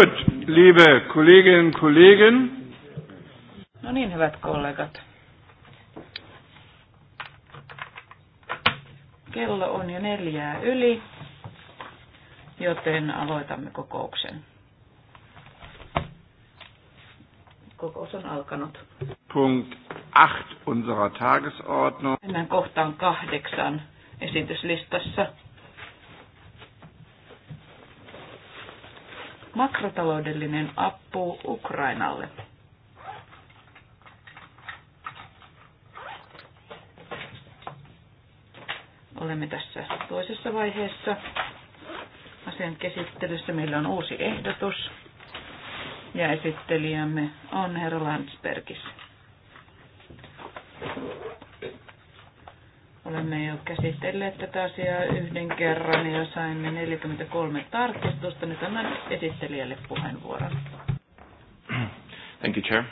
Gut, liebe Kolleginnen Kollegen. No niin, hyvät kollegat. Kello on jo neljää yli, joten aloitamme kokouksen. Kokous on alkanut. Punkt 8 unserer Tagesordnung. Mennään kohtaan kahdeksan esityslistassa. makrotaloudellinen apu Ukrainalle. Olemme tässä toisessa vaiheessa asian käsittelyssä. Meillä on uusi ehdotus ja esittelijämme on herra Landsbergis. Olemme jo käsitelleet tätä asiaa yhden kerran ja saimme 43 tarkistusta. Nyt annan esittelijälle puheenvuoron. Thank you, Chair.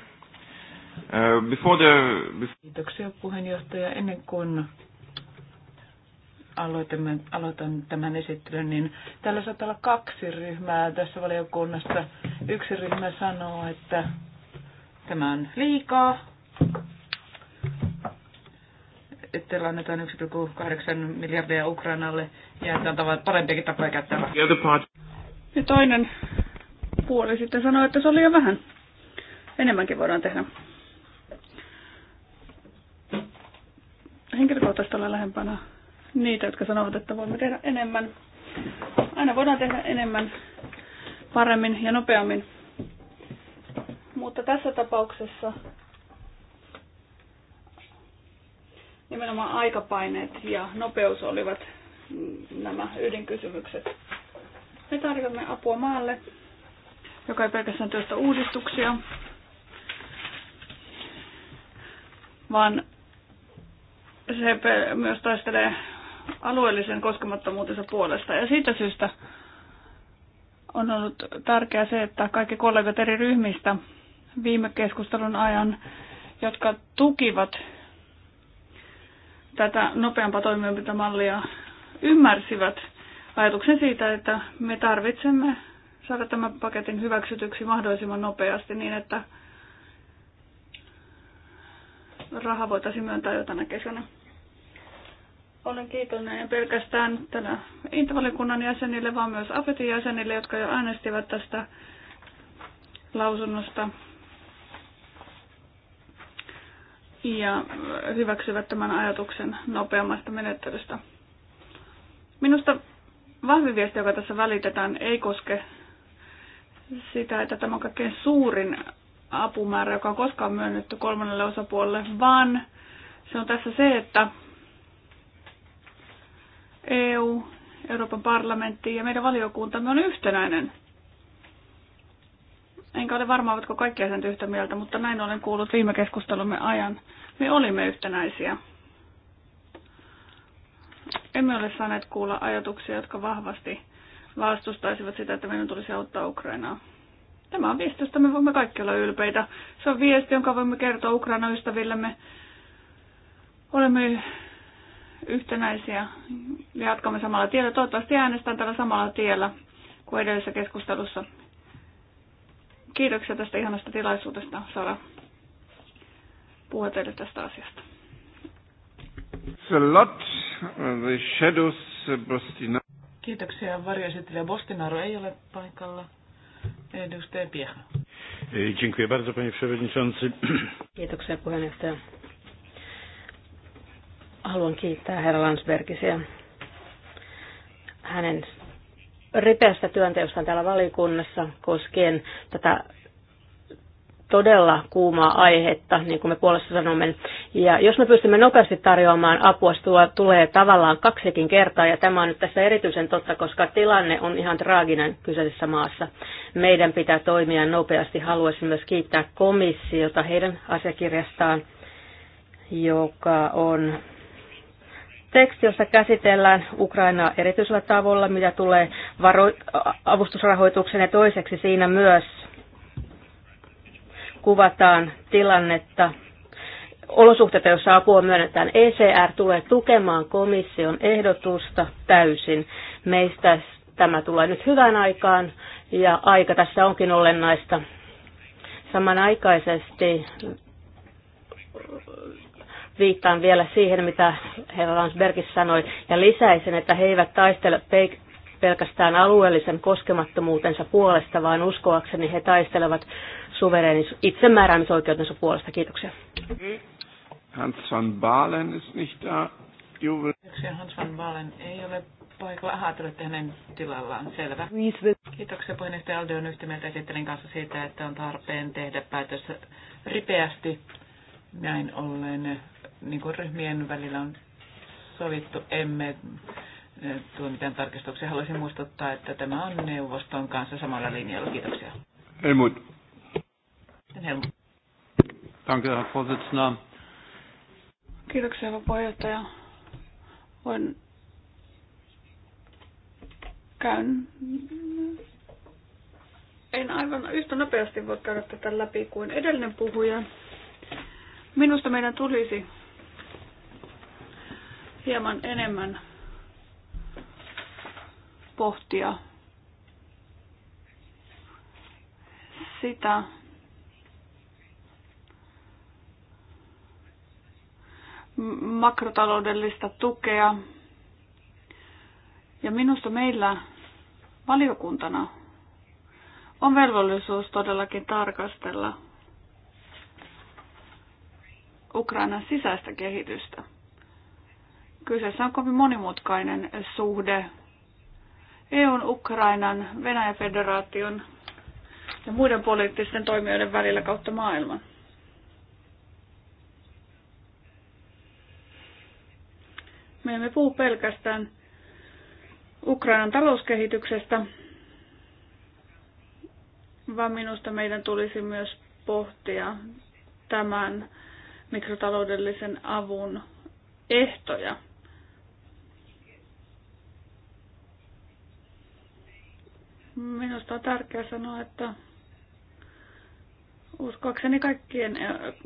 Uh, before the, before... Kiitoksia puheenjohtaja. Ennen kuin aloitamme, aloitan tämän esittelyn, niin täällä saattaa olla kaksi ryhmää tässä valiokunnassa. Yksi ryhmä sanoo, että tämä on liikaa, että annetaan 1,8 miljardia Ukrainalle ja että on parempiakin tapoja käyttää rahaa. Ja toinen puoli sitten sanoi, että se oli jo vähän. Enemmänkin voidaan tehdä. Henkilökohtaisesti olen lähempänä niitä, jotka sanovat, että voimme tehdä enemmän. Aina voidaan tehdä enemmän, paremmin ja nopeammin. Mutta tässä tapauksessa nimenomaan aikapaineet ja nopeus olivat nämä ydinkysymykset. Me tarvitsemme apua maalle, joka ei pelkästään työstä uudistuksia, vaan se myös taistelee alueellisen koskemattomuutensa puolesta. Ja siitä syystä on ollut tärkeää se, että kaikki kollegat eri ryhmistä viime keskustelun ajan, jotka tukivat tätä nopeampaa toimintamallia ymmärsivät ajatuksen siitä, että me tarvitsemme saada tämän paketin hyväksytyksi mahdollisimman nopeasti niin, että raha voitaisiin myöntää jo tänä kesänä. Olen kiitollinen ja pelkästään tänä intervallikunnan jäsenille, vaan myös AFETin jäsenille, jotka jo äänestivät tästä lausunnosta ja hyväksyvät tämän ajatuksen nopeammasta menettelystä. Minusta vahvin viesti, joka tässä välitetään, ei koske sitä, että tämä on kaikkein suurin apumäärä, joka on koskaan myönnetty kolmannelle osapuolelle, vaan se on tässä se, että EU, Euroopan parlamentti ja meidän valiokuntamme on yhtenäinen – Enkä ole varma, ovatko kaikki sen yhtä mieltä, mutta näin olen kuullut viime keskustelumme ajan. Me olimme yhtenäisiä. Emme ole saaneet kuulla ajatuksia, jotka vahvasti vastustaisivat sitä, että meidän tulisi auttaa Ukrainaa. Tämä on viesti, josta me voimme kaikki olla ylpeitä. Se on viesti, jonka voimme kertoa Ukraina ystävillemme. Olemme yhtenäisiä ja jatkamme samalla tiellä. Toivottavasti äänestän tällä samalla tiellä kuin edellisessä keskustelussa. Kiitoksia tästä ihanasta tilaisuudesta saada puhua teille tästä asiasta. Uh, Kiitoksia. Varjoesittelijä Bostinaro ei ole paikalla. Edustaja Pieha. Dziękuję bardzo, panie przewodniczący. Kiitoksia puheenjohtaja. Haluan kiittää herra Landsbergisiä hänen ripeästä työnteosta täällä valiokunnassa koskien tätä todella kuumaa aihetta, niin kuin me puolesta sanomme. Ja jos me pystymme nopeasti tarjoamaan apua, tuo tulee tavallaan kaksikin kertaa, ja tämä on nyt tässä erityisen totta, koska tilanne on ihan traaginen kyseisessä maassa. Meidän pitää toimia nopeasti. Haluaisin myös kiittää komissiota heidän asiakirjastaan, joka on teksti, jossa käsitellään Ukrainaa erityisellä tavalla, mitä tulee varo- avustusrahoitukseen ja toiseksi siinä myös kuvataan tilannetta olosuhteita, joissa apua myönnetään. ECR tulee tukemaan komission ehdotusta täysin. Meistä tämä tulee nyt hyvän aikaan ja aika tässä onkin olennaista. Samanaikaisesti viittaan vielä siihen, mitä herra Landsbergis sanoi, ja lisäisin, että he eivät taistele pelkästään alueellisen koskemattomuutensa puolesta, vaan uskoakseni he taistelevat suverenis- itsemääräämisoikeutensa puolesta. Kiitoksia. Hans van Baalen is nicht da. Kiitoksia, Hans van Baalen ei ole paikalla. Ahaa, tulette hänen tilallaan. Selvä. Kiitoksia puheenjohtaja Aldo on yhtä mieltä esittelin kanssa siitä, että on tarpeen tehdä päätös ripeästi. Näin ollen niin kuin ryhmien välillä on sovittu, emme eh, tuo mitään tarkistuksia. Haluaisin muistuttaa, että tämä on neuvoston kanssa samalla linjalla. Kiitoksia. Ei muut. Danke, Herr Kiitoksia, hyvä puheenjohtaja. Voin käyn. En aivan yhtä nopeasti voi käydä tätä läpi kuin edellinen puhuja. Minusta meidän tulisi hieman enemmän pohtia sitä, makrotaloudellista tukea. Ja minusta meillä valiokuntana on velvollisuus todellakin tarkastella Ukrainan sisäistä kehitystä. Kyseessä on kovin monimutkainen suhde EUn, Ukrainan, Venäjän federaation ja muiden poliittisten toimijoiden välillä kautta maailman. Me emme puhu pelkästään Ukrainan talouskehityksestä, vaan minusta meidän tulisi myös pohtia tämän mikrotaloudellisen avun ehtoja. Minusta on tärkeää sanoa, että uskoakseni kaikkien,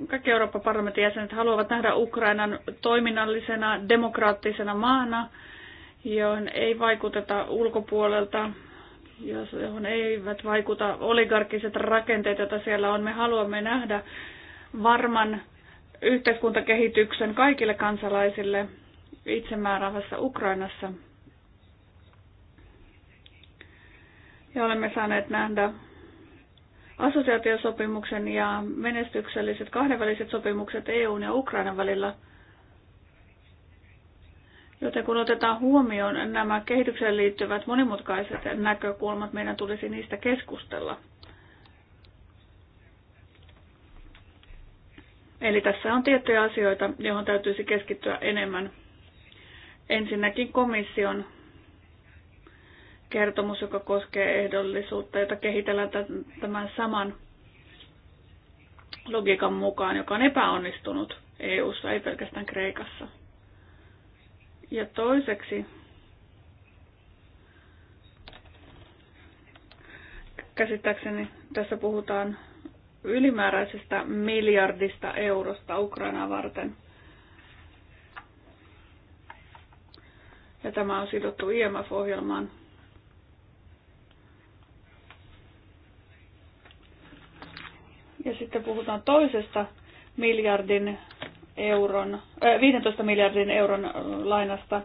kaikki Euroopan parlamentin jäsenet haluavat nähdä Ukrainan toiminnallisena, demokraattisena maana, johon ei vaikuteta ulkopuolelta, johon eivät vaikuta oligarkiset rakenteet, joita siellä on. Me haluamme nähdä varman yhteiskuntakehityksen kaikille kansalaisille itsemääräävässä Ukrainassa. Ja olemme saaneet nähdä assosiaatiosopimuksen ja menestykselliset kahdenväliset sopimukset EUn ja Ukrainan välillä. Joten kun otetaan huomioon nämä kehitykseen liittyvät monimutkaiset näkökulmat, meidän tulisi niistä keskustella. Eli tässä on tiettyjä asioita, johon täytyisi keskittyä enemmän. Ensinnäkin komission kertomus, joka koskee ehdollisuutta, jota kehitellään tämän saman logiikan mukaan, joka on epäonnistunut EU-ssa, ei pelkästään Kreikassa. Ja toiseksi käsittääkseni tässä puhutaan ylimääräisestä miljardista eurosta Ukrainaa varten. Ja tämä on sidottu IMF-ohjelmaan, Ja sitten puhutaan toisesta miljardin euron, äh, 15 miljardin euron äh, lainasta.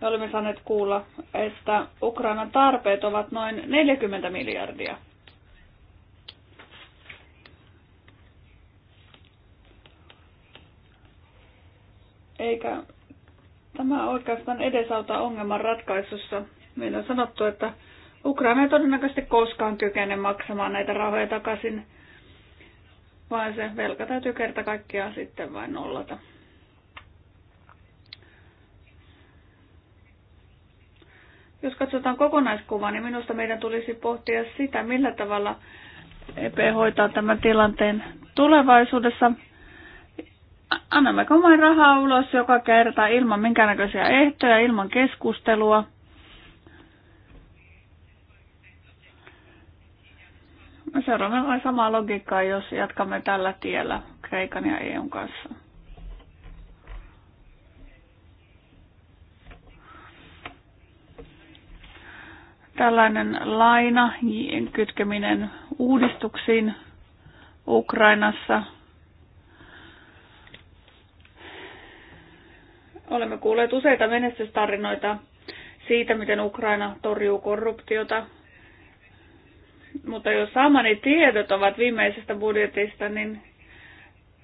Me olemme saaneet kuulla, että Ukrainan tarpeet ovat noin 40 miljardia. Eikä tämä oikeastaan edesauta ongelman ratkaisussa. Meillä on sanottu, että Ukraina ei todennäköisesti koskaan kykene maksamaan näitä rahoja takaisin – vaan se velka täytyy kerta kaikkiaan sitten vain nollata. Jos katsotaan kokonaiskuvaa, niin minusta meidän tulisi pohtia sitä, millä tavalla EP hoitaa tämän tilanteen tulevaisuudessa. Annammeko vain rahaa ulos joka kerta ilman minkäännäköisiä ehtoja, ilman keskustelua – Seuraavana on sama logiikka, jos jatkamme tällä tiellä Kreikan ja EUn kanssa. Tällainen laina kytkeminen uudistuksiin Ukrainassa. Olemme kuulleet useita menestystarinoita siitä, miten Ukraina torjuu korruptiota, mutta jos saamani tiedot ovat viimeisestä budjetista, niin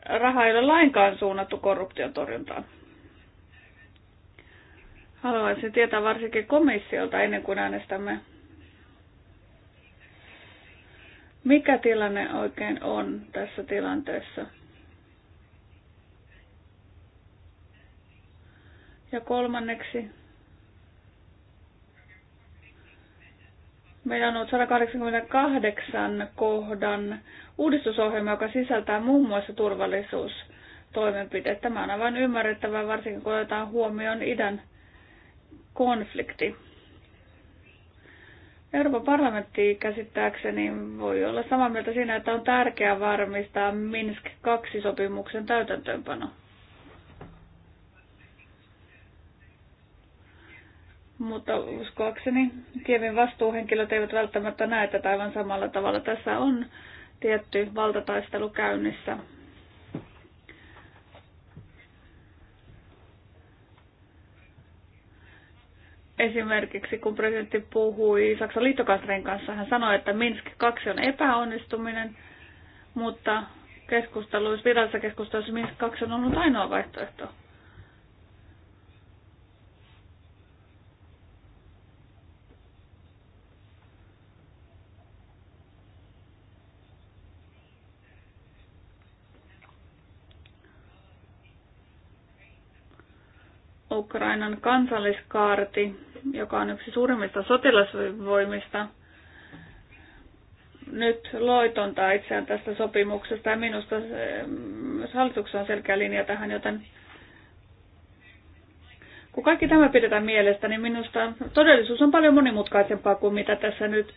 raha ei ole lainkaan suunnattu korruption torjuntaan. Haluaisin tietää varsinkin komissiolta ennen kuin äänestämme. Mikä tilanne oikein on tässä tilanteessa? Ja kolmanneksi, Meillä on ollut 188 kohdan uudistusohjelma, joka sisältää muun muassa turvallisuustoimenpiteet. Tämä on aivan ymmärrettävää, varsinkin kun otetaan huomioon idän konflikti. Euroopan parlamentti käsittääkseni voi olla samaa mieltä siinä, että on tärkeää varmistaa Minsk 2-sopimuksen täytäntöönpano. mutta uskoakseni Kievin vastuuhenkilöt eivät välttämättä näe tätä aivan samalla tavalla. Tässä on tietty valtataistelu käynnissä. Esimerkiksi kun presidentti puhui Saksan liittokanslerin kanssa, hän sanoi, että Minsk 2 on epäonnistuminen, mutta keskusteluissa, virallisessa keskusteluissa Minsk 2 on ollut ainoa vaihtoehto. Ukrainan kansalliskaarti, joka on yksi suurimmista sotilasvoimista, nyt loitontaa itseään tästä sopimuksesta ja minusta eh, myös hallituksessa on selkeä linja tähän, joten kun kaikki tämä pidetään mielestä, niin minusta todellisuus on paljon monimutkaisempaa kuin mitä tässä nyt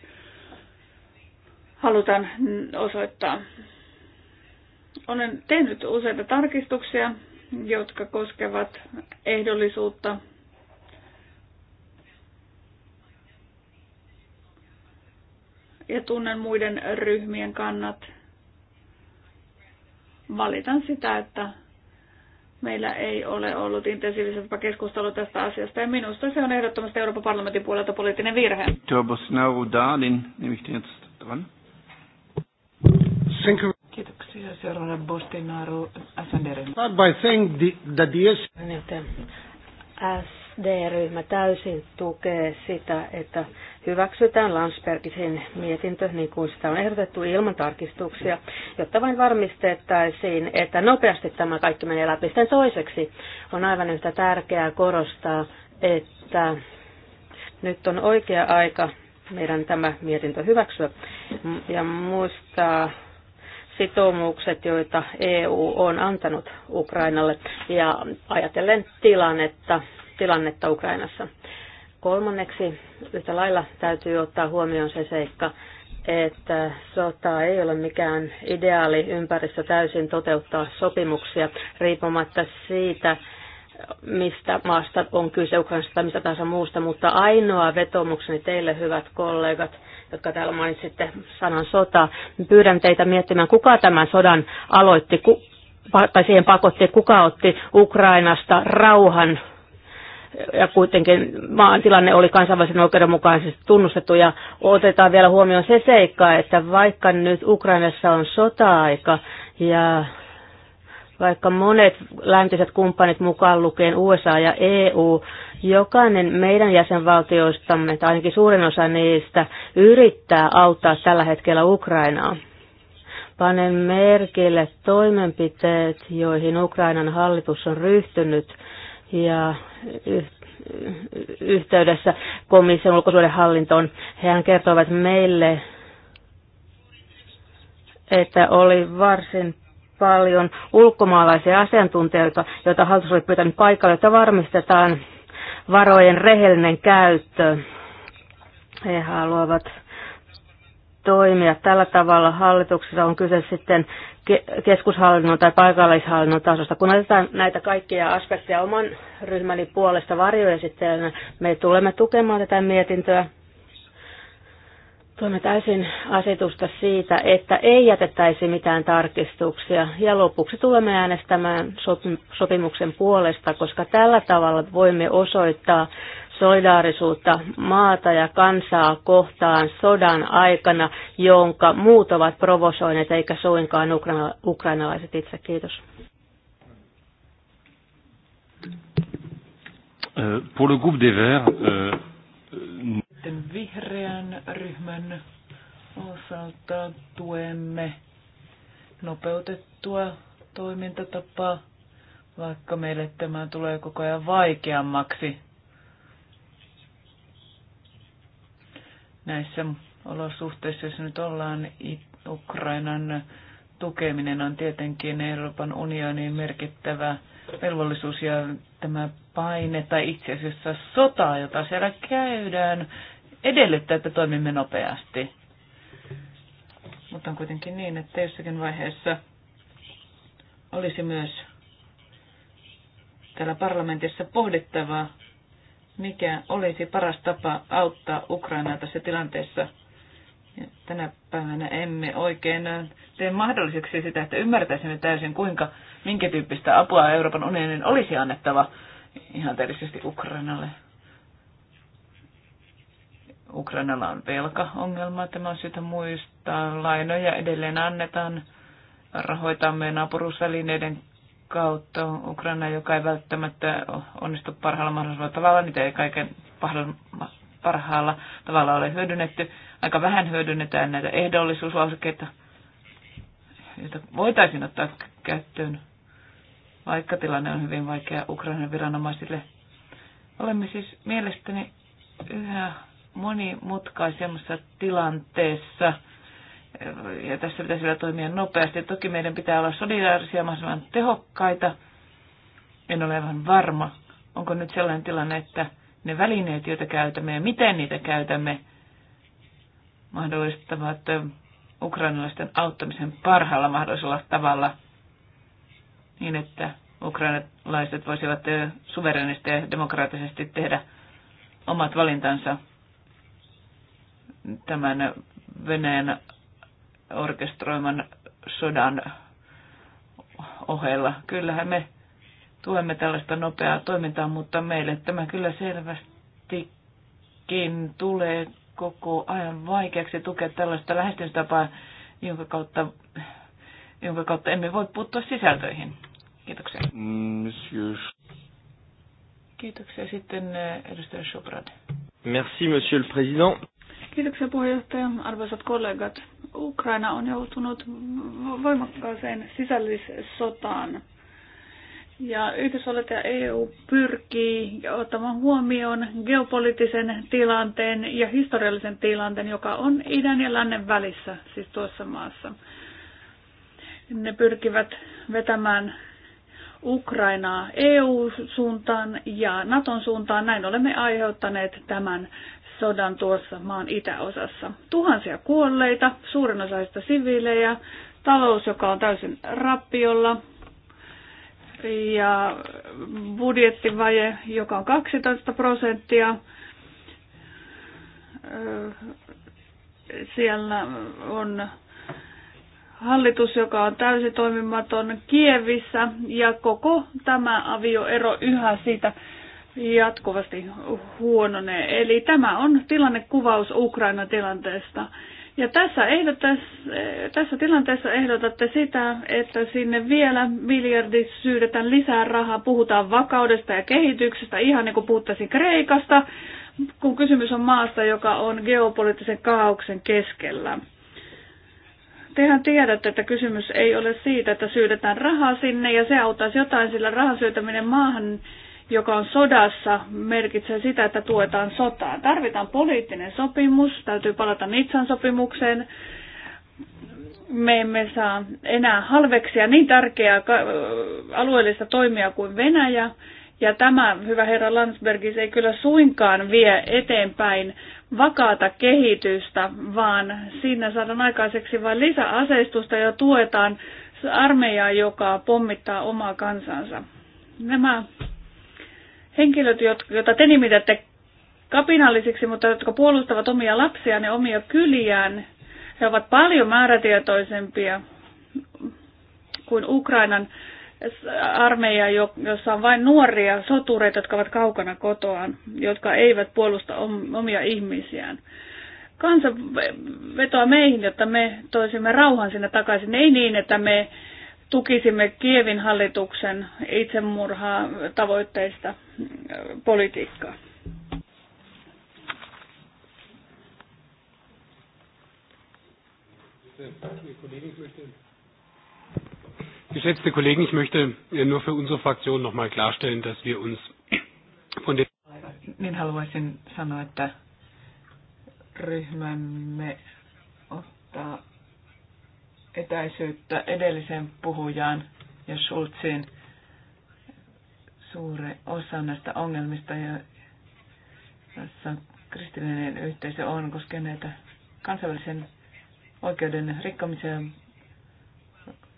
halutaan osoittaa. Olen tehnyt useita tarkistuksia jotka koskevat ehdollisuutta. Ja tunnen muiden ryhmien kannat. Valitan sitä, että meillä ei ole ollut intensiivisempää keskustelua tästä asiasta. Ja minusta se on ehdottomasti Euroopan parlamentin puolelta poliittinen virhe. Thank you. Kiitoksia. Seuraavana Bostinaru SD-ryhmä niin, täysin tukee sitä, että hyväksytään Landsbergisin mietintö niin kuin sitä on ehdotettu ilman tarkistuksia, jotta vain varmistettaisiin, että nopeasti tämä kaikki menee läpi. Sitten toiseksi on aivan yhtä tärkeää korostaa, että nyt on oikea aika meidän tämä mietintö hyväksyä ja muistaa sitoumukset, joita EU on antanut Ukrainalle ja ajatellen tilannetta, tilannetta Ukrainassa. Kolmanneksi yhtä lailla täytyy ottaa huomioon se seikka, että sota ei ole mikään ideaali ympäristö täysin toteuttaa sopimuksia riippumatta siitä, mistä maasta on kyse, Ukrainasta tai mistä tahansa muusta, mutta ainoa vetomukseni teille, hyvät kollegat, jotka täällä mainitsitte sanan sota, niin pyydän teitä miettimään, kuka tämän sodan aloitti, ku, tai siihen pakotti, kuka otti Ukrainasta rauhan ja kuitenkin maan tilanne oli kansainvälisen oikeuden mukaisesti tunnustettu ja otetaan vielä huomioon se seikka, että vaikka nyt Ukrainassa on sota-aika ja vaikka monet läntiset kumppanit mukaan lukien USA ja EU, jokainen meidän jäsenvaltioistamme, tai ainakin suurin osa niistä, yrittää auttaa tällä hetkellä Ukrainaa. Panen merkille toimenpiteet, joihin Ukrainan hallitus on ryhtynyt ja yhteydessä komission ulkosuuden hallintoon. Hehän kertoivat meille, että oli varsin paljon ulkomaalaisia asiantuntijoita, joita hallitus oli pyytänyt paikalle, että varmistetaan varojen rehellinen käyttö. He haluavat toimia tällä tavalla hallituksessa, on kyse sitten keskushallinnon tai paikallishallinnon tasosta. Kun otetaan näitä kaikkia aspekteja oman ryhmäni puolesta sitten, me tulemme tukemaan tätä mietintöä Tuomme täysin asetusta siitä, että ei jätettäisi mitään tarkistuksia ja lopuksi tulemme äänestämään sopimuksen puolesta, koska tällä tavalla voimme osoittaa solidaarisuutta maata ja kansaa kohtaan sodan aikana, jonka muut ovat provosoineet eikä suinkaan ukrainalaiset itse. Kiitos. Euh, pour le groupe des Verts, euh, sitten vihreän ryhmän osalta tuemme nopeutettua toimintatapaa, vaikka meille tämä tulee koko ajan vaikeammaksi näissä olosuhteissa, jos nyt ollaan Ukrainan tukeminen on tietenkin Euroopan unionin merkittävä velvollisuus ja tämä paine tai itse asiassa sota, jota siellä käydään, edellyttää, että toimimme nopeasti. Mutta on kuitenkin niin, että jossakin vaiheessa olisi myös täällä parlamentissa pohdittavaa, mikä olisi paras tapa auttaa Ukrainaa tässä tilanteessa. Ja tänä päivänä emme oikein tee mahdolliseksi sitä, että ymmärtäisimme täysin, kuinka, minkä tyyppistä apua Euroopan unionin olisi annettava ihan ihanteellisesti Ukrainalle. Ukrainalla on velkaongelma, tämä on syytä muistaa. Lainoja edelleen annetaan, rahoitamme naapuruusvälineiden kautta Ukraina, joka ei välttämättä onnistu parhaalla mahdollisella tavalla, niitä ei kaiken parhaalla tavalla ole hyödynnetty. Aika vähän hyödynnetään näitä ehdollisuuslausekkeita, joita voitaisiin ottaa käyttöön, vaikka tilanne on hyvin vaikea Ukrainan viranomaisille. Olemme siis mielestäni yhä monimutkaisemmassa tilanteessa. Ja tässä pitäisi vielä toimia nopeasti. Toki meidän pitää olla solidaarisia mahdollisimman tehokkaita. En ole aivan varma, onko nyt sellainen tilanne, että ne välineet, joita käytämme ja miten niitä käytämme, mahdollistavat ukrainalaisten auttamisen parhaalla mahdollisella tavalla niin, että ukrainalaiset voisivat suverenisti ja demokraattisesti tehdä omat valintansa tämän veneen orkestroiman sodan ohella. Kyllähän me tuemme tällaista nopeaa toimintaa, mutta meille tämä kyllä selvästikin tulee koko ajan vaikeaksi tukea tällaista lähestymistapaa, jonka kautta, jonka kautta emme voi puuttua sisältöihin. Kiitoksia. Monsieur. Kiitoksia. Sitten eh, edustaja Chobrad. Merci, monsieur le président. Kiitoksia puheenjohtaja. Arvoisat kollegat, Ukraina on joutunut voimakkaaseen sisällissotaan. Ja Yhdysvallat ja EU pyrkii ottamaan huomioon geopoliittisen tilanteen ja historiallisen tilanteen, joka on idän ja lännen välissä, siis tuossa maassa. Ne pyrkivät vetämään Ukrainaa EU-suuntaan ja Naton suuntaan. Näin olemme aiheuttaneet tämän sodan tuossa maan itäosassa. Tuhansia kuolleita, suurin osaista siviilejä, talous, joka on täysin rappiolla, ja budjettivaje, joka on 12 prosenttia. Siellä on hallitus, joka on täysin toimimaton Kievissä ja koko tämä avioero yhä siitä jatkuvasti huononee. Eli tämä on tilannekuvaus ukraina tilanteesta. Ja tässä, tässä tilanteessa ehdotatte sitä, että sinne vielä miljardi syydetään lisää rahaa, puhutaan vakaudesta ja kehityksestä, ihan niin kuin puhuttaisiin Kreikasta, kun kysymys on maasta, joka on geopoliittisen kaauksen keskellä. Tehän tiedätte, että kysymys ei ole siitä, että syydetään rahaa sinne ja se auttaisi jotain, sillä rahan syötäminen maahan joka on sodassa, merkitsee sitä, että tuetaan sotaa. Tarvitaan poliittinen sopimus, täytyy palata Nitsan sopimukseen. Me emme saa enää halveksia niin tärkeää alueellista toimia kuin Venäjä. Ja tämä, hyvä herra Landsbergis, ei kyllä suinkaan vie eteenpäin vakaata kehitystä, vaan siinä saadaan aikaiseksi vain lisäaseistusta ja tuetaan armeijaa, joka pommittaa omaa kansansa. Nämä henkilöt, joita te nimitätte kapinallisiksi, mutta jotka puolustavat omia lapsiaan ja omia kyliään, he ovat paljon määrätietoisempia kuin Ukrainan armeija, jossa on vain nuoria sotureita, jotka ovat kaukana kotoaan, jotka eivät puolusta omia ihmisiään. Kansa vetoa meihin, jotta me toisimme rauhan sinne takaisin. Ei niin, että me tukisimme Kievin hallituksen itsemurhaa tavoitteista mm, politiikkaa. Geschätzte Kollegen, ich möchte äh, nur für unsere Fraktion noch mal klarstellen, dass wir uns von den niin haluaisin sanoa, että ryhmämme ottaa etäisyyttä edellisen puhujaan ja Schulziin suuri osa näistä ongelmista, joissa kristillinen yhteisö on, koskee näitä kansainvälisen oikeuden rikkomiseen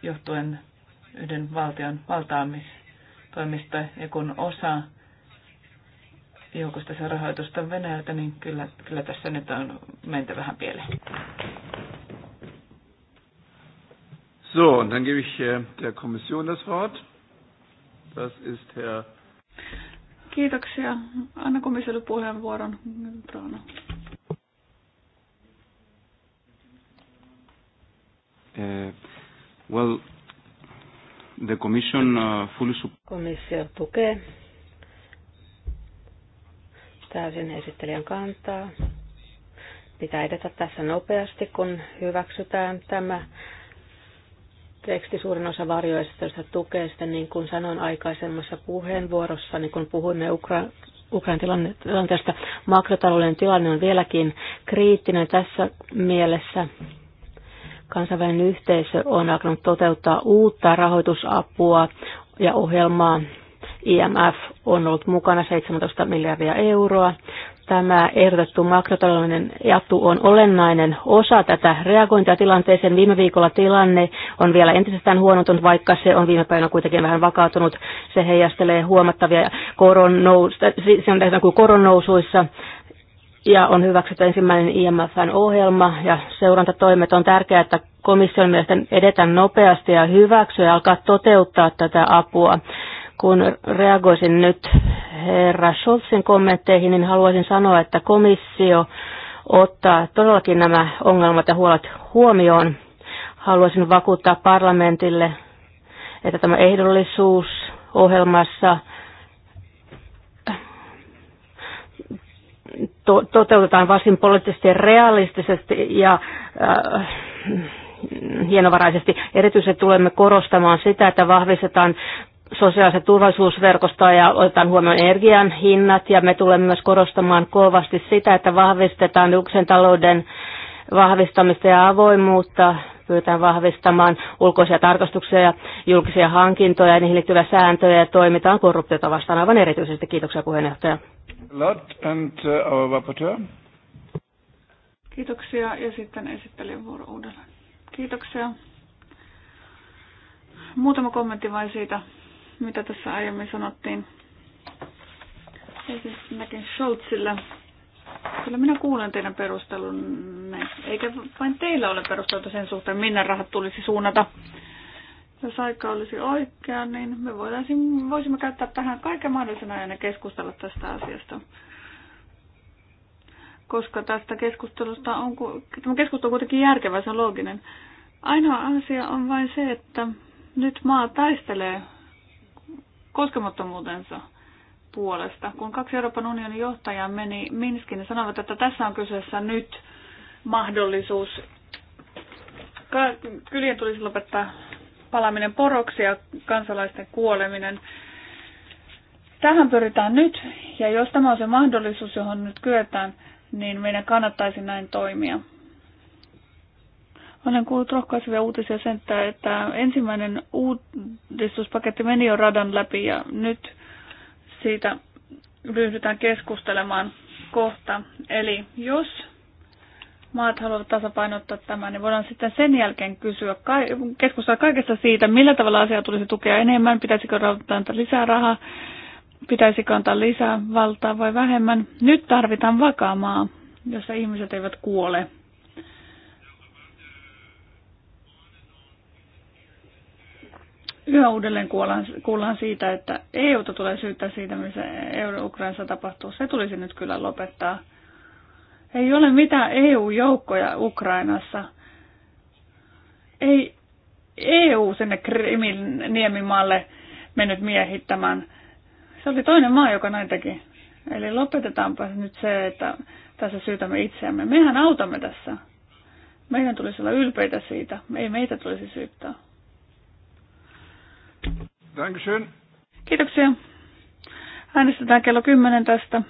johtuen yhden valtion valtaamistoimista. Ja kun osa joukosta saa rahoitusta Venäjältä, niin kyllä, kyllä tässä nyt on mentä vähän pieleen. So, und dann gebe ich äh, der Kommission das Wort. Das ist Herr. Kiitoksia. Anna komissiolle puheenvuoron. Brano. Uh, well, the commission uh, fully Komissio tukee täysin esittelijän kantaa. Pitää edetä tässä nopeasti, kun hyväksytään tämä teksti suurin osa varjoesitystä tukee sitä, niin kuin sanoin aikaisemmassa puheenvuorossa, niin kun puhuimme Ukra- Ukrainan tilanne, tilanteesta. Makrotalouden tilanne on vieläkin kriittinen tässä mielessä. Kansainvälinen yhteisö on alkanut toteuttaa uutta rahoitusapua ja ohjelmaa IMF on ollut mukana 17 miljardia euroa. Tämä ehdotettu makrotaloudellinen jatu on olennainen osa tätä reagointia tilanteeseen. Viime viikolla tilanne on vielä entisestään huonontunut, vaikka se on viime päivänä kuitenkin vähän vakautunut. Se heijastelee huomattavia koronousuissa. ja on hyväksytty ensimmäinen IMFn ohjelma ja seurantatoimet on tärkeää, että komission mielestä edetään nopeasti ja hyväksyä ja alkaa toteuttaa tätä apua kun reagoisin nyt herra Schulzin kommentteihin, niin haluaisin sanoa, että komissio ottaa todellakin nämä ongelmat ja huolet huomioon. Haluaisin vakuuttaa parlamentille, että tämä ehdollisuus ohjelmassa eh, to- toteutetaan varsin poliittisesti ja realistisesti ja äh, hienovaraisesti. Erityisesti tulemme korostamaan sitä, että vahvistetaan sosiaalista turvallisuusverkostoa ja otetaan huomioon energian hinnat ja me tulemme myös korostamaan kovasti sitä, että vahvistetaan julkisen talouden vahvistamista ja avoimuutta, Pyytään vahvistamaan ulkoisia tarkastuksia ja julkisia hankintoja ja niihin liittyviä sääntöjä ja toimitaan korruptiota vastaan aivan erityisesti. Kiitoksia puheenjohtaja. Uh, Kiitoksia ja sitten esittelen vuoro uudelleen. Kiitoksia. Muutama kommentti vain siitä, mitä tässä aiemmin sanottiin. Ensinnäkin Schultzille. Kyllä minä kuulen teidän perustelun, eikä vain teillä ole perusteltu sen suhteen, minne rahat tulisi suunnata. Jos aika olisi oikea, niin me voisimme käyttää tähän kaiken mahdollisen ajan ja keskustella tästä asiasta koska tästä keskustelusta on, tämä keskustelu on kuitenkin järkevä, se on looginen. Ainoa asia on vain se, että nyt maa taistelee koskemattomuutensa puolesta. Kun kaksi Euroopan unionin johtajaa meni Minskin niin sanoivat, että tässä on kyseessä nyt mahdollisuus. Kylien tulisi lopettaa palaminen poroksi ja kansalaisten kuoleminen. Tähän pyritään nyt, ja jos tämä on se mahdollisuus, johon nyt kyetään, niin meidän kannattaisi näin toimia. Olen kuullut rohkaisevia uutisia sen, että ensimmäinen uudistuspaketti meni jo radan läpi ja nyt siitä ryhdytään keskustelemaan kohta. Eli jos maat haluavat tasapainottaa tämän, niin voidaan sitten sen jälkeen kysyä, keskustella kaikesta siitä, millä tavalla asiaa tulisi tukea enemmän, pitäisikö rahoittaa lisää rahaa pitäisi kantaa lisää valtaa vai vähemmän. Nyt tarvitaan vakaamaa, jossa ihmiset eivät kuole. Yhä uudelleen kuullaan, kuullaan siitä, että EUta tulee syyttää siitä, missä Ukrainassa tapahtuu. Se tulisi nyt kyllä lopettaa. Ei ole mitään EU-joukkoja Ukrainassa. Ei EU sinne Krimin niemimaalle mennyt miehittämään – se oli toinen maa, joka näin teki. Eli lopetetaanpa nyt se, että tässä syytämme itseämme. Mehän autamme tässä. Meidän tulisi olla ylpeitä siitä. Ei meitä tulisi syyttää. Dankeschön. Kiitoksia. Äänestetään kello 10 tästä.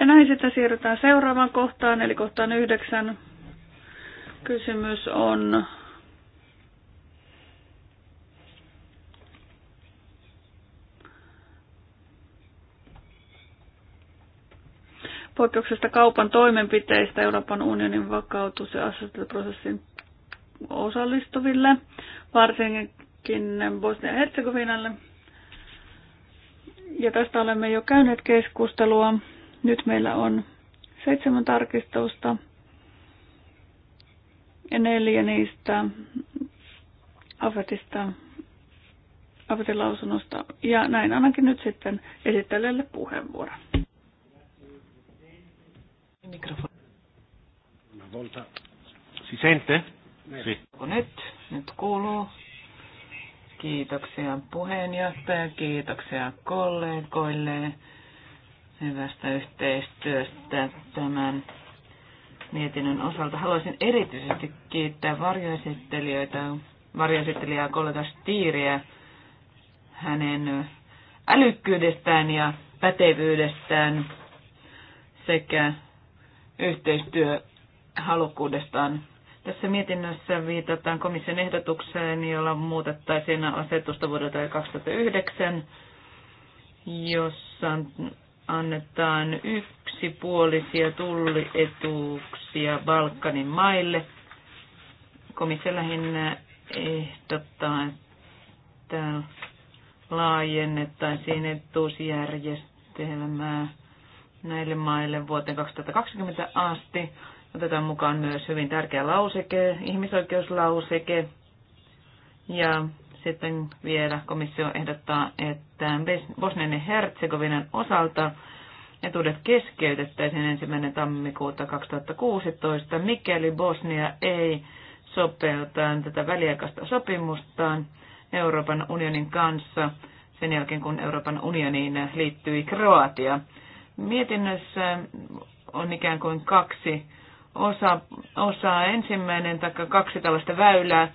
Ja näin sitten siirrytään seuraavaan kohtaan, eli kohtaan yhdeksän. Kysymys on poikkeuksesta kaupan toimenpiteistä Euroopan unionin vakautus- ja asetusprosessin osallistuville, varsinkin Bosnia-Herzegovinalle. Ja tästä olemme jo käyneet keskustelua. Nyt meillä on seitsemän tarkistusta ja neljä niistä Afetista, Afetin lausunnosta. Ja näin ainakin nyt sitten esittelijälle puheenvuoro. Il microfono. Una Volta. Si sente? Niin. Sì. Nyt, nyt kuuluu. Kiitoksia puheenjohtaja, kiitoksia kollegoille hyvästä yhteistyöstä tämän mietinnön osalta. Haluaisin erityisesti kiittää varjoesittelijöitä, varjoesittelijää kollega Stiiriä hänen älykkyydestään ja pätevyydestään sekä yhteistyöhalukkuudestaan. Tässä mietinnössä viitataan komission ehdotukseen, jolla muutettaisiin asetusta vuodelta 2009, jossa annetaan yksipuolisia tullietuuksia Balkanin maille. Komissio lähinnä ehdottaa, että laajennettaisiin etuusjärjestelmää näille maille vuoteen 2020 asti. Otetaan mukaan myös hyvin tärkeä lauseke, ihmisoikeuslauseke. Ja sitten vielä komissio ehdottaa, että Bosnian ja Herzegovinan osalta etuudet keskeytettäisiin ensimmäinen tammikuuta 2016, mikäli Bosnia ei sopeutaan tätä väliaikaista sopimustaan Euroopan unionin kanssa sen jälkeen, kun Euroopan unioniin liittyi Kroatia. Mietinnössä on ikään kuin kaksi osaa. Osa ensimmäinen tai kaksi tällaista väylää.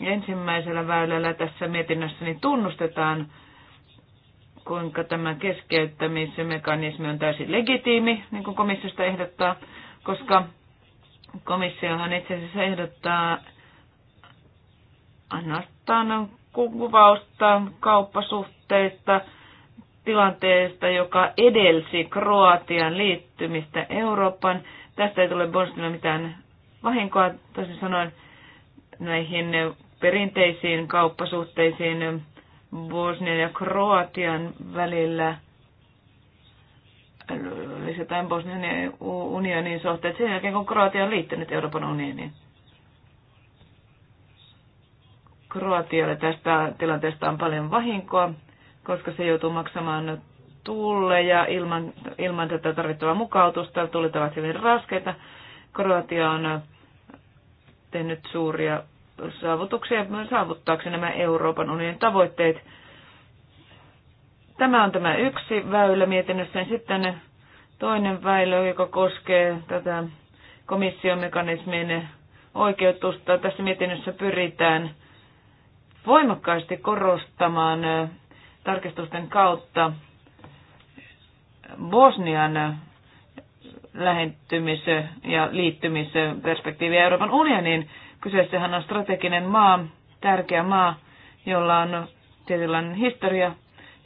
Ensimmäisellä väylällä tässä mietinnössä niin tunnustetaan, kuinka tämä keskeyttämismekanismi on täysin legitiimi, niin kuin komissiosta ehdottaa, koska komissiohan itse asiassa ehdottaa ainoastaan kuvausta kauppasuhteista – tilanteesta, joka edelsi Kroatian liittymistä Euroopan. Tästä ei tule Bosnilla mitään vahinkoa, toisin sanoen näihin perinteisiin kauppasuhteisiin Bosnian ja Kroatian välillä lisätään Bosnian ja unionin suhteet sen jälkeen, kun Kroatia on liittynyt Euroopan unioniin. Kroatialle tästä tilanteesta on paljon vahinkoa koska se joutuu maksamaan tulleja ilman, ilman tätä tarvittavaa mukautusta. Tullit ovat hyvin raskeita. Kroatia on tehnyt suuria saavutuksia saavuttaakseen nämä Euroopan unionin tavoitteet. Tämä on tämä yksi väylä mietinnössä. Sitten toinen väylä, joka koskee tätä komission mekanismin oikeutusta. Tässä mietinnössä pyritään voimakkaasti korostamaan tarkistusten kautta Bosnian lähentymis- ja liittymisperspektiiviä Euroopan unioniin. Kyseessähän on strateginen maa, tärkeä maa, jolla on tietynlainen historia,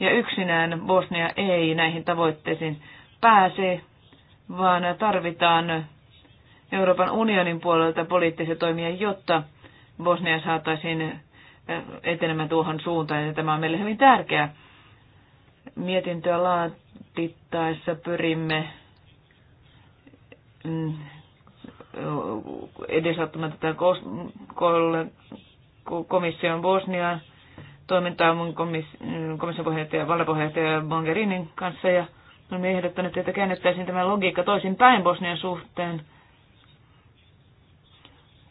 ja yksinään Bosnia ei näihin tavoitteisiin pääse, vaan tarvitaan Euroopan unionin puolelta poliittisia toimia, jotta Bosnia saataisiin etenemään tuohon suuntaan, ja tämä on meille hyvin tärkeä. Mietintöä laatittaessa pyrimme mm, edesauttamaan tätä komission Bosnian toimintaa mun mm, komission puheenjohtaja, valtapuheenjohtaja Mongerinin kanssa, ja olemme ehdottaneet, että käännettäisiin tämä logiikka toisinpäin Bosnian suhteen –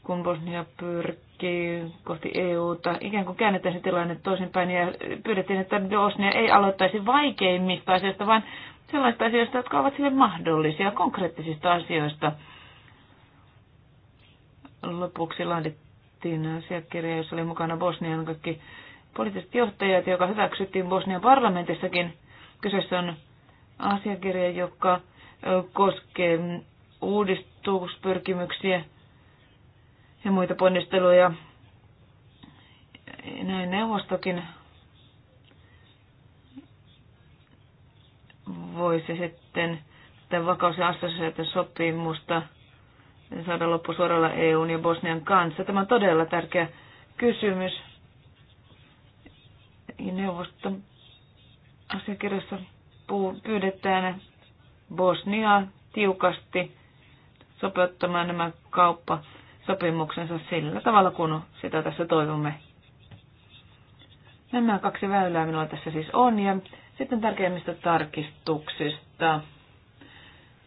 kun Bosnia pyrkii kohti EUta. Ikään kuin käännetään se tilanne toisinpäin ja pyydettiin, että Bosnia ei aloittaisi vaikeimmista asioista, vaan sellaista asioista, jotka ovat sille mahdollisia, konkreettisista asioista. Lopuksi laadittiin asiakirja, jossa oli mukana Bosnian kaikki poliittiset johtajat, joka hyväksyttiin Bosnian parlamentissakin. Kyseessä on asiakirja, joka koskee uudistuspyrkimyksiä ja muita ponnisteluja. Näin neuvostokin voisi sitten tämän vakaus- ja sopimusta saada loppusuoralla EUn ja Bosnian kanssa. Tämä on todella tärkeä kysymys. Neuvoston asiakirjassa pyydetään Bosniaa tiukasti sopeuttamaan nämä kauppa- sopimuksensa sillä tavalla, kun sitä tässä toivomme. Nämä kaksi väylää minulla tässä siis on. Ja sitten tärkeimmistä tarkistuksista.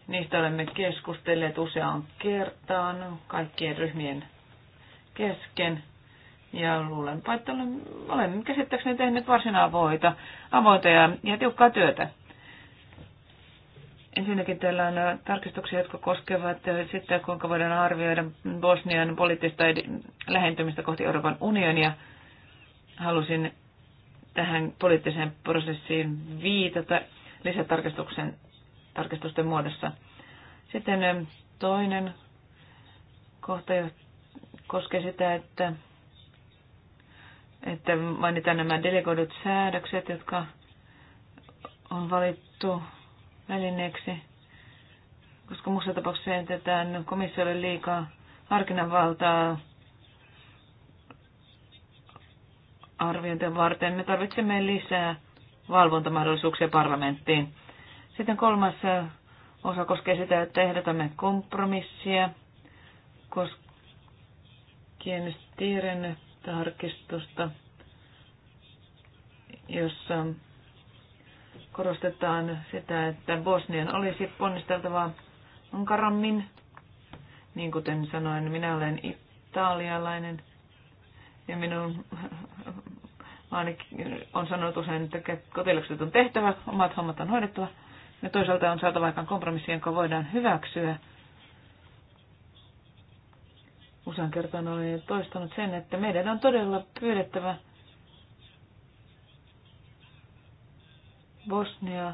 Niistä olemme keskustelleet useaan kertaan kaikkien ryhmien kesken. Ja luulenpa, että olen, olen käsittääkseni tehnyt varsin avoita, avoita ja, ja tiukkaa työtä. Ensinnäkin täällä on äh, tarkistuksia, jotka koskevat äh, sitä, kuinka voidaan arvioida Bosnian poliittista lähentymistä kohti Euroopan unionia. Halusin tähän poliittiseen prosessiin viitata lisätarkistuksen tarkistusten muodossa. Sitten ähm, toinen kohta koskee sitä, että, että mainitaan nämä delegoidut säädökset, jotka on valittu välineeksi, koska muussa tapauksessa entetään komissiolle liikaa harkinnanvaltaa arviointien varten. Me tarvitsemme lisää valvontamahdollisuuksia parlamenttiin. Sitten kolmas osa koskee sitä, että ehdotamme kompromissia koskien Stiiren tarkistusta, jossa korostetaan sitä, että Bosnian olisi ponnisteltava ankarammin. Niin kuten sanoin, minä olen italialainen ja minun ainakin on sanottu usein, että kotiläksyt on tehtävä, omat hommat on hoidettava. Ja toisaalta on saatava aikaan kompromissi, jonka voidaan hyväksyä. Usan kertaan olen toistanut sen, että meidän on todella pyydettävä Bosnia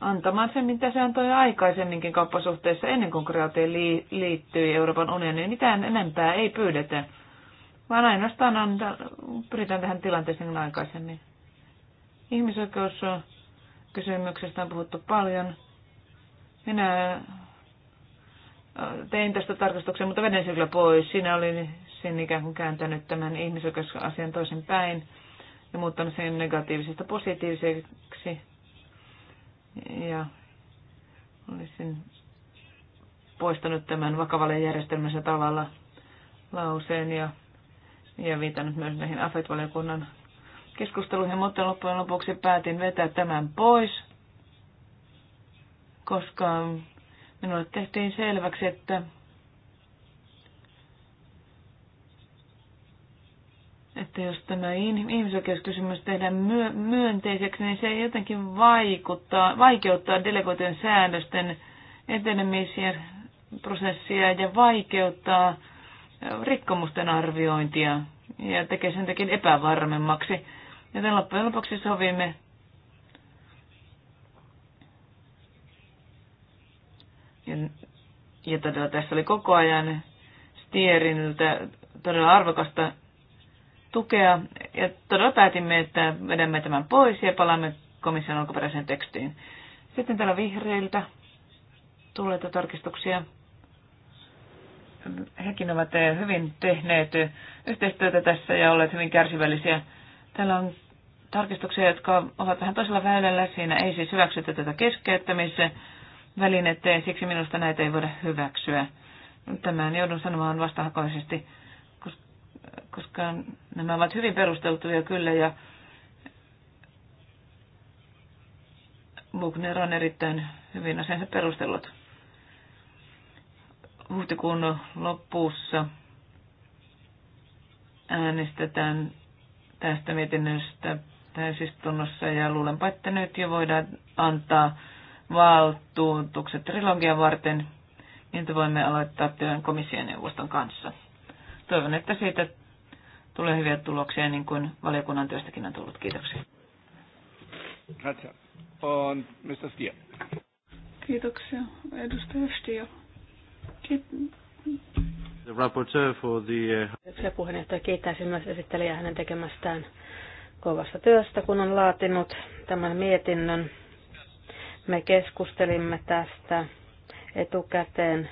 antamaan se, mitä se antoi aikaisemminkin kauppasuhteessa ennen kuin Kroatia liittyi Euroopan unioniin. Mitään enempää ei pyydetä, vaan ainoastaan anta, pyritään tähän tilanteeseen aikaisemmin. Ihmisoikeuskysymyksestä on puhuttu paljon. Minä äh, tein tästä tarkastuksen, mutta veden sillä pois. Siinä olin sen ikään kuin kääntänyt tämän ihmisoikeusasian toisen päin ja muuttanut sen negatiivisesta positiiviseksi. Ja olisin poistanut tämän vakavalle järjestelmässä tavalla lauseen ja, ja viitannut myös näihin AFET-valiokunnan keskusteluihin, mutta loppujen lopuksi päätin vetää tämän pois, koska minulle tehtiin selväksi, että että jos tämä ihmisoikeuskysymys tehdään myönteiseksi, niin se jotenkin vaikuttaa, vaikeuttaa delegoitujen säännösten etenemisiä, prosessia ja vaikeuttaa äh, rikkomusten arviointia ja tekee sen takia epävarmemmaksi. Joten loppujen lopuksi sovimme ja, ja todella tässä oli koko ajan Stieriltä todella arvokasta tukea. Ja todella päätimme, että vedämme tämän pois ja palaamme komission alkuperäiseen tekstiin. Sitten täällä vihreiltä tulleita tarkistuksia. Hekin ovat eh, hyvin tehneet eh, yhteistyötä tässä ja olleet hyvin kärsivällisiä. Täällä on tarkistuksia, jotka ovat vähän toisella väylällä. Siinä ei siis hyväksytä tätä keskeyttämisen välinettä ja siksi minusta näitä ei voida hyväksyä. Tämän joudun sanomaan vastahakoisesti koska nämä ovat hyvin perusteltuja kyllä ja Buchner on erittäin hyvin asiansa perustellut. Huhtikuun lopussa äänestetään tästä mietinnöstä täysistunnossa ja luulenpa, että nyt jo voidaan antaa valtuutukset trilogian varten, niin voimme aloittaa työn komission neuvoston kanssa. Toivon, että siitä tulee hyviä tuloksia, niin kuin valiokunnan työstäkin on tullut. Kiitoksia. Grazie. On Kiitoksia. Edustaja Stio. Kiit- the rapporteur for uh, Kiitoksia puheenjohtaja. Kiittäisin myös esittelijää hänen tekemästään kovasta työstä, kun on laatinut tämän mietinnön. Me keskustelimme tästä etukäteen,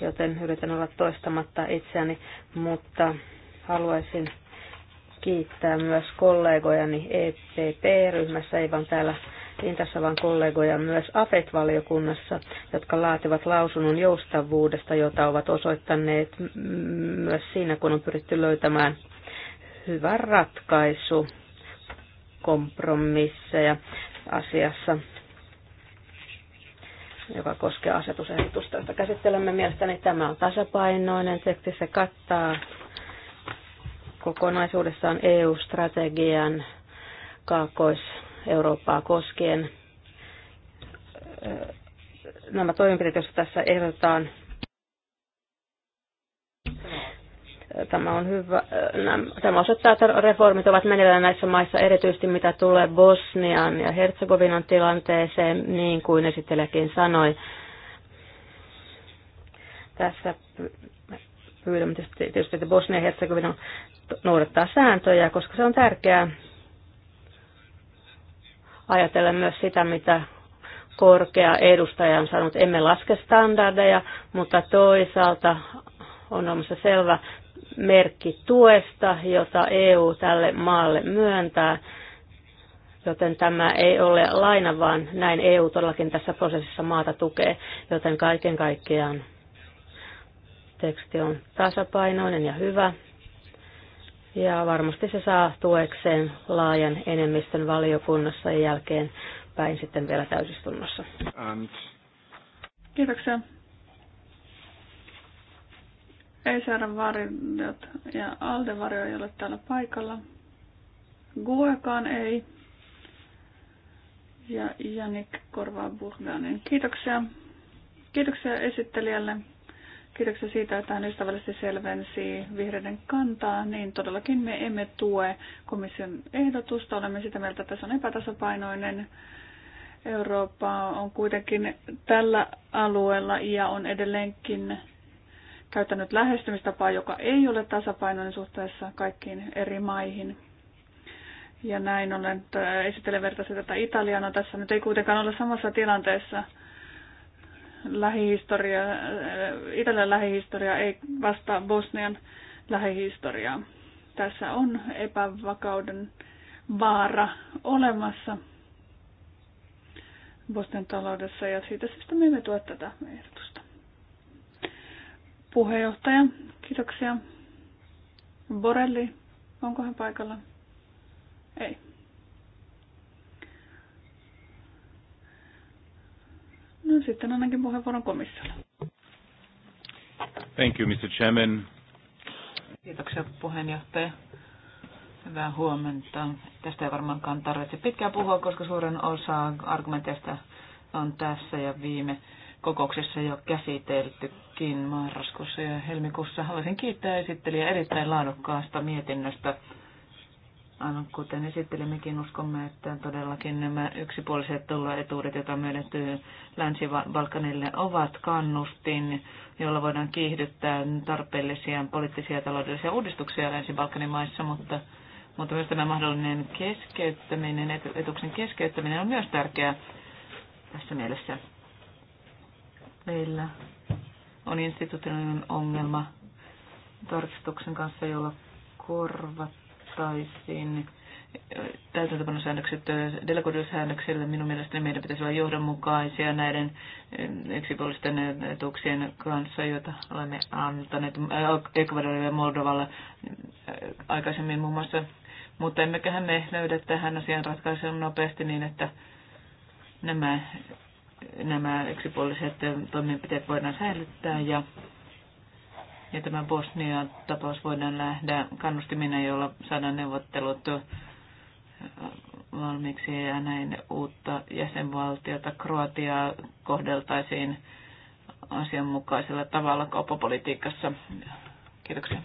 joten yritän olla toistamatta itseäni, mutta Haluaisin kiittää myös kollegojani EPP-ryhmässä, ei vaan täällä Intassa, vaan kollegoja myös AFET-valiokunnassa, jotka laativat lausunnon joustavuudesta, jota ovat osoittaneet myös siinä, kun on pyritty löytämään hyvä ratkaisu kompromisseja asiassa, joka koskee asetusehdotusta, jota käsittelemme. Mielestäni tämä on tasapainoinen teksti, se kattaa kokonaisuudessaan EU-strategian Kaakkois-Eurooppaa koskien. Nämä toimenpiteet, joista tässä ehdotetaan, tämä on hyvä. Tämä osoittaa, että reformit ovat meneillään näissä maissa, erityisesti mitä tulee Bosnian ja Herzegovinan tilanteeseen, niin kuin esittelijäkin sanoi. Tässä pyydämme tietysti, että Bosnia ja Herzegovina noudattaa sääntöjä, koska se on tärkeää ajatella myös sitä, mitä korkea edustaja on sanonut, emme laske standardeja, mutta toisaalta on olemassa selvä merkki tuesta, jota EU tälle maalle myöntää, joten tämä ei ole laina, vaan näin EU todellakin tässä prosessissa maata tukee, joten kaiken kaikkiaan teksti on tasapainoinen ja hyvä. Ja varmasti se saa tuekseen laajan enemmistön valiokunnassa ja jälkeen päin sitten vielä täysistunnossa. And... Kiitoksia. Ei saada varjot ja Alden varjo ei ole täällä paikalla. Guekaan ei. Ja Janik korvaa Burganin. Kiitoksia. Kiitoksia esittelijälle. Kiitoksia siitä, että hän ystävällisesti selvensi vihreiden kantaa. Niin todellakin me emme tue komission ehdotusta. Olemme sitä mieltä, että se on epätasapainoinen. Eurooppa on kuitenkin tällä alueella ja on edelleenkin käyttänyt lähestymistapaa, joka ei ole tasapainoinen suhteessa kaikkiin eri maihin. Ja näin olen esittelen vertaisesti tätä Italiana. Tässä nyt ei kuitenkaan ole samassa tilanteessa lähihistoria, Italian lähihistoria ei vastaa Bosnian lähihistoriaa. Tässä on epävakauden vaara olemassa Bosnian taloudessa ja siitä syystä me emme tue tätä ehdotusta. Puheenjohtaja, kiitoksia. Borelli, onko hän paikalla? Ei. No, sitten annankin puheenvuoron komissiolle. Thank you, Mr. Chairman. Kiitoksia puheenjohtaja. Hyvää huomenta. Tästä ei varmaankaan tarvitse pitkään puhua, koska suurin osa argumenteista on tässä ja viime kokouksessa jo käsiteltykin marraskuussa ja helmikuussa. Haluaisin kiittää esittelijä erittäin laadukkaasta mietinnöstä Aivan kuten esittelemmekin, uskomme, että todellakin nämä yksipuoliset tuloetuudet, joita myönnetty Länsi-Balkanille, ovat kannustin, jolla voidaan kiihdyttää tarpeellisia poliittisia ja taloudellisia uudistuksia Länsi-Balkanin maissa, mutta, mutta myös tämä mahdollinen keskeyttäminen, etuksen keskeyttäminen on myös tärkeää tässä mielessä. Meillä on instituutioiden ongelma tarkistuksen kanssa, jolla korvat muutettaisiin äh, täytäntöpanosäännökset äh, delegoiduilla säännöksillä. Minun mielestäni meidän pitäisi olla johdonmukaisia näiden äh, yksipuolisten etuuksien kanssa, joita olemme antaneet Ecuadorille ja Moldovalle aikaisemmin muun muassa. Mutta emmeköhän me löydä tähän asian ratkaisun nopeasti niin, että nämä, nämä yksipuoliset toimenpiteet voidaan säilyttää ja ja tämä Bosnia-tapaus voidaan nähdä kannustimina, jolla saadaan neuvottelut äh, valmiiksi ja näin uutta jäsenvaltiota Kroatiaa kohdeltaisiin asianmukaisella tavalla kauppapolitiikassa. Kiitoksia.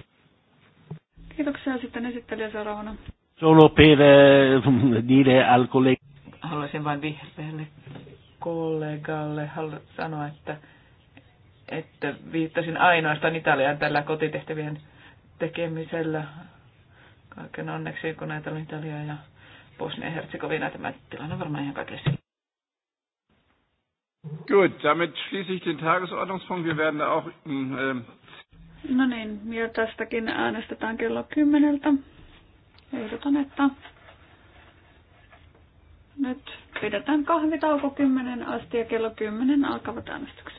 Kiitoksia sitten esittelijä seuraavana. Solo per eh, dire al Haluaisin vain vihreälle kollegalle sanoa, että että viittasin ainoastaan Italiaan tällä kotitehtävien tekemisellä. Kaiken onneksi, kun näitä oli Italia ja Bosnia-Herzegovina, tämä tilanne on varmaan ihan kaikessa. Gut, damit schließe ich den Tagesordnungspunkt. Wir werden auch... Ähm, äh, no niin, ja tästäkin äänestetään kello kymmeneltä. Ehdotan, että nyt pidetään kahvitauko kymmenen asti ja kello kymmenen alkavat äänestykset.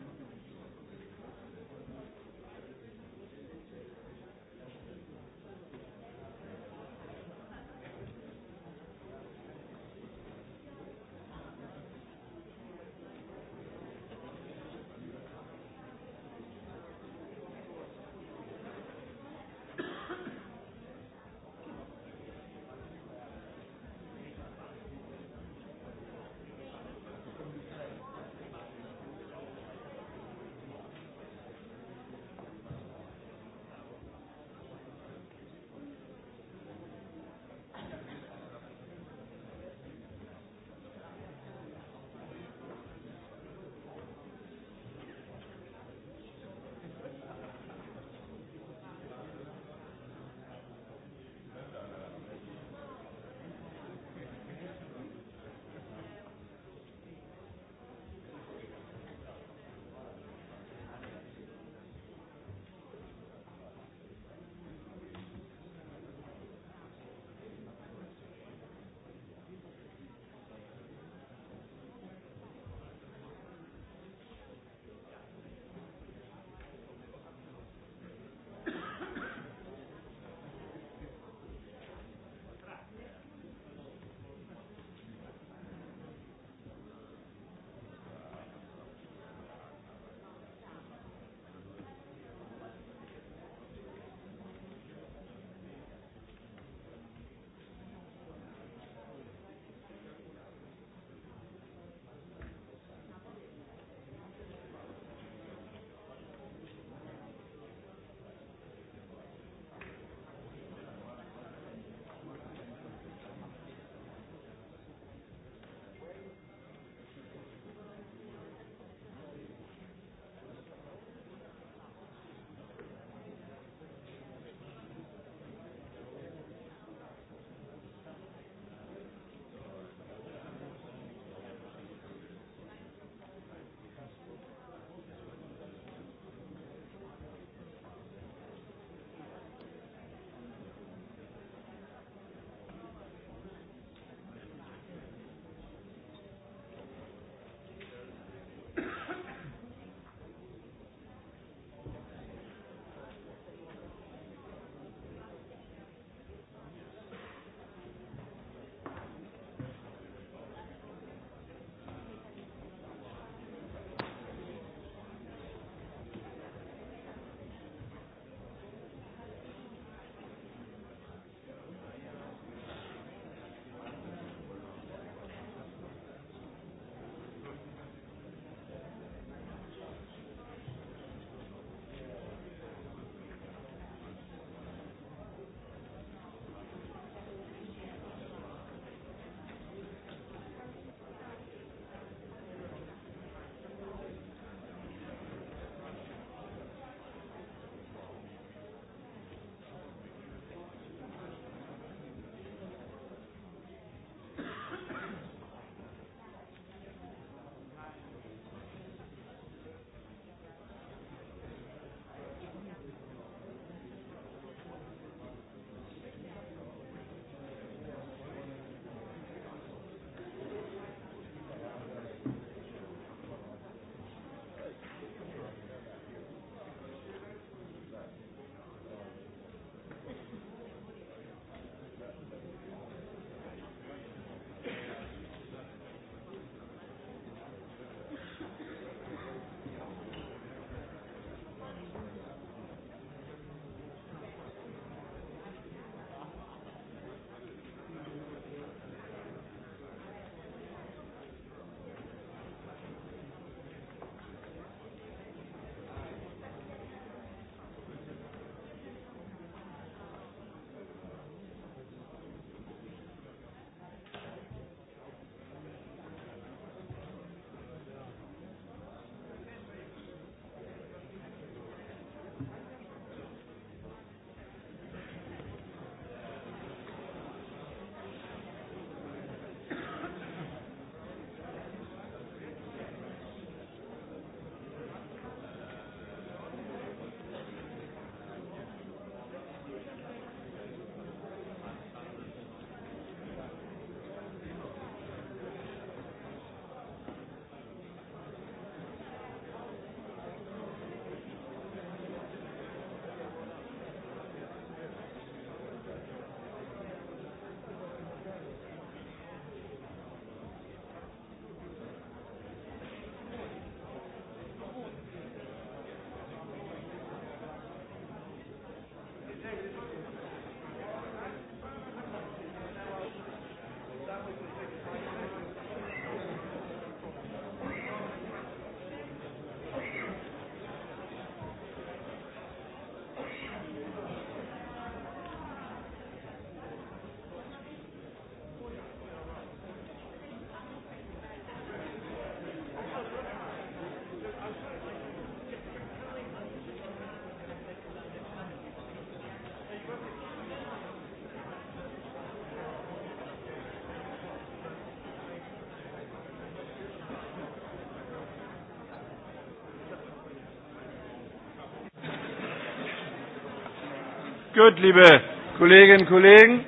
Gut, liebe Kolleginnen Kollegen.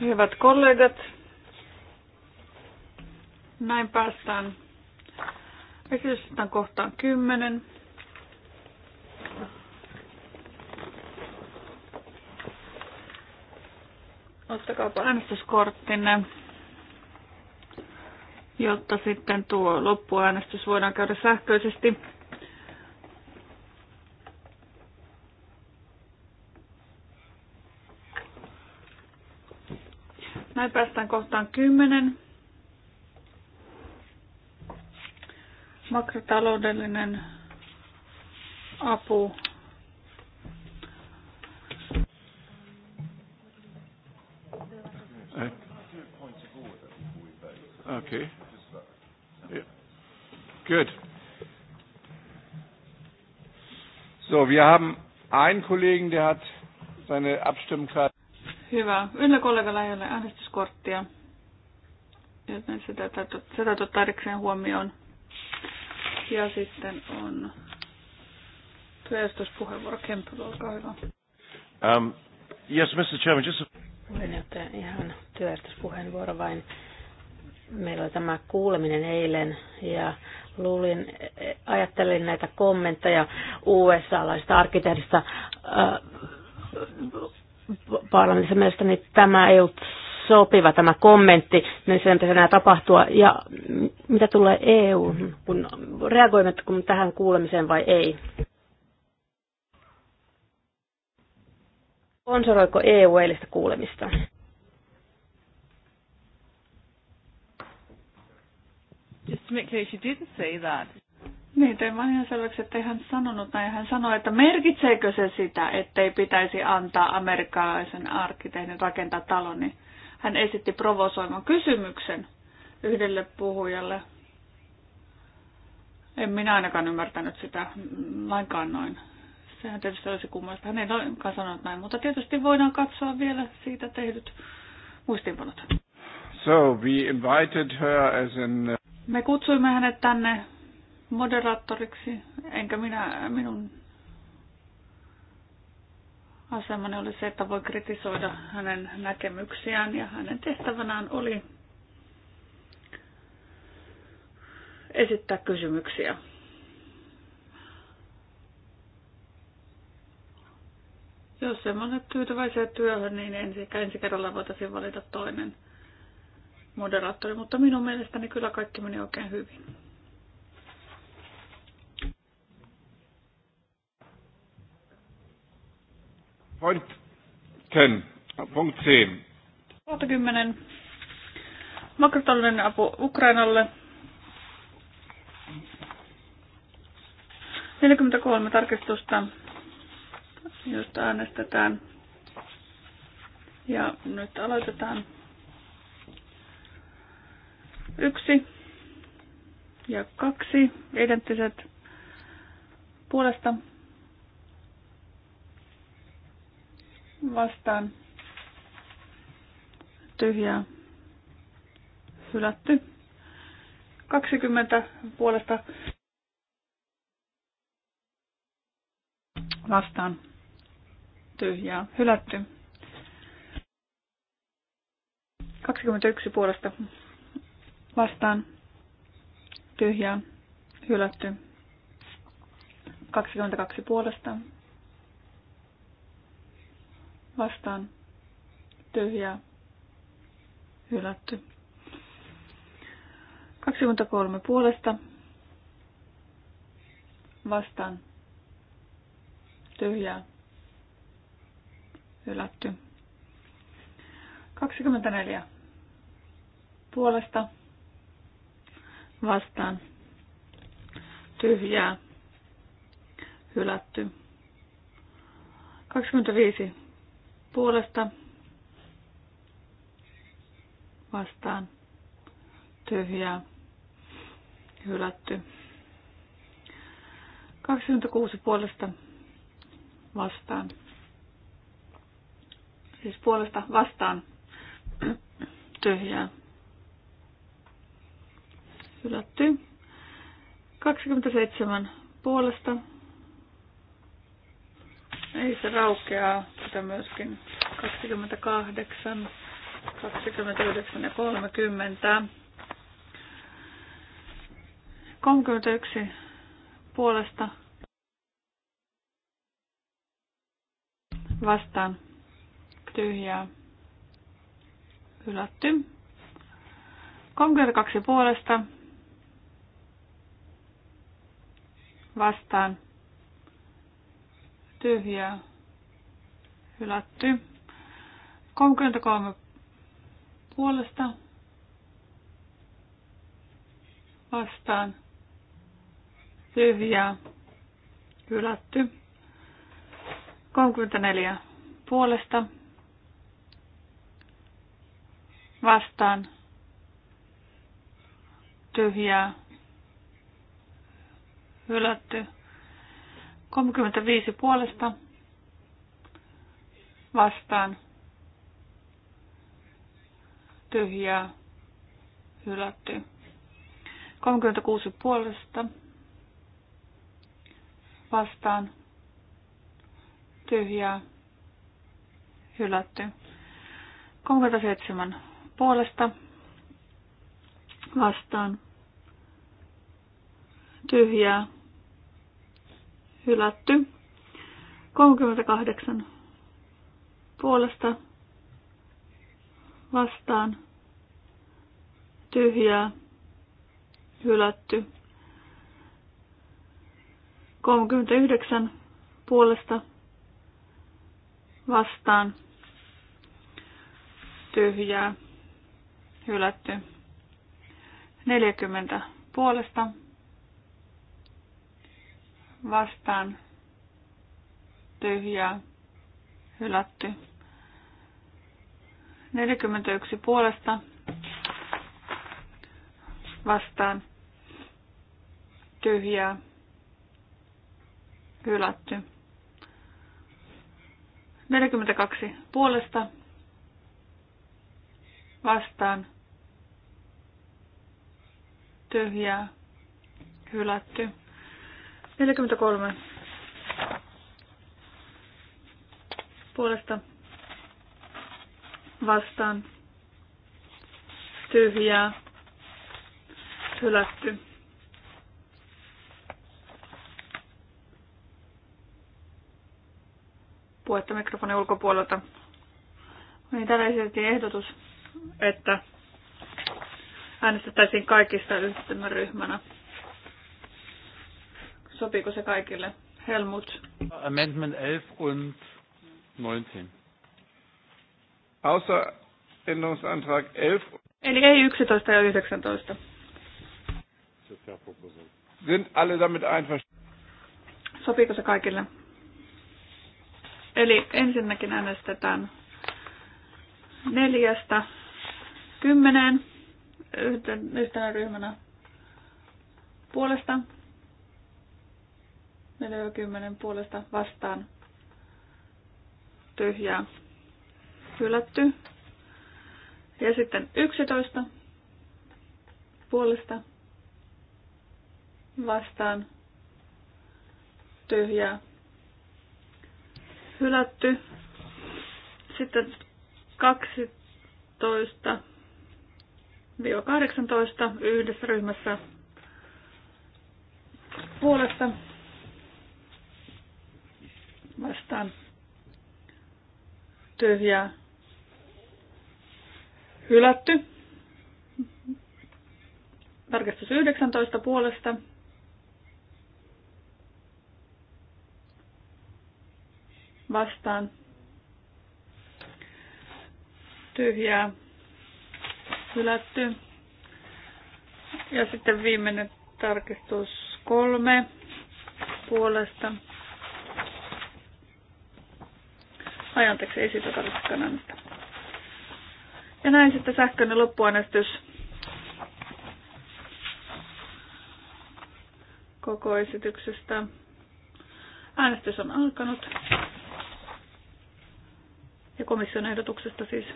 Hyvät kollegat, näin päästään esitystään kohtaan kymmenen. Ottakaapa äänestyskorttinne, jotta sitten tuo loppuäänestys voidaan käydä sähköisesti. Näin päästään kohtaan 10. Makrotaloudellinen apu. Okay. Yeah. Good. So, wir haben einen Kollegen, der hat seine Abstimmkarte. Hyvä. Yllä kollegalla ei ole äänestyskorttia, joten sitä, se täytyy ottaa erikseen huomioon. Ja sitten on työjärjestyspuheenvuoro Kempel, olkaa hyvä. Um, yes, Mr. Chairman, just... Puheenjohtaja, ihan työjärjestyspuheenvuoro vain. Meillä oli tämä kuuleminen eilen ja luulin, e, e, ajattelin näitä kommentteja USA-laisista arkkitehdista äh, se mielestäni niin tämä ei ollut sopiva tämä kommentti, niin sen pitäisi enää tapahtua. Ja mitä tulee EU, kun reagoimme kun tähän kuulemiseen vai ei? Sponsoroiko EU eilistä kuulemista? Just to make clear, she didn't say that. Niin, tein vaan ihan selväksi, että hän sanonut näin. Hän sanoi, että merkitseekö se sitä, ettei pitäisi antaa amerikkalaisen arkkitehdin rakentaa talon, niin hän esitti provosoivan kysymyksen yhdelle puhujalle. En minä ainakaan ymmärtänyt sitä lainkaan noin. Sehän tietysti olisi kummallista. Hän ei lainkaan sanonut näin, mutta tietysti voidaan katsoa vielä siitä tehdyt muistiinpanot. So we invited her as in... Me kutsuimme hänet tänne moderaattoriksi, enkä minä, minun asemani oli se, että voi kritisoida hänen näkemyksiään ja hänen tehtävänään oli esittää kysymyksiä. Jos semmoinen tyytyväisiä työhön, niin ensi, ensi kerralla voitaisiin valita toinen moderaattori, mutta minun mielestäni kyllä kaikki meni oikein hyvin. Point 10. Punkt 10. Kohta 10. Makrotalouden apu Ukrainalle. 43 tarkistusta, josta äänestetään. Ja nyt aloitetaan. Yksi ja kaksi identtiset puolesta vastaan tyhjää hylätty. 20 puolesta vastaan tyhjää hylätty. 21 puolesta vastaan tyhjää hylätty. 22 puolesta vastaan tyhjä, hylätty. 23 puolesta vastaan tyhjä, hylätty. 24 puolesta vastaan tyhjää hylätty. 25 puolesta vastaan tyhjää hylätty. 26 puolesta vastaan. Siis puolesta vastaan tyhjää hylätty. 27 puolesta ei se raukeaa, sitä myöskin 28, 29 ja 30. 31 puolesta vastaan tyhjää hylätty. 32 puolesta vastaan tyhjää, hylätty. 33 puolesta vastaan tyhjää, hylätty. 34 puolesta vastaan tyhjää, hylätty. 35 puolesta vastaan tyhjää hylätty. 36 puolesta vastaan tyhjää hylätty. 37 puolesta vastaan tyhjää hylätty hylätty. 38 puolesta vastaan tyhjää hylätty. 39 puolesta vastaan tyhjää hylätty. 40 puolesta vastaan tyhjää hylätty. 41 puolesta vastaan tyhjää hylätty. 42 puolesta vastaan tyhjää hylätty. 43 puolesta vastaan tyhjää hylätty. Puhetta mikrofonin ulkopuolelta. Niin täällä esitettiin ehdotus, että äänestettäisiin kaikista yhtymäryhmänä. ryhmänä. Sopiiko se kaikille? Helmut. Amendment 11 und 19. Außer Änderungsantrag 11. Eli ei 11 ja 19. Sind alle damit einverstanden? Sopiiko se kaikille? Eli ensinnäkin äänestetään neljästä kymmeneen yhtenä ryhmänä puolesta 40 puolesta vastaan tyhjää hylätty. Ja sitten 11 puolesta vastaan tyhjää hylätty. Sitten 12 18 yhdessä ryhmässä puolesta vastaan tyhjää hylätty. Tarkastus 19 puolesta vastaan tyhjää hylätty. Ja sitten viimeinen tarkistus kolme puolesta Ai anteeksi, ei siitä tarvitsekaan äänestää. Ja näin sitten sähköinen loppuäänestys koko esityksestä. Äänestys on alkanut. Ja komission ehdotuksesta siis.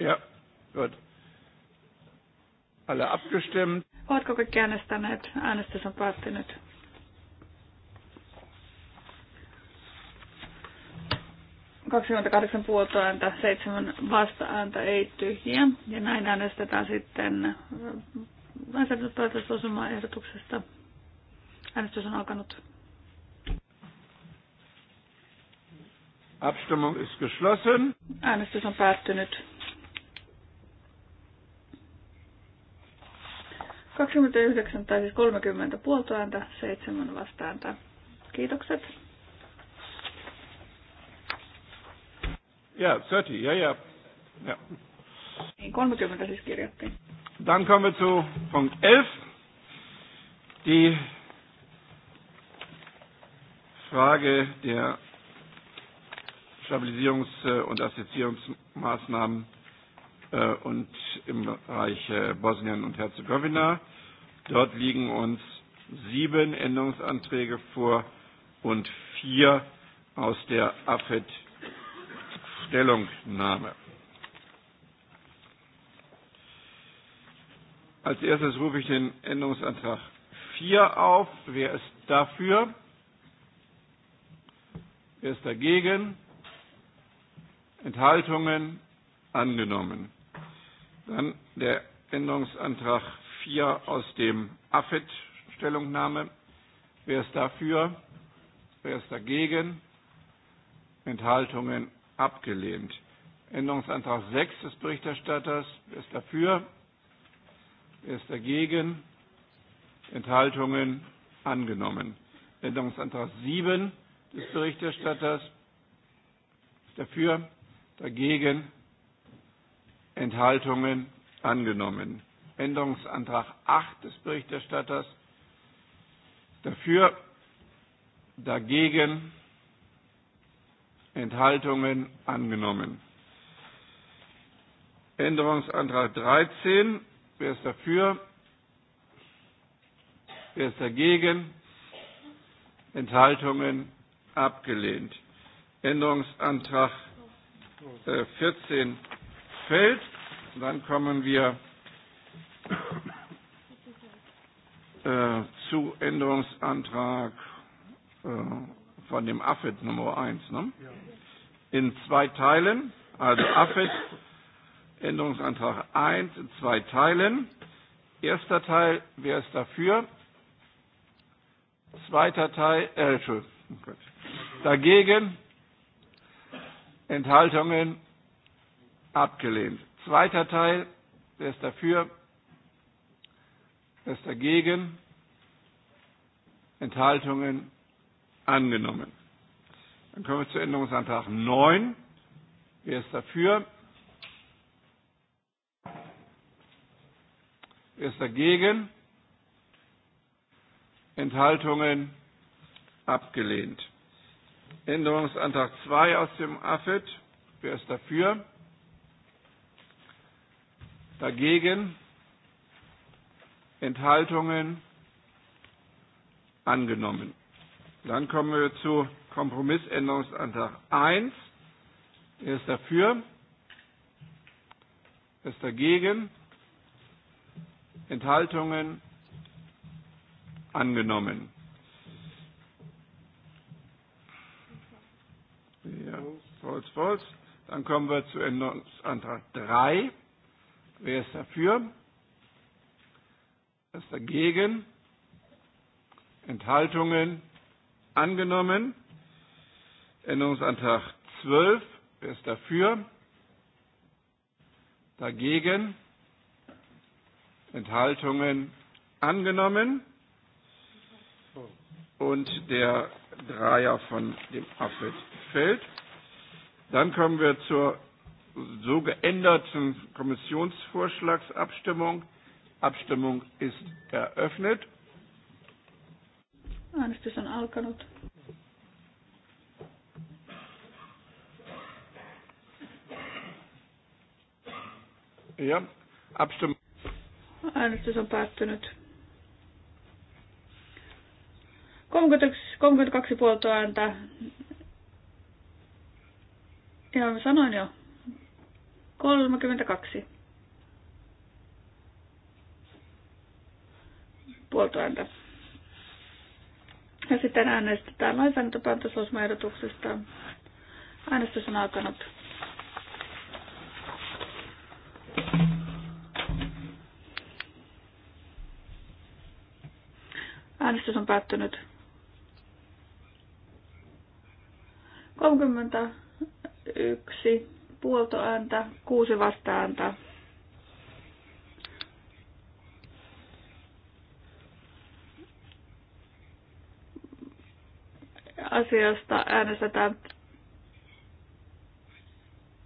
Ja, good. Alle abgestimmt. Oletko kaikki äänestäneet? Äänestys on päättynyt. 28 puolta ääntä, 7 vasta ääntä, ei tyhjiä. Ja näin äänestetään sitten äh, lainsäädäntöpäätösosumaan ehdotuksesta. Äänestys on alkanut. Abstimmung ist geschlossen. Äänestys on päättynyt. 29 tai siis 30 puolta ääntä, 7 vasta ääntä. Kiitokset. Yeah, 30. Yeah, yeah. yeah. 30 niin, siis kirjoitti. Dann kommen wir zu Punkt 11. Die Frage der Stabilisierungs- und Assoziierungsmaßnahmen äh, und im Bereich äh, Bosnien und Herzegowina. Dort liegen uns sieben Änderungsanträge vor und vier aus der AFED Stellungnahme. Als erstes rufe ich den Änderungsantrag 4 auf. Wer ist dafür? Wer ist dagegen? Enthaltungen? Angenommen. Dann der Änderungsantrag 4 aus dem AFET Stellungnahme. Wer ist dafür? Wer ist dagegen? Enthaltungen abgelehnt. Änderungsantrag 6 des Berichterstatters. Wer ist dafür? Wer ist dagegen? Enthaltungen angenommen. Änderungsantrag 7 des Berichterstatters. Dafür, dagegen, Enthaltungen angenommen. Änderungsantrag 8 des Berichterstatters. Dafür, dagegen, Enthaltungen Enthaltungen angenommen. Änderungsantrag 13. Wer ist dafür? Wer ist dagegen? Enthaltungen abgelehnt. Änderungsantrag 14 äh, fällt. Dann kommen wir äh, zu Änderungsantrag äh, von dem Affet Nummer 1, ne? in zwei Teilen, also Affet, Änderungsantrag 1 in zwei Teilen. Erster Teil, wer ist dafür? Zweiter Teil, äh, dagegen, Enthaltungen, abgelehnt. Zweiter Teil, wer ist dafür? Wer ist dagegen? Enthaltungen abgelehnt angenommen. Dann kommen wir zu Änderungsantrag 9. Wer ist dafür? Wer ist dagegen? Enthaltungen abgelehnt. Änderungsantrag 2 aus dem AFIT. E Wer ist dafür? Dagegen? Enthaltungen angenommen. Dann kommen wir zu Kompromissänderungsantrag 1. Wer ist dafür? Wer ist dagegen? Enthaltungen? Angenommen. Ja, Volz, Volz. Dann kommen wir zu Änderungsantrag 3. Wer ist dafür? Wer ist dagegen? Enthaltungen? angenommen. Änderungsantrag 12. Wer ist dafür? Dagegen? Enthaltungen angenommen. Und der Dreier von dem Affet fällt. Dann kommen wir zur so geänderten Kommissionsvorschlagsabstimmung. Abstimmung ist eröffnet. Äänestys on alkanut. Ja, abstim. Äänestys on päättynyt. 31, 32 puolta ääntä. Ja mä sanoin jo. 32. Puolta ääntä. Ja sitten äänestetään lainsäädäntöpäätöslausmaehdotuksesta. Äänestys on alkanut. Äänestys on päättynyt. 31 puolto ääntä, 6 vasta ääntä. asiasta äänestetään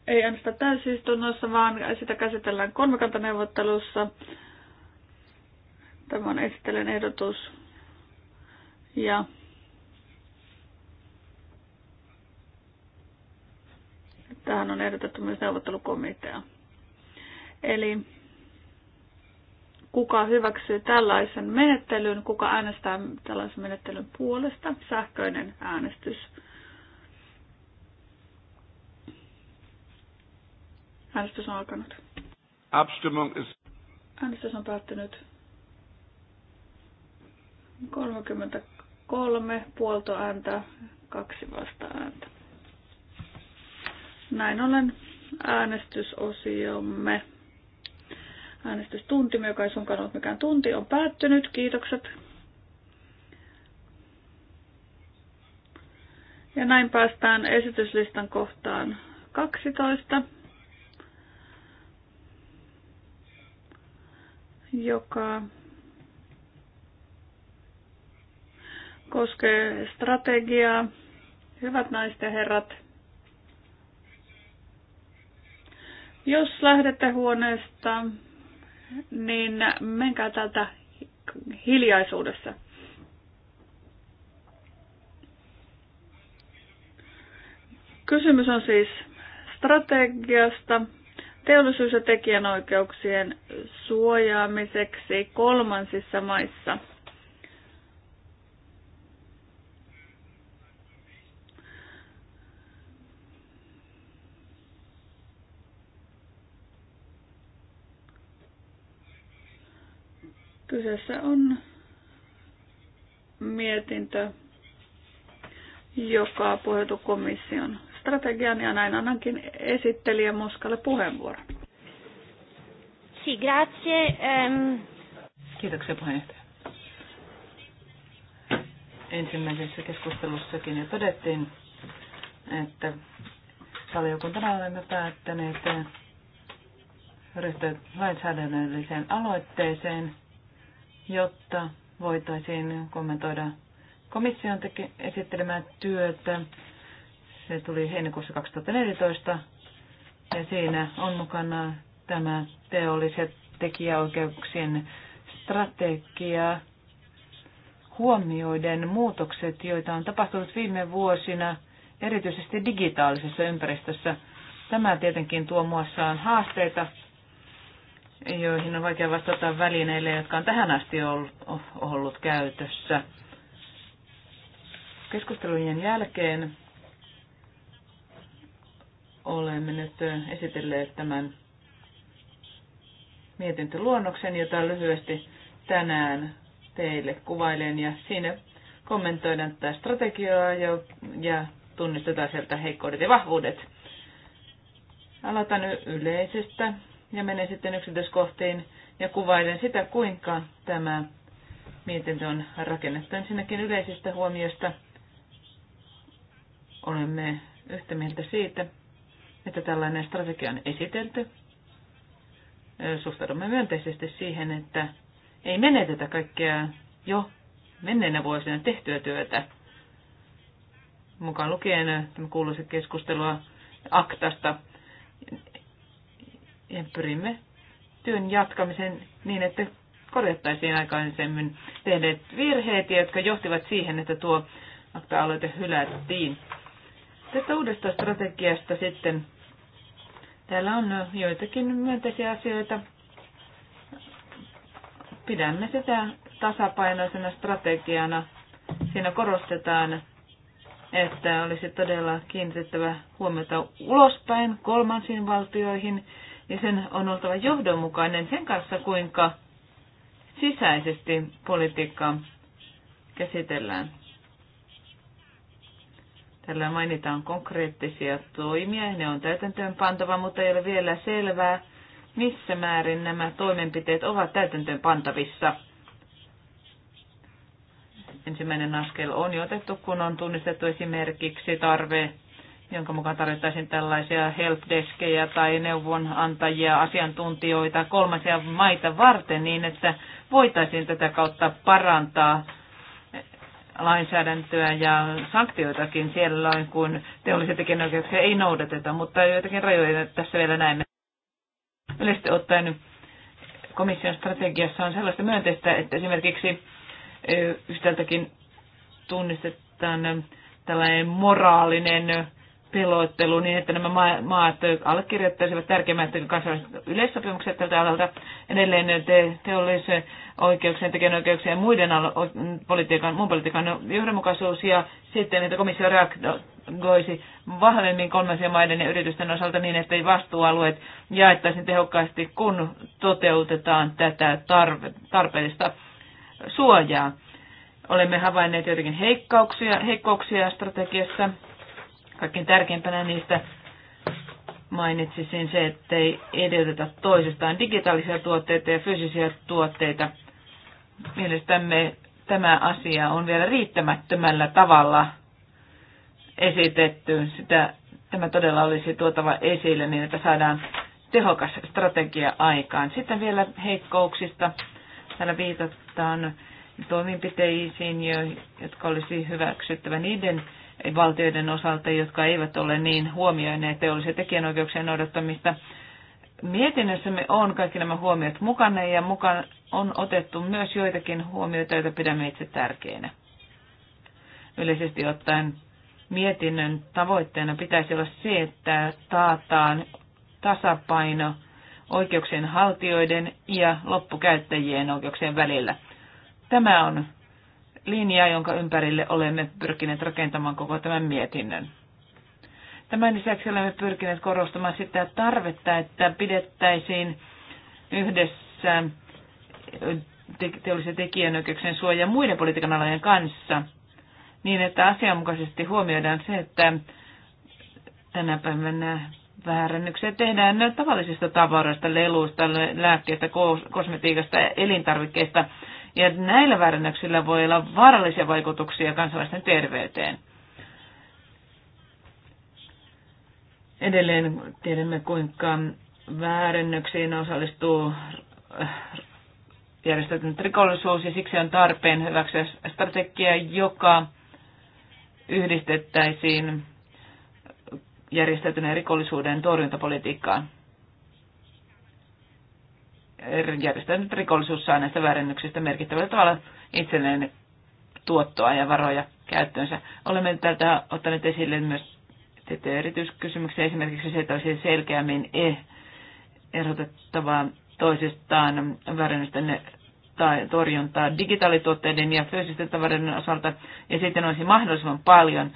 ei äänestä täysistunnossa, vaan sitä käsitellään kolmikantaneuvottelussa. Tämä on esittelen ehdotus. Ja tähän on ehdotettu myös neuvottelukomitea. Eli kuka hyväksyy tällaisen menettelyn, kuka äänestää tällaisen menettelyn puolesta, sähköinen äänestys. Äänestys on alkanut. Abstimmung Äänestys on päättynyt. 33 puolto ääntä, kaksi vasta ääntä. Näin ollen äänestysosiomme äänestystunti, joka ei sunkaan ollut mikään tunti, on päättynyt. Kiitokset. Ja näin päästään esityslistan kohtaan 12, joka koskee strategiaa. Hyvät naiset ja herrat, jos lähdette huoneesta niin menkää täältä hiljaisuudessa. Kysymys on siis strategiasta teollisuus- ja tekijänoikeuksien suojaamiseksi kolmansissa maissa – Kyseessä on mietintö, joka pohjautuu komission strategian ja näin annankin esittelijä Moskalle puheenvuoron. Si, grazie. Ähm. Kiitoksia puheenjohtaja. Ensimmäisessä keskustelussakin jo todettiin, että valiokuntana olemme päättäneet ryhtyä lainsäädännölliseen aloitteeseen – jotta voitaisiin kommentoida komission teke- esittelemää työtä. Se tuli heinäkuussa 2014 ja siinä on mukana tämä teolliset tekijäoikeuksien strategia huomioiden muutokset, joita on tapahtunut viime vuosina, erityisesti digitaalisessa ympäristössä. Tämä tietenkin tuo muassaan haasteita joihin on vaikea vastata välineille, jotka on tähän asti ollut käytössä. Keskustelujen jälkeen olemme nyt esitelleet tämän mietintöluonnoksen, jota lyhyesti tänään teille kuvailen. Ja siinä kommentoidaan tätä strategiaa ja, ja tunnistetaan sieltä heikkoudet ja vahvuudet. Aloitan yleisestä ja menen sitten yksityiskohtiin ja kuvailen sitä, kuinka tämä mietintö on rakennettu. Ensinnäkin yleisistä huomioista olemme yhtä mieltä siitä, että tällainen strategia on esitelty. Suhtaudumme myönteisesti siihen, että ei menetetä kaikkea jo menneenä vuosina tehtyä työtä. Mukaan lukien tämä kuuluisa keskustelua aktasta. Ja pyrimme työn jatkamisen niin, että korjattaisiin aikaisemmin tehneet virheet, jotka johtivat siihen, että tuo akta-aloite hylättiin. Tästä uudesta strategiasta sitten täällä on joitakin myönteisiä asioita. Pidämme sitä tasapainoisena strategiana. Siinä korostetaan, että olisi todella kiinnitettävä huomiota ulospäin kolmansiin valtioihin niin sen on oltava johdonmukainen sen kanssa, kuinka sisäisesti politiikkaa käsitellään. Tällä mainitaan konkreettisia toimia, ne on täytäntöön pantava, mutta ei ole vielä selvää, missä määrin nämä toimenpiteet ovat täytäntöön pantavissa. Ensimmäinen askel on jo otettu, kun on tunnistettu esimerkiksi tarve jonka mukaan tarvittaisiin tällaisia helpdeskejä tai neuvonantajia, asiantuntijoita kolmasia maita varten niin, että voitaisiin tätä kautta parantaa lainsäädäntöä ja sanktioitakin siellä, kun teollisia tekijänoikeuksia ei noudateta, mutta joitakin rajoja tässä vielä näemme. Yleisesti ottaen komission strategiassa on sellaista myönteistä, että esimerkiksi yhtäältäkin tunnistetaan tällainen moraalinen pelottelu niin, että nämä maat allekirjoittaisivat tärkeimmät kansainväliset yleissopimukset tältä alalta. Edelleen te, teollisen oikeuksien, tekijänoikeuksien ja muiden al- politiikan, muun politiikan johdonmukaisuus ja sitten, että komissio reagoisi vahvemmin kolmansien maiden ja yritysten osalta niin, että ei vastuualueet jaettaisiin tehokkaasti, kun toteutetaan tätä tarve, tarpeellista suojaa. Olemme havainneet joitakin heikkouksia, heikkouksia strategiassa Kaikkein tärkeimpänä niistä mainitsisin se, ei edellytä toisestaan digitaalisia tuotteita ja fyysisiä tuotteita. Mielestämme tämä asia on vielä riittämättömällä tavalla esitetty. Sitä, tämä todella olisi tuotava esille niin, että saadaan tehokas strategia aikaan. Sitten vielä heikkouksista. Täällä viitataan toimenpiteisiin, jotka olisi hyväksyttävä niiden valtioiden osalta, jotka eivät ole niin huomioineet teollisia tekijänoikeuksien noudattamista. Mietinnössämme on kaikki nämä huomiot mukana ja mukaan on otettu myös joitakin huomioita, joita pidämme itse tärkeinä. Yleisesti ottaen mietinnön tavoitteena pitäisi olla se, että taataan tasapaino oikeuksien haltijoiden ja loppukäyttäjien oikeuksien välillä. Tämä on linjaa, jonka ympärille olemme pyrkineet rakentamaan koko tämän mietinnön. Tämän lisäksi olemme pyrkineet korostamaan sitä tarvetta, että pidettäisiin yhdessä teollisen tekijänoikeuksien suoja muiden politiikan alojen kanssa, niin että asianmukaisesti huomioidaan se, että tänä päivänä väärännyksiä tehdään tavallisista tavaroista, leluista, lääkkeistä, kosmetiikasta, elintarvikkeista – ja näillä väärännöksillä voi olla vaarallisia vaikutuksia kansalaisten terveyteen. Edelleen tiedämme, kuinka väärännöksiin osallistuu järjestäytynyt rikollisuus ja siksi on tarpeen hyväksyä strategia, joka yhdistettäisiin järjestäytyneen rikollisuuden torjuntapolitiikkaan järjestänyt rikollisuus saa näistä väärennyksistä merkittävällä tavalla itselleen tuottoa ja varoja käyttöönsä. Olemme täältä ottaneet esille myös erityiskysymyksiä, esimerkiksi se, että olisi selkeämmin e- erotettavaa toisistaan väärennysten tai torjuntaa digitaalituotteiden ja fyysisten tavaroiden osalta, ja sitten olisi mahdollisimman paljon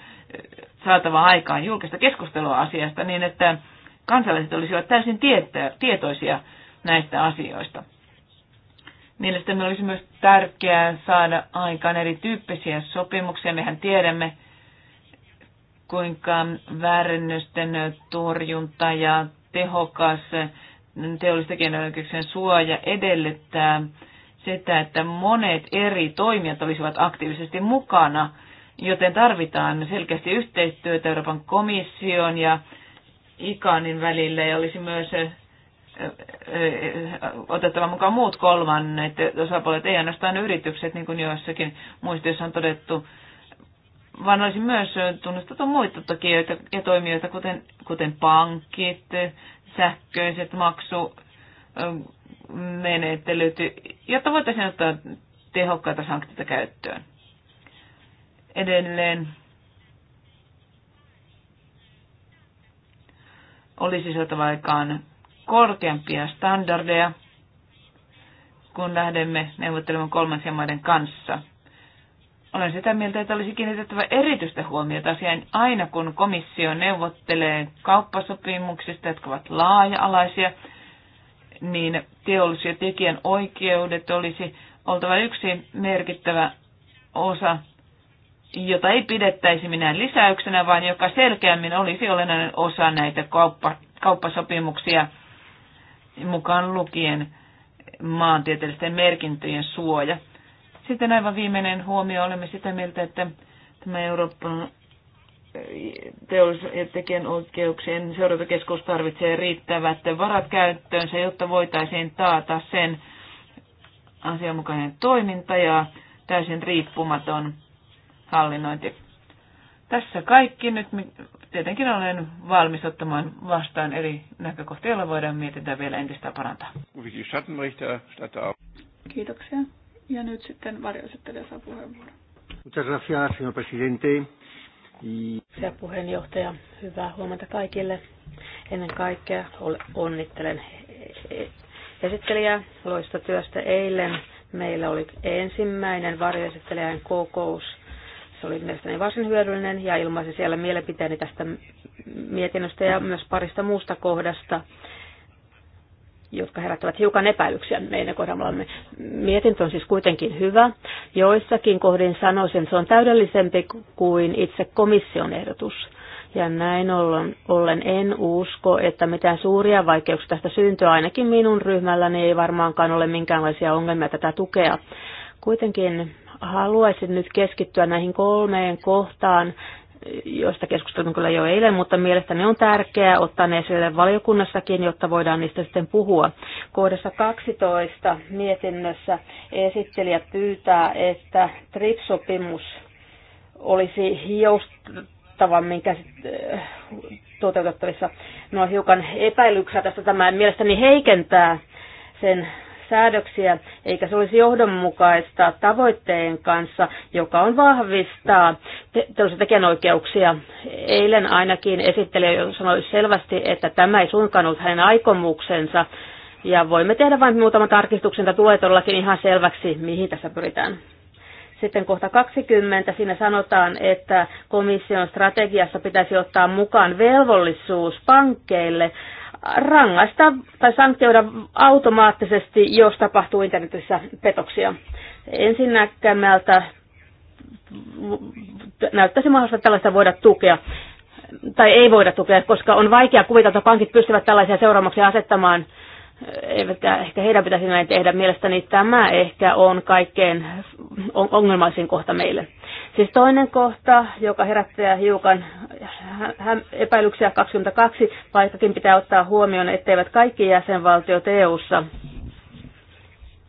saatava aikaan julkista keskustelua asiasta niin, että kansalaiset olisivat täysin tietoisia näistä asioista. Mielestäni olisi myös tärkeää saada aikaan erityyppisiä sopimuksia. Mehän tiedämme, kuinka väärennösten torjunta ja tehokas teollisten oikeuksien suoja edellyttää sitä, että monet eri toimijat olisivat aktiivisesti mukana, joten tarvitaan selkeästi yhteistyötä Euroopan komission ja ikanin välillä ja olisi myös otettava mukaan muut kolmannet osapuolet, ei ainoastaan yritykset, niin kuin joissakin muistiossa on todettu, vaan olisi myös tunnustettu muita tekijöitä ja toimijoita, kuten, kuten pankit, sähköiset maksumenettelyt, jotta voitaisiin ottaa tehokkaita sanktioita käyttöön. Edelleen olisi saatava aikaan korkeampia standardeja, kun lähdemme neuvottelemaan kolmansien maiden kanssa. Olen sitä mieltä, että olisi kiinnitettävä erityistä huomiota asiaan aina, kun komissio neuvottelee kauppasopimuksista, jotka ovat laaja-alaisia, niin teollis- ja tekijän oikeudet olisi oltava yksi merkittävä osa, jota ei pidettäisi minään lisäyksenä, vaan joka selkeämmin olisi olennainen osa näitä kauppa, kauppasopimuksia – mukaan lukien maantieteellisten merkintöjen suoja. Sitten aivan viimeinen huomio, olemme sitä mieltä, että tämä Euroopan eh, teollisuus- ja tekijänoikeuksien seurantakeskus tarvitsee riittävät varat käyttöönsä, jotta voitaisiin taata sen asianmukainen toiminta ja täysin riippumaton hallinnointi. Tässä kaikki nyt tietenkin olen valmis ottamaan vastaan eri näkökohtia, joilla voidaan mietintää vielä entistä parantaa. Kiitoksia. Ja nyt sitten varjoesittelijä saa puheenvuoron. Muchas gracias, señor presidente. Hyvä puheenjohtaja, hyvää huomenta kaikille. Ennen kaikkea onnittelen e- e- esittelijää loista työstä eilen. Meillä oli ensimmäinen varjoesittelijän kokous – se oli mielestäni varsin hyödyllinen ja ilmaisin siellä mielipiteeni tästä mietinnöstä ja myös parista muusta kohdasta jotka herättävät hiukan epäilyksiä meidän kohdallamme. Mietintö on siis kuitenkin hyvä. Joissakin kohdin sanoisin, että se on täydellisempi kuin itse komission ehdotus. Ja näin ollen en usko, että mitään suuria vaikeuksia tästä syntyy. Ainakin minun ryhmälläni ei varmaankaan ole minkäänlaisia ongelmia tätä tukea. Kuitenkin haluaisin nyt keskittyä näihin kolmeen kohtaan, joista keskustelimme kyllä jo eilen, mutta mielestäni on tärkeää ottaa ne esille valiokunnassakin, jotta voidaan niistä sitten puhua. Kohdassa 12 mietinnössä esittelijä pyytää, että TRIPS-sopimus olisi hiostavammin eh, toteutettavissa. No hiukan epäilyksiä tästä tämä mielestäni heikentää sen säädöksiä, eikä se olisi johdonmukaista tavoitteen kanssa, joka on vahvistaa tällaisia tekijänoikeuksia. Eilen ainakin esittelijä sanoi selvästi, että tämä ei suinkaan ollut hänen aikomuksensa, ja voimme tehdä vain muutaman tarkistuksen, että tulee todellakin ihan selväksi, mihin tässä pyritään. Sitten kohta 20, siinä sanotaan, että komission strategiassa pitäisi ottaa mukaan velvollisuus pankkeille rangaista tai sanktioida automaattisesti, jos tapahtuu internetissä petoksia. Ensinnäkemältä näyttäisi mahdollista, että tällaista voida tukea tai ei voida tukea, koska on vaikea kuvitella, että pankit pystyvät tällaisia seuraamuksia asettamaan eivätkä ehkä heidän pitäisi näin tehdä. Mielestäni tämä ehkä on kaikkein ongelmaisin kohta meille. Siis toinen kohta, joka herättää hiukan epäilyksiä 22, vaikkakin pitää ottaa huomioon, etteivät kaikki jäsenvaltiot EU-ssa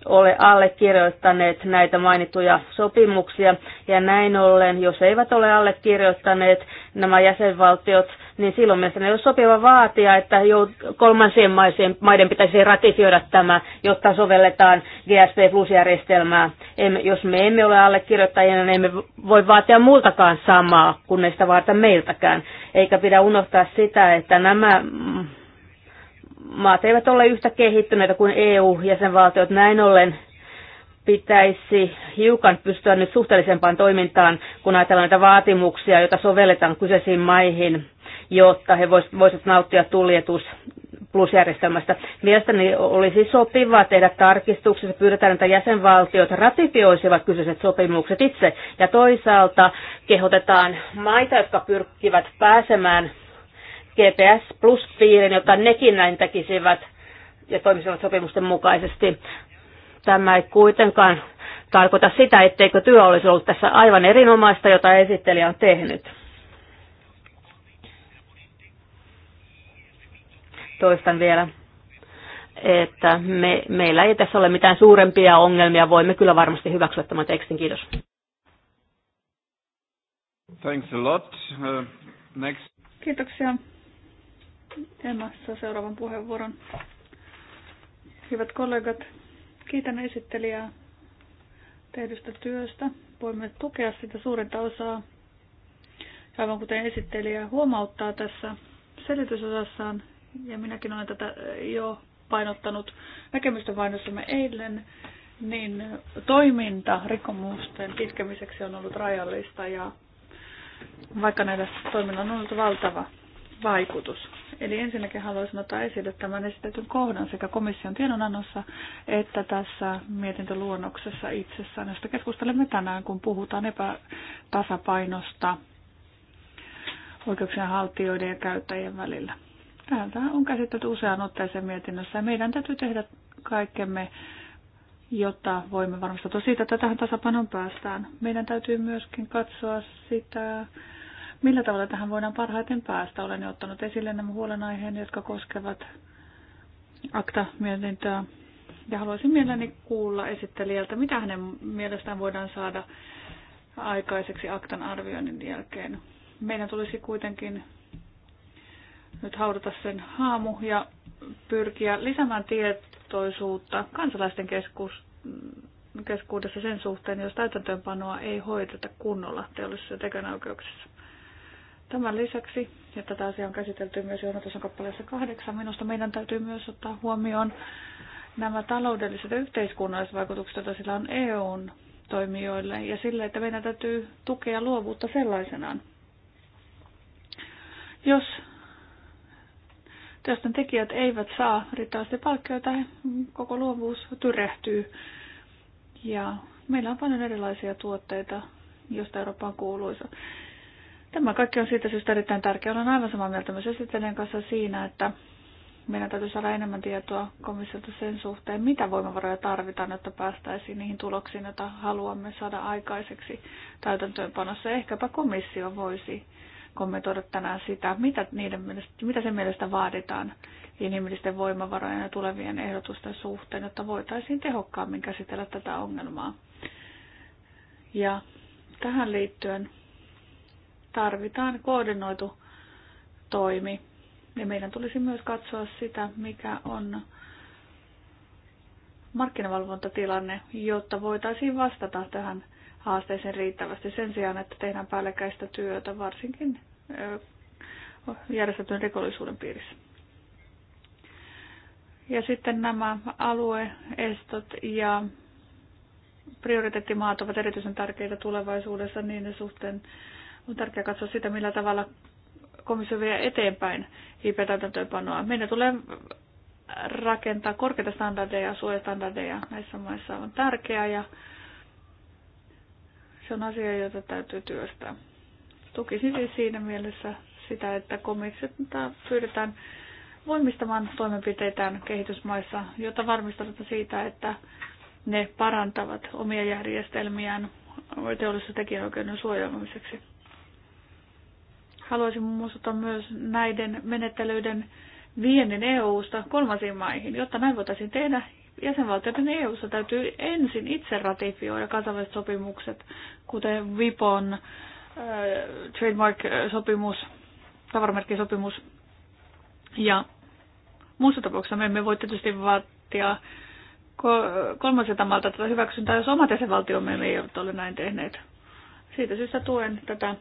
ole allekirjoittaneet näitä mainittuja sopimuksia, ja näin ollen, jos eivät ole allekirjoittaneet, nämä jäsenvaltiot – niin silloin mielestäni olisi sopiva vaatia, että kolmansien maiden pitäisi ratifioida tämä, jotta sovelletaan GSP Plus-järjestelmää. jos me emme ole allekirjoittajina, niin emme voi vaatia muultakaan samaa, kun ne sitä vaata meiltäkään. Eikä pidä unohtaa sitä, että nämä maat eivät ole yhtä kehittyneitä kuin EU-jäsenvaltiot. Näin ollen pitäisi hiukan pystyä nyt suhteellisempaan toimintaan, kun ajatellaan näitä vaatimuksia, joita sovelletaan kyseisiin maihin jotta he voisivat nauttia tuljetus plusjärjestelmästä. Mielestäni olisi sopivaa tehdä ja pyydetään, että jäsenvaltiot ratifioisivat kyseiset sopimukset itse, ja toisaalta kehotetaan maita, jotka pyrkivät pääsemään GPS Plus-piirin, jotta nekin näin tekisivät ja toimisivat sopimusten mukaisesti. Tämä ei kuitenkaan tarkoita sitä, etteikö työ olisi ollut tässä aivan erinomaista, jota esittelijä on tehnyt. Toistan vielä, että me, meillä ei tässä ole mitään suurempia ongelmia. Voimme kyllä varmasti hyväksyä tämän tekstin. Kiitos. Thanks a lot. Uh, next. Kiitoksia. Emma saa seuraavan puheenvuoron. Hyvät kollegat, kiitän esittelijää tehdystä työstä. Voimme tukea sitä suurinta osaa. Ja aivan kuten esittelijä huomauttaa tässä selitysosassaan, ja minäkin olen tätä jo painottanut näkemysten vaihnossamme eilen, niin toiminta rikkomusten kitkemiseksi on ollut rajallista ja vaikka näillä toiminnalla on ollut valtava vaikutus. Eli ensinnäkin haluaisin ottaa esille tämän esitetyn kohdan sekä komission tiedonannossa että tässä mietintöluonnoksessa itsessään, josta keskustelemme tänään, kun puhutaan epätasapainosta oikeuksien haltijoiden ja käyttäjien välillä. Täältä on käsitelty useaan otteeseen mietinnössä ja meidän täytyy tehdä kaikkemme, jotta voimme varmistautua siitä, että tähän tasapainoon päästään. Meidän täytyy myöskin katsoa sitä, millä tavalla tähän voidaan parhaiten päästä. Olen jo ottanut esille nämä huolenaiheen, jotka koskevat akta-mietintöä. Ja haluaisin mielelläni kuulla esittelijältä, mitä hänen mielestään voidaan saada aikaiseksi aktan arvioinnin jälkeen. Meidän tulisi kuitenkin nyt haudata sen haamu ja pyrkiä lisäämään tietoisuutta kansalaisten keskus, keskuudessa sen suhteen, jos täytäntöönpanoa ei hoideta kunnolla teollisessa ja Tämän lisäksi, ja tätä asiaa on käsitelty myös Joonatason kappaleessa kahdeksan, minusta meidän täytyy myös ottaa huomioon nämä taloudelliset ja yhteiskunnalliset vaikutukset, joita sillä on EUn toimijoille ja sille, että meidän täytyy tukea luovuutta sellaisenaan. Jos työstön tekijät eivät saa riittävästi palkkioita, koko luovuus tyrehtyy. Ja meillä on paljon erilaisia tuotteita, joista Eurooppa on kuuluisa. Tämä kaikki on siitä syystä erittäin tärkeää. Olen aivan samaa mieltä myös esittelijän kanssa siinä, että meidän täytyy saada enemmän tietoa komissiolta sen suhteen, mitä voimavaroja tarvitaan, jotta päästäisiin niihin tuloksiin, joita haluamme saada aikaiseksi täytäntöönpanossa. Ehkäpä komissio voisi kommentoida tänään sitä, mitä, niiden mielestä, mitä sen mielestä vaaditaan inhimillisten voimavarojen ja tulevien ehdotusten suhteen, jotta voitaisiin tehokkaammin käsitellä tätä ongelmaa. Ja tähän liittyen tarvitaan koordinoitu toimi. Ja meidän tulisi myös katsoa sitä, mikä on markkinavalvontatilanne, jotta voitaisiin vastata tähän haasteeseen riittävästi sen sijaan, että tehdään päällekkäistä työtä varsinkin järjestetyn rikollisuuden piirissä. Ja sitten nämä alueestot ja prioriteettimaat ovat erityisen tärkeitä tulevaisuudessa niin ne suhteen. On tärkeää katsoa sitä, millä tavalla komissio vie eteenpäin IP-täytäntöönpanoa. Meidän tulee rakentaa korkeita standardeja ja suojastandardeja näissä maissa on tärkeää ja se on asia, jota täytyy työstää. Tukisin siis siinä mielessä sitä, että komissiota pyydetään voimistamaan toimenpiteitään kehitysmaissa, jota varmistavat siitä, että ne parantavat omia järjestelmiään teollisuus- tekijänoikeuden suojelemiseksi. Haluaisin muistuttaa myös näiden menettelyiden viennin EU-sta kolmansiin maihin, jotta näin voitaisiin tehdä jäsenvaltioiden niin EU-ssa täytyy ensin itse ratifioida kansainväliset sopimukset, kuten VIPON äh, trademark-sopimus, äh, tavaramerkkisopimus. Ja muussa tapauksessa me emme voi tietysti vaatia kolmaselta maalta tätä hyväksyntää, jos omat jäsenvaltiomme ei ole näin tehneet. Siitä syystä tuen tätä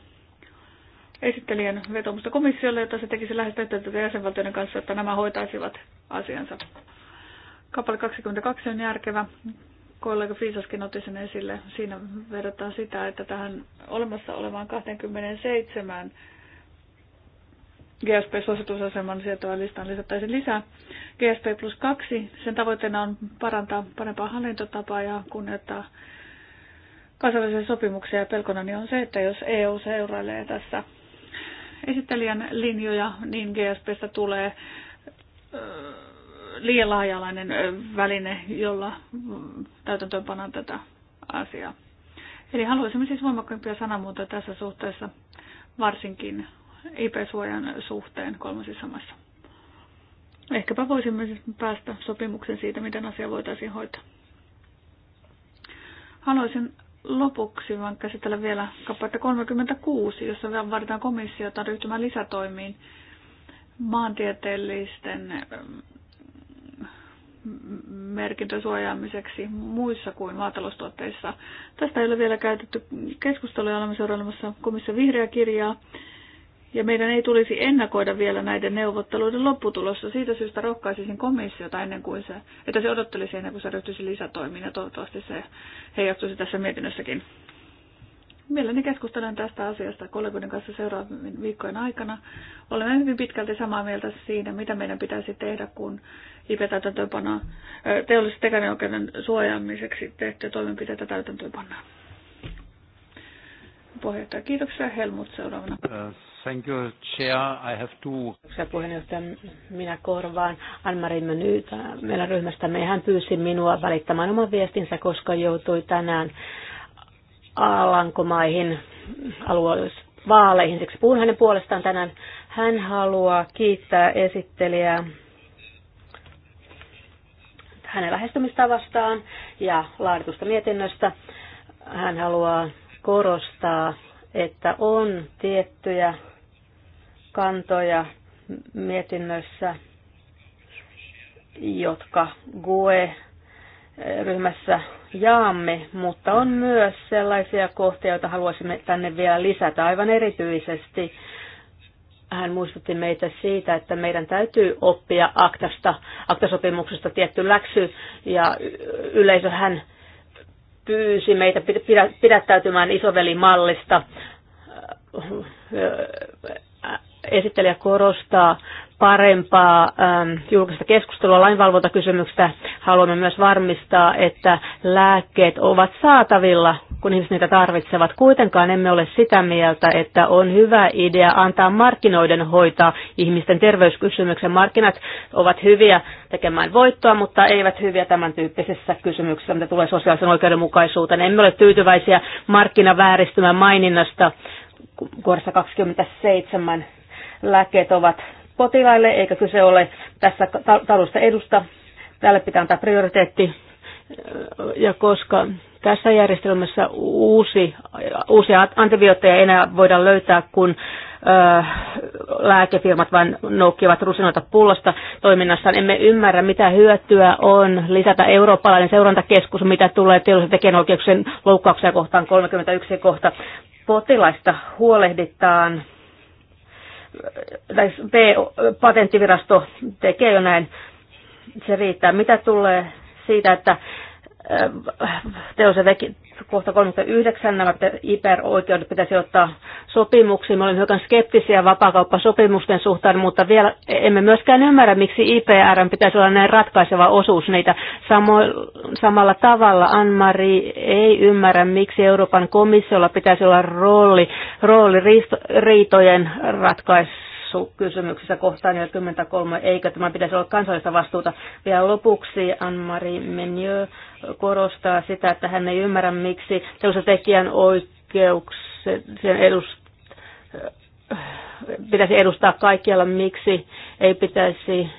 esittelijän vetomusta komissiolle, jotta se tekisi lähes yhteyttä jäsenvaltioiden kanssa, että nämä hoitaisivat asiansa. Kappale 22 on järkevä. Kollega Fiisaskin otti sen esille. Siinä verrataan sitä, että tähän olemassa olevaan 27 GSP-suositusaseman sietoa listaan lisättäisiin lisää. GSP plus 2, sen tavoitteena on parantaa parempaa hallintotapaa ja kunnioittaa kansainvälisiä sopimuksia ja pelkona niin on se, että jos EU seurailee tässä esittelijän linjoja, niin GSPstä tulee liian laajalainen väline, jolla mm, täytäntöönpannaan tätä asiaa. Eli haluaisimme siis voimakkaimpia sanamuotoja tässä suhteessa, varsinkin IP-suojan suhteen kolmasissa maissa. Ehkäpä voisimme siis päästä sopimuksen siitä, miten asia voitaisiin hoitaa. Haluaisin lopuksi vaan käsitellä vielä kappaletta 36, jossa vaaditaan komissiota ryhtymään lisätoimiin maantieteellisten merkintöjen suojaamiseksi muissa kuin maataloustuotteissa. Tästä ei ole vielä käytetty keskustelua, olemme seuraamassa komissa vihreä kirjaa. Ja meidän ei tulisi ennakoida vielä näiden neuvotteluiden lopputulosta. Siitä syystä rohkaisisin komissiota ennen kuin se, että se odottelisi ennen kuin se ryhtyisi lisätoimiin ja toivottavasti se heijastuisi tässä mietinnössäkin. Mielelläni keskustelen tästä asiasta kollegoiden kanssa seuraavien viikkojen aikana. Olemme hyvin pitkälti samaa mieltä siinä, mitä meidän pitäisi tehdä, kun IP-täytäntöönpanoa teollisen tekijänoikeuden suojaamiseksi tehtyä toimenpiteitä täytäntöönpannaan. Puheenjohtaja, kiitoksia. Helmut seuraavana. Uh, thank you, Chair. I have two. Kiitoksia puheenjohtaja. Minä korvaan Anmari Mönyytä meidän ryhmästämme. Hän pyysi minua välittämään oman viestinsä, koska joutui tänään Alankomaihin vaaleihin, Siksi puhun hänen puolestaan tänään. Hän haluaa kiittää esittelijää hänen lähestymistavastaan ja laaditusta mietinnöstä. Hän haluaa korostaa, että on tiettyjä kantoja mietinnössä, jotka GUE ryhmässä jaamme, mutta on myös sellaisia kohtia, joita haluaisimme tänne vielä lisätä aivan erityisesti. Hän muistutti meitä siitä, että meidän täytyy oppia aktasta, aktasopimuksesta tietty läksy ja yleisö hän pyysi meitä pidättäytymään isovelimallista. Esittelijä korostaa parempaa ähm, julkista keskustelua lainvalvontakysymyksistä. Haluamme myös varmistaa, että lääkkeet ovat saatavilla, kun ihmiset niitä tarvitsevat. Kuitenkaan emme ole sitä mieltä, että on hyvä idea antaa markkinoiden hoitaa ihmisten terveyskysymyksen. Markkinat ovat hyviä tekemään voittoa, mutta eivät hyviä tämän tyyppisessä kysymyksessä, mitä tulee sosiaalisen oikeudenmukaisuuteen. Emme ole tyytyväisiä markkinavääristymän maininnasta kohdassa 27 lääkkeet ovat potilaille, eikä kyse ole tässä talousta edusta. Tälle pitää antaa prioriteetti, ja koska tässä järjestelmässä uusi, uusia antibiootteja ei enää voida löytää, kun ö, äh, lääkefirmat vain noukkivat rusinoita pullosta toiminnassaan. Niin emme ymmärrä, mitä hyötyä on lisätä eurooppalainen seurantakeskus, mitä tulee teollisen tekijänoikeuksien loukkauksia kohtaan 31 kohta. Potilaista huolehditaan patenttivirasto tekee jo näin, se riittää. Mitä tulee siitä, että teos kohta 39 nämä IPR-oikeudet pitäisi ottaa sopimuksiin. Me olemme hiukan skeptisiä vapaakauppasopimusten suhteen, mutta vielä emme myöskään ymmärrä, miksi IPR pitäisi olla näin ratkaiseva osuus niitä. samalla tavalla Anmari ei ymmärrä, miksi Euroopan komissiolla pitäisi olla rooli, rooli riitojen ratkaisu kysymyksessä kohtaan 43, eikö tämä pitäisi olla kansallista vastuuta. Vielä lopuksi Anne-Marie Menieu korostaa sitä, että hän ei ymmärrä, miksi teollisen tekijän oikeuksien edust, pitäisi edustaa kaikkialla, miksi ei pitäisi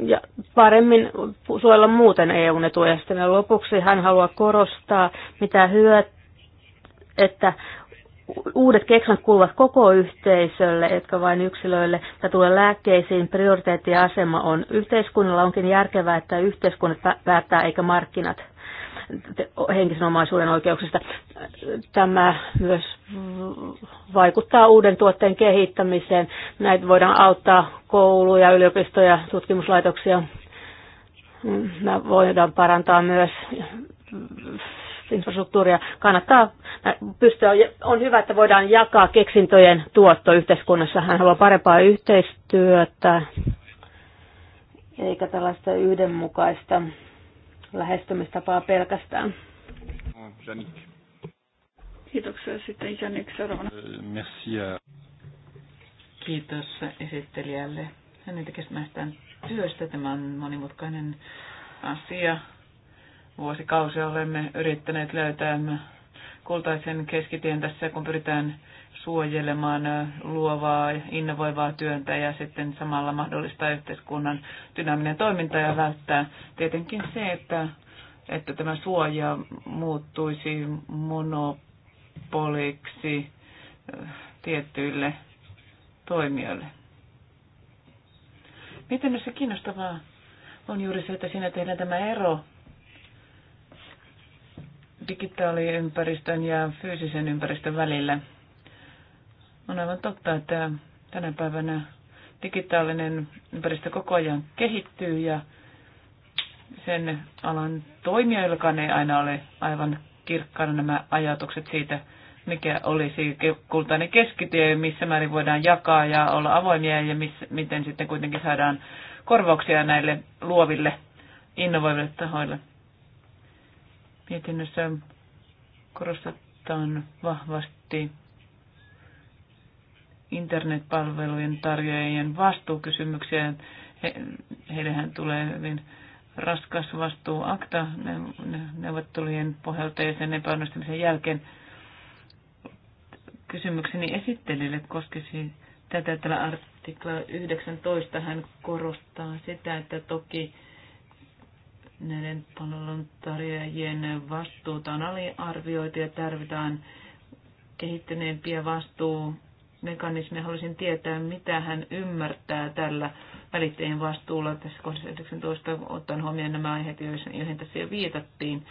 ja paremmin suojella muuten EUn etuja. Sitten lopuksi hän haluaa korostaa, mitä hyöt, että uudet keksat kuuluvat koko yhteisölle, jotka vain yksilöille. ja tulee lääkkeisiin, prioriteettiasema on yhteiskunnalla. Onkin järkevää, että yhteiskunnat päättää eikä markkinat henkisen omaisuuden oikeuksista. Tämä myös vaikuttaa uuden tuotteen kehittämiseen. Näitä voidaan auttaa kouluja, yliopistoja, tutkimuslaitoksia. Nämä voidaan parantaa myös infrastruktuuria. Kannattaa äh, pystyä, on hyvä, että voidaan jakaa keksintöjen tuotto yhteiskunnassa. Hän haluaa parempaa yhteistyötä, eikä tällaista yhdenmukaista lähestymistapaa pelkästään. Kiitoksia sitten Janik Sarona. Euh, merci. Kiitos esittelijälle hänen tekemästään työstä. Tämä on monimutkainen asia Vuosikausia olemme yrittäneet löytää kultaisen keskitien tässä, kun pyritään suojelemaan luovaa, innovoivaa työntä ja sitten samalla mahdollistaa yhteiskunnan dynaaminen toiminta ja välttää tietenkin se, että, että tämä suoja muuttuisi monopoliksi äh, tiettyille toimijoille. Miten se kiinnostavaa on juuri se, että siinä tehdään tämä ero digitaaliympäristön ja fyysisen ympäristön välillä. On aivan totta, että tänä päivänä digitaalinen ympäristö koko ajan kehittyy ja sen alan toimijoillakaan ei aina ole aivan kirkkaana nämä ajatukset siitä, mikä olisi kultainen keskitie, missä määrin voidaan jakaa ja olla avoimia ja miss, miten sitten kuitenkin saadaan korvauksia näille luoville innovoiville tahoille. Mietinnössä korostetaan vahvasti internetpalvelujen tarjoajien vastuukysymyksiä. He, heillehän tulee hyvin raskas vastuu akta neuvottelujen pohjalta ja sen epäonnistumisen jälkeen. Kysymykseni esittelijälle koskisi tätä tällä artikla 19. Hän korostaa sitä, että toki näiden palveluntarjoajien vastuuta on aliarvioitu ja tarvitaan kehittyneempiä vastuumekanismeja. Haluaisin tietää, mitä hän ymmärtää tällä välittäjien vastuulla tässä kohdassa 19, ottaen huomioon nämä aiheet, joihin tässä jo viitattiin.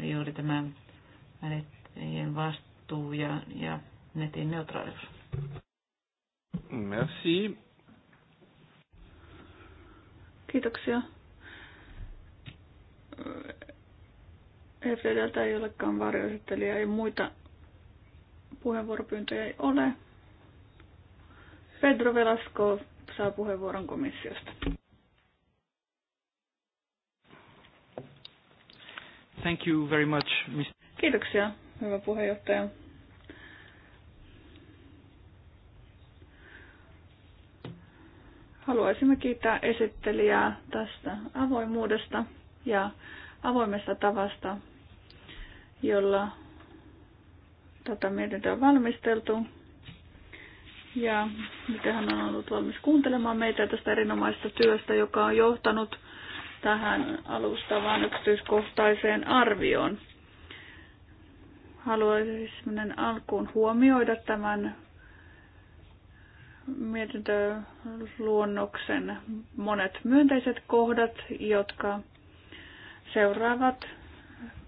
Juuri tämä välittäjien vastuu ja, ja netin neutraalius. Merci. Kiitoksia. FDLtä ei olekaan varjoesittelijä, ja muita puheenvuoropyyntöjä ei ole. Pedro Velasco saa puheenvuoron komissiosta. Thank you very much, Mr. Kiitoksia, hyvä puheenjohtaja. Haluaisimme kiittää esittelijää tästä avoimuudesta ja avoimesta tavasta, jolla tätä mietintöä on valmisteltu. Ja miten hän on ollut valmis kuuntelemaan meitä tästä erinomaisesta työstä, joka on johtanut tähän alustavaan yksityiskohtaiseen arvioon. Haluaisin alkuun huomioida tämän mietintöluonnoksen monet myönteiset kohdat, jotka seuraavat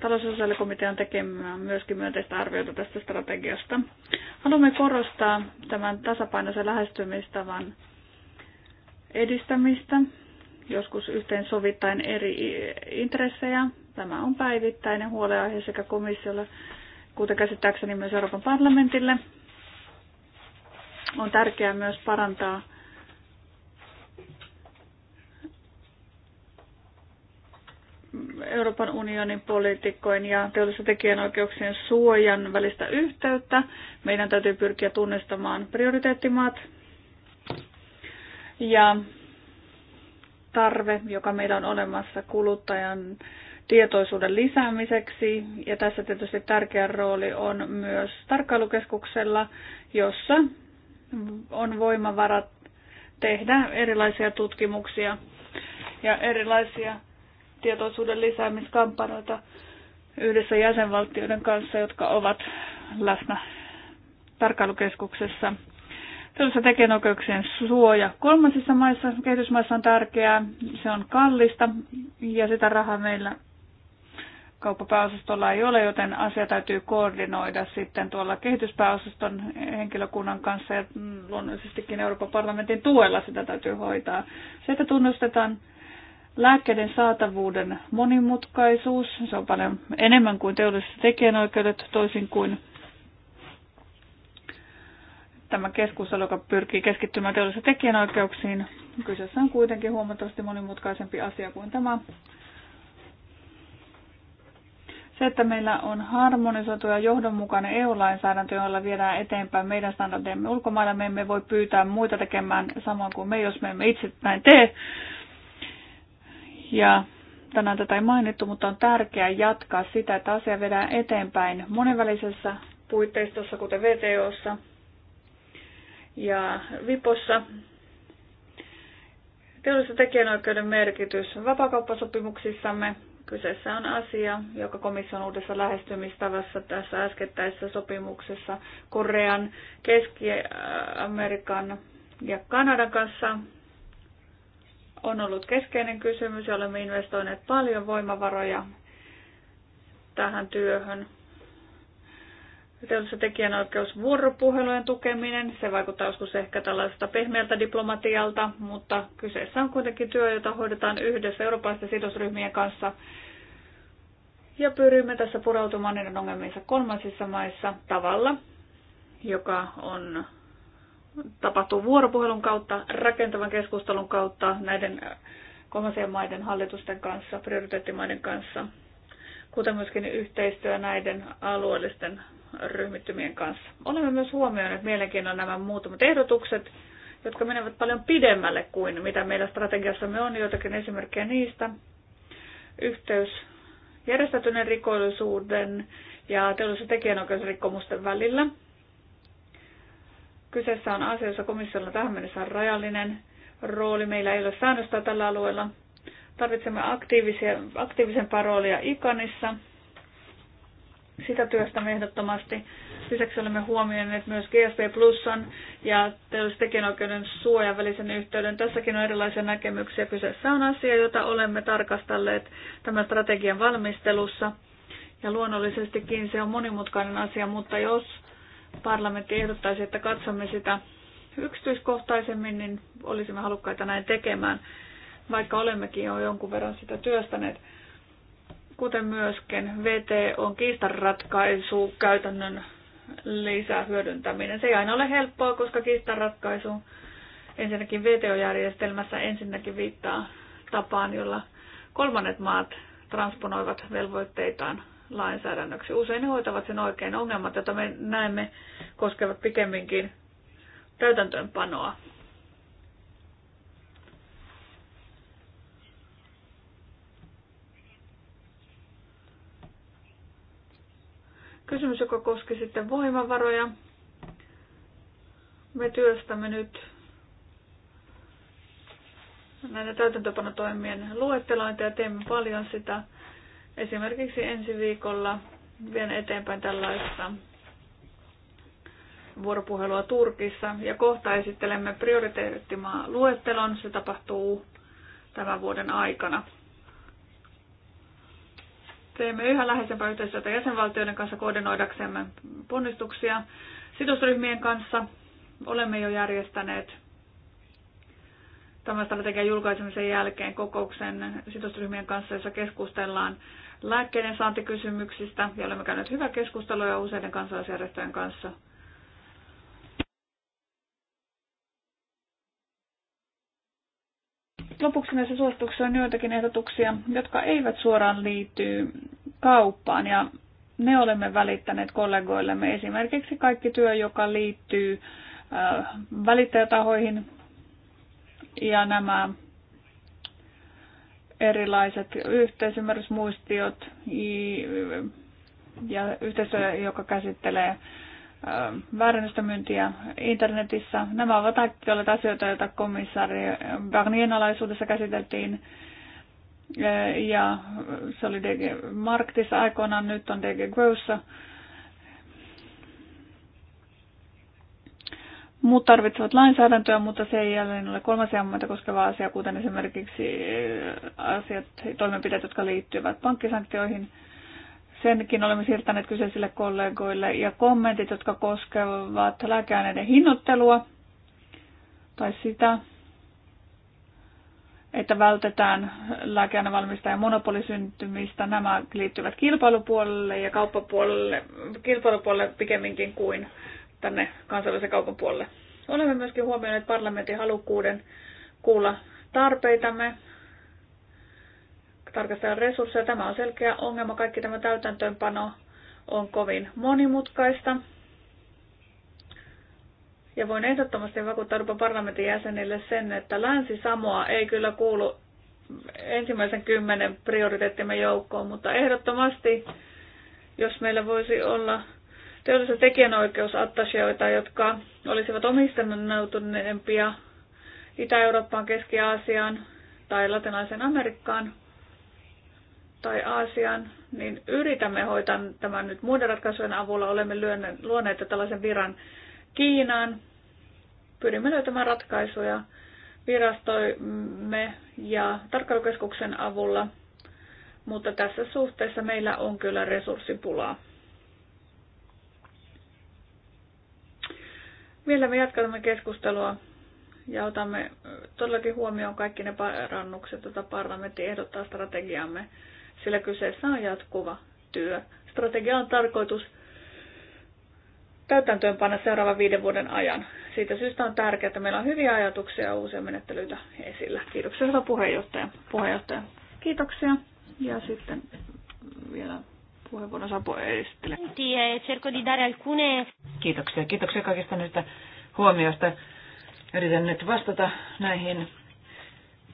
talousosallikomitean tekemään myöskin myönteistä arviota tästä strategiasta. Haluamme korostaa tämän tasapainoisen lähestymistavan edistämistä, joskus yhteen sovittaen eri intressejä. Tämä on päivittäinen huolenaihe sekä komissiolle, kuten käsittääkseni myös Euroopan parlamentille. On tärkeää myös parantaa Euroopan unionin poliitikkojen ja teollisuuden tekijänoikeuksien suojan välistä yhteyttä. Meidän täytyy pyrkiä tunnistamaan prioriteettimaat ja tarve, joka meillä on olemassa kuluttajan tietoisuuden lisäämiseksi. Ja tässä tietysti tärkeä rooli on myös tarkkailukeskuksella, jossa on voimavarat tehdä erilaisia tutkimuksia ja erilaisia tietoisuuden lisäämiskampanoita yhdessä jäsenvaltioiden kanssa, jotka ovat läsnä tarkkailukeskuksessa. Tällaisessa tekijänoikeuksien suoja kolmansissa maissa, kehitysmaissa on tärkeää, se on kallista ja sitä rahaa meillä kauppapääosastolla ei ole, joten asia täytyy koordinoida sitten tuolla kehityspääosaston henkilökunnan kanssa ja luonnollisestikin Euroopan parlamentin tuella sitä täytyy hoitaa. Se, että tunnustetaan Lääkkeiden saatavuuden monimutkaisuus, se on paljon enemmän kuin teolliset tekijänoikeudet, toisin kuin tämä keskustelu, joka pyrkii keskittymään teollisiin tekijänoikeuksiin. Kyseessä on kuitenkin huomattavasti monimutkaisempi asia kuin tämä. Se, että meillä on harmonisoitu ja johdonmukainen EU-lainsäädäntö, jolla viedään eteenpäin meidän standardeemme ulkomailla, me emme voi pyytää muita tekemään samoin kuin me, jos me emme itse näin tee. Ja tänään tätä ei mainittu, mutta on tärkeää jatkaa sitä, että asia vedään eteenpäin monenvälisessä puitteistossa, kuten VTOssa ja VIPossa. Teollisen tekijänoikeuden merkitys vapakauppasopimuksissamme. Kyseessä on asia, joka komission uudessa lähestymistavassa tässä äskettäisessä sopimuksessa Korean, Keski-Amerikan ja Kanadan kanssa on ollut keskeinen kysymys ja olemme investoineet paljon voimavaroja tähän työhön. Teollisuus- ja tekijänoikeusvuoropuhelujen tukeminen, se vaikuttaa joskus ehkä tällaista pehmeältä diplomatialta, mutta kyseessä on kuitenkin työ, jota hoidetaan yhdessä eurooppalaisten sidosryhmien kanssa. Ja pyrimme tässä pureutumaan niiden ongelmiinsa kolmansissa maissa tavalla, joka on tapahtuu vuoropuhelun kautta, rakentavan keskustelun kautta näiden äh, kolmansien maiden hallitusten kanssa, prioriteettimaiden kanssa, kuten myöskin yhteistyö näiden alueellisten ryhmittymien kanssa. Olemme myös huomioineet mielenkiinnolla nämä muutamat ehdotukset, jotka menevät paljon pidemmälle kuin mitä meillä strategiassamme on, joitakin esimerkkejä niistä. Yhteys järjestäytyneen rikollisuuden ja teollisen tekijänoikeusrikkomusten välillä – Kyseessä on asia, jossa komissiolla tähän mennessä on rajallinen rooli. Meillä ei ole säännöstä tällä alueella. Tarvitsemme aktiivisen roolia ikanissa. Sitä työstämme ehdottomasti. Lisäksi olemme huomioineet myös GSP Plusan ja tekijänoikeuden suojan välisen yhteyden. Tässäkin on erilaisia näkemyksiä. Kyseessä on asia, jota olemme tarkastelleet tämän strategian valmistelussa. Ja luonnollisestikin se on monimutkainen asia, mutta jos parlamentti ehdottaisi, että katsomme sitä yksityiskohtaisemmin, niin olisimme halukkaita näin tekemään, vaikka olemmekin jo jonkun verran sitä työstäneet. Kuten myöskin VT on kiistanratkaisu käytännön lisähyödyntäminen. Se ei aina ole helppoa, koska kiistanratkaisu ensinnäkin VTO-järjestelmässä ensinnäkin viittaa tapaan, jolla kolmannet maat transponoivat velvoitteitaan lainsäädännöksi. Usein ne hoitavat sen oikein. Ongelmat, joita me näemme, koskevat pikemminkin täytäntöönpanoa. Kysymys, joka koski sitten voimavaroja. Me työstämme nyt näiden täytäntöpanotoimien luettelointia ja teemme paljon sitä. Esimerkiksi ensi viikolla vien eteenpäin tällaista vuoropuhelua Turkissa ja kohta esittelemme prioriteettimaa luettelon. Se tapahtuu tämän vuoden aikana. Teemme yhä läheisempää yhteistyötä jäsenvaltioiden kanssa koordinoidaksemme ponnistuksia. Sidosryhmien kanssa olemme jo järjestäneet tämän strategian julkaisemisen jälkeen kokouksen sidosryhmien kanssa, jossa keskustellaan lääkkeiden saantikysymyksistä ja olemme käyneet hyvää keskustelua useiden kansalaisjärjestöjen kanssa. Lopuksi näissä suosituksissa on joitakin ehdotuksia, jotka eivät suoraan liity kauppaan ja ne olemme välittäneet kollegoillemme esimerkiksi kaikki työ, joka liittyy äh, välittäjätahoihin, ja nämä erilaiset yhteisymmärrysmuistiot ja yhteisö, joka käsittelee väärennystä myyntiä internetissä. Nämä ovat olleet asioita, joita komissaari Barnien alaisuudessa käsiteltiin. Ja se oli DG Marktissa aikoinaan, nyt on DG Growssa. Muut tarvitsevat lainsäädäntöä, mutta se ei jälleen ole kolmasia ammatta koskeva asia, kuten esimerkiksi eh, asiat, toimenpiteet, jotka liittyvät pankkisanktioihin. Senkin olemme siirtäneet kyseisille kollegoille ja kommentit, jotka koskevat lääkeaineiden hinnoittelua tai sitä, että vältetään lääkeainevalmistajan monopolisyntymistä. Nämä liittyvät kilpailupuolelle ja kauppapuolelle, kilpailupuolelle pikemminkin kuin tänne kansallisen kaupan puolelle. Olemme myöskin huomioineet parlamentin halukkuuden kuulla tarpeitamme, tarkastella resursseja. Tämä on selkeä ongelma. Kaikki tämä täytäntöönpano on kovin monimutkaista. Ja voin ehdottomasti vakuuttaa Euroopan parlamentin jäsenille sen, että Länsi-Samoa ei kyllä kuulu ensimmäisen kymmenen prioriteettimme joukkoon, mutta ehdottomasti, jos meillä voisi olla teollisen tekijänoikeusattasioita, jotka olisivat omistaneuttuneempia Itä-Eurooppaan, Keski-Aasiaan tai Latinalaisen Amerikkaan tai Aasiaan, niin yritämme hoitaa tämän nyt muiden ratkaisujen avulla. Olemme luoneet tällaisen viran Kiinaan. Pyrimme löytämään ratkaisuja virastoimme ja tarkkailukeskuksen avulla, mutta tässä suhteessa meillä on kyllä resurssipulaa. Vielä me jatkamme keskustelua ja otamme todellakin huomioon kaikki ne parannukset, joita parlamentti ehdottaa strategiamme, sillä kyseessä on jatkuva työ. Strategia on tarkoitus täytäntöönpanna seuraavan viiden vuoden ajan. Siitä syystä on tärkeää, että meillä on hyviä ajatuksia ja uusia menettelyitä esillä. Kiitoksia hyvä puheenjohtaja. puheenjohtaja. Kiitoksia. Ja sitten vielä puheenvuoron Sapo e Eestilä. Kiitoksia. Kiitoksia kaikista näistä huomioista. Yritän nyt vastata näihin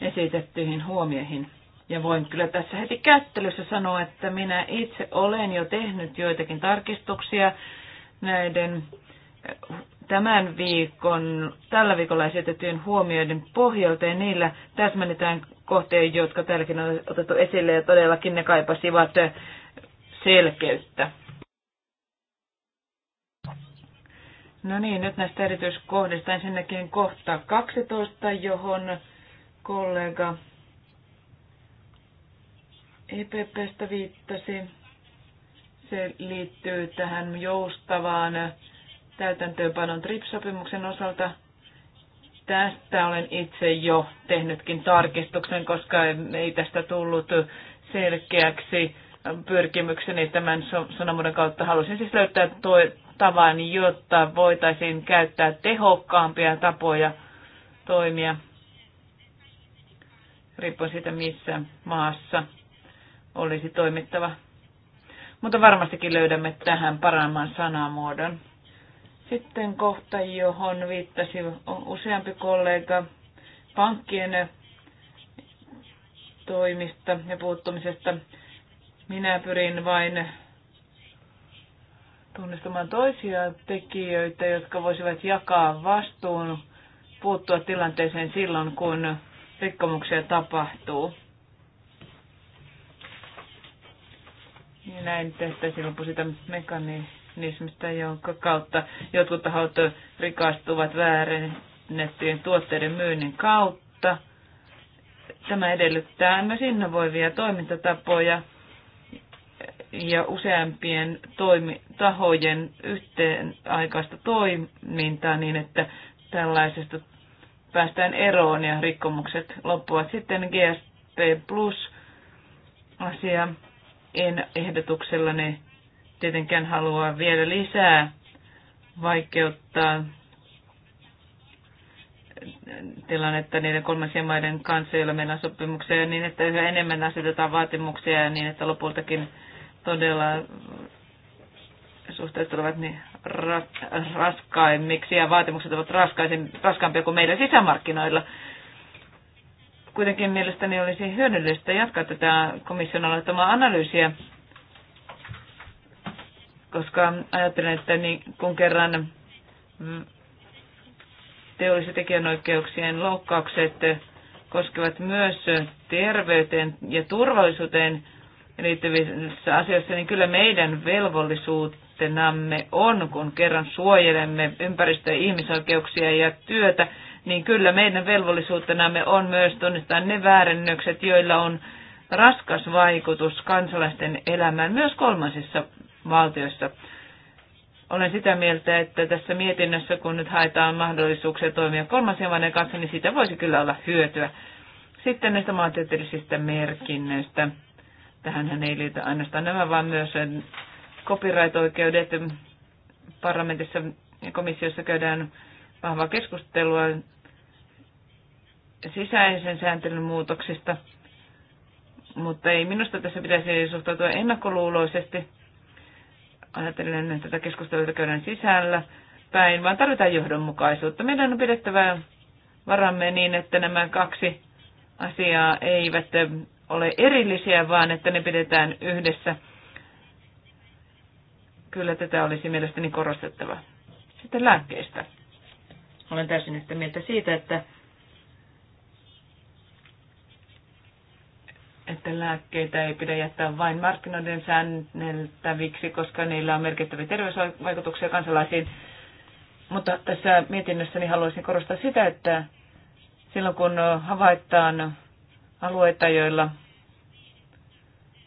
esitettyihin huomioihin. Ja voin kyllä tässä heti kättelyssä sanoa, että minä itse olen jo tehnyt joitakin tarkistuksia näiden tämän viikon, tällä viikolla esitettyjen huomioiden pohjalta ja niillä täsmennetään kohteen, jotka täälläkin on otettu esille ja todellakin ne kaipasivat selkeyttä. No niin, nyt näistä erityiskohdista ensinnäkin kohta 12, johon kollega EPPstä viittasi. Se liittyy tähän joustavaan täytäntöönpanon trip sopimuksen osalta. Tästä olen itse jo tehnytkin tarkistuksen, koska ei tästä tullut selkeäksi pyrkimykseni tämän sanomuuden kautta. Halusin siis löytää tuo tavan, jotta voitaisiin käyttää tehokkaampia tapoja toimia, riippuen siitä, missä maassa olisi toimittava. Mutta varmastikin löydämme tähän paremman sanamuodon. Sitten kohta, johon viittasi useampi kollega pankkien toimista ja puuttumisesta. Minä pyrin vain tunnistamaan toisia tekijöitä, jotka voisivat jakaa vastuun, puuttua tilanteeseen silloin, kun rikkomuksia tapahtuu. Ja näin tehtäisiin lopu sitä mekanismista, jonka kautta jotkut tahot rikastuvat väärennettyjen tuotteiden myynnin kautta. Tämä edellyttää myös innovoivia toimintatapoja ja useampien toimi, tahojen yhteenaikaista toimintaa niin, että tällaisesta päästään eroon ja rikkomukset loppuvat. Sitten GSP Plus asia. En ne tietenkään halua vielä lisää vaikeuttaa tilannetta niiden kolmansien maiden kanssa, joilla meillä on sopimuksia, niin että yhä enemmän asetetaan vaatimuksia niin, että lopultakin todella suhteet tulevat niin raskaimmiksi ja vaatimukset ovat raskaampia kuin meidän sisämarkkinoilla. Kuitenkin mielestäni olisi hyödyllistä jatkaa tätä komission aloittamaa analyysiä, koska ajattelen, että niin kun kerran teollisen tekijänoikeuksien loukkaukset koskevat myös terveyteen ja turvallisuuteen liittyvissä asioissa, niin kyllä meidän velvollisuutenamme on, kun kerran suojelemme ympäristöä, ihmisoikeuksia ja työtä, niin kyllä meidän velvollisuutenamme on myös tunnistaa ne väärennökset, joilla on raskas vaikutus kansalaisten elämään myös kolmansissa valtioissa. Olen sitä mieltä, että tässä mietinnössä, kun nyt haetaan mahdollisuuksia toimia kolmansien maiden kanssa, niin siitä voisi kyllä olla hyötyä. Sitten näistä maantieteellisistä merkinnöistä. Tähän ei liity ainoastaan nämä, vaan myös copyright-oikeudet. Parlamentissa ja komissiossa käydään vahvaa keskustelua sisäisen sääntelyn muutoksista, mutta ei minusta tässä pitäisi suhtautua ennakkoluuloisesti. Ajattelen, että tätä keskustelua käydään sisällä päin, vaan tarvitaan johdonmukaisuutta. Meidän on pidettävä varamme niin, että nämä kaksi asiaa eivät ole erillisiä, vaan että ne pidetään yhdessä. Kyllä tätä olisi mielestäni korostettava. Sitten lääkkeistä. Olen täysin yhtä mieltä siitä, että, että lääkkeitä ei pidä jättää vain markkinoiden säänneltäviksi, koska niillä on merkittäviä terveysvaikutuksia kansalaisiin. Mutta tässä mietinnössäni haluaisin korostaa sitä, että silloin kun havaitaan alueita, joilla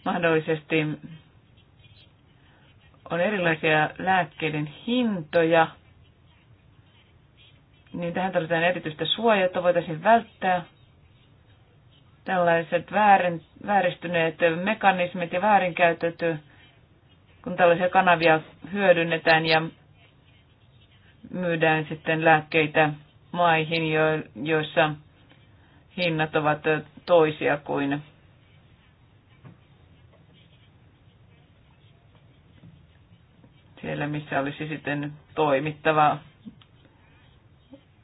mahdollisesti on erilaisia lääkkeiden hintoja, niin tähän tarvitaan erityistä suojaa, jotta voitaisiin välttää tällaiset väärin, vääristyneet mekanismit ja väärinkäytöt, kun tällaisia kanavia hyödynnetään ja myydään sitten lääkkeitä maihin, jo, joissa hinnat ovat toisia kuin siellä, missä olisi sitten toimittava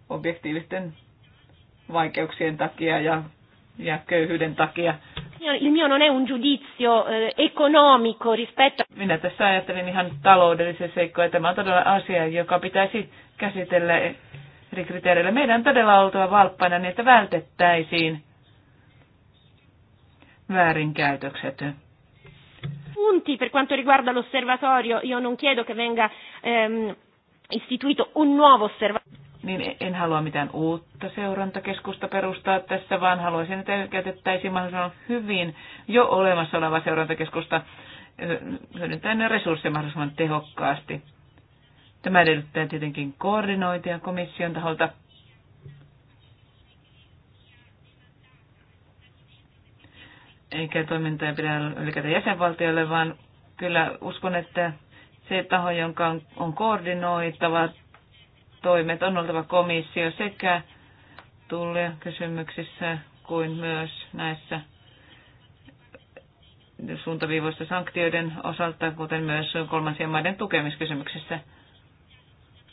objektiivisten vaikeuksien takia ja, ja köyhyyden takia. Il mio non è un giudizio eh, economico rispetto... Minä tässä ajattelin ihan taloudellisia seikkoja. Tämä on todella asia, joka pitäisi käsitellä eri kriteereillä. Meidän on todella oltava valppaina niin, että vältettäisiin väärinkäytökset. Punti per quanto riguarda l'osservatorio, io non chiedo che venga ehm, istituito un nuovo osservatorio. Niin e-, en halua mitään uutta seurantakeskusta perustaa tässä, vaan haluaisin, että käytettäisiin mahdollisimman hyvin jo olemassa olevaa seurantakeskusta hyödyntäen resursseja mahdollisimman tehokkaasti. Tämä edellyttää tietenkin koordinointia komission taholta eikä toimintoja pidä lykätä jäsenvaltioille, vaan kyllä uskon, että se taho, jonka on, on koordinoitava toimet, on oltava komissio sekä tullia kysymyksissä kuin myös näissä suuntaviivoista sanktioiden osalta, kuten myös kolmansien maiden tukemiskysymyksissä.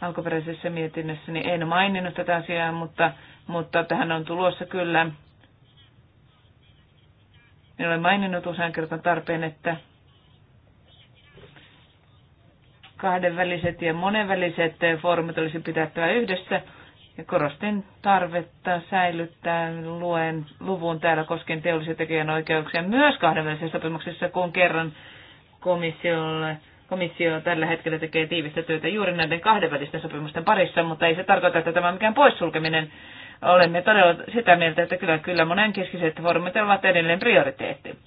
Alkuperäisessä mietinnössäni en maininnut tätä asiaa, mutta, mutta tähän on tulossa kyllä minä olen maininnut usean kertaan tarpeen, että kahdenväliset ja monenväliset foorumit olisi pitättävä yhdessä. Ja korostin tarvetta säilyttää luen, luvun täällä koskien teollisia tekijänoikeuksia myös kahdenvälisessä sopimuksissa, kun kerran komissiolle Komissio tällä hetkellä tekee tiivistä työtä juuri näiden kahdenvälisten sopimusten parissa, mutta ei se tarkoita, että tämä on mikään poissulkeminen olemme todella sitä mieltä, että kyllä, kyllä monenkeskiset foorumit ovat edelleen prioriteetti.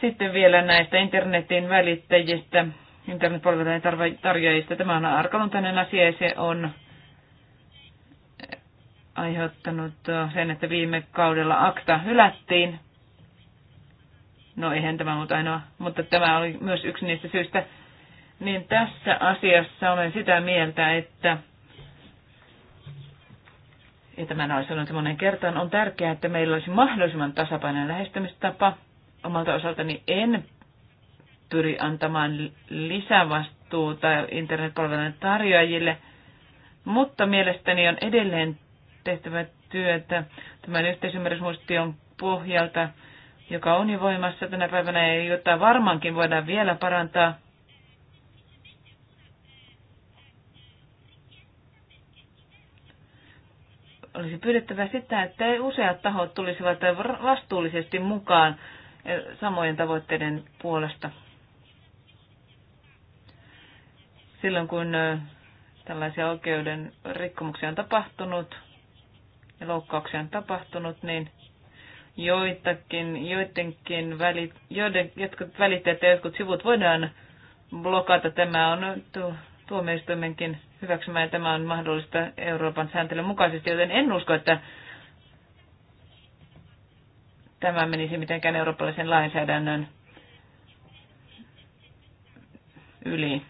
Sitten vielä näistä internetin välittäjistä, internetpalvelujen tarjoajista. Tämä on arkaluntainen asia ja se on eh, aiheuttanut eh, sen, että viime kaudella akta hylättiin. No eihän tämä mutta ainoa, mutta tämä oli myös yksi niistä syistä. Niin tässä asiassa olen sitä mieltä, että ja tämän olisi ollut monen kertaan, on tärkeää, että meillä olisi mahdollisimman tasapainoinen lähestymistapa. Omalta osaltani en pyri antamaan lisävastuuta internetpalvelujen tarjoajille, mutta mielestäni on edelleen tehtävä työtä tämän yhteisymmärrysmuistion pohjalta, joka on jo voimassa tänä päivänä ja jota varmaankin voidaan vielä parantaa. olisi pyydettävä sitä, että useat tahot tulisivat vastuullisesti mukaan eh, samojen tavoitteiden puolesta. Silloin kun eh, tällaisia oikeuden rikkomuksia on tapahtunut ja loukkauksia on tapahtunut, niin joitakin, joidenkin välit, joiden, jotkut välittäjät ja jotkut sivut voidaan blokata. Tämä on tuomioistuimenkin hyväksymään. Tämä on mahdollista Euroopan sääntelyn mukaisesti, joten en usko, että tämä menisi mitenkään eurooppalaisen lainsäädännön yli.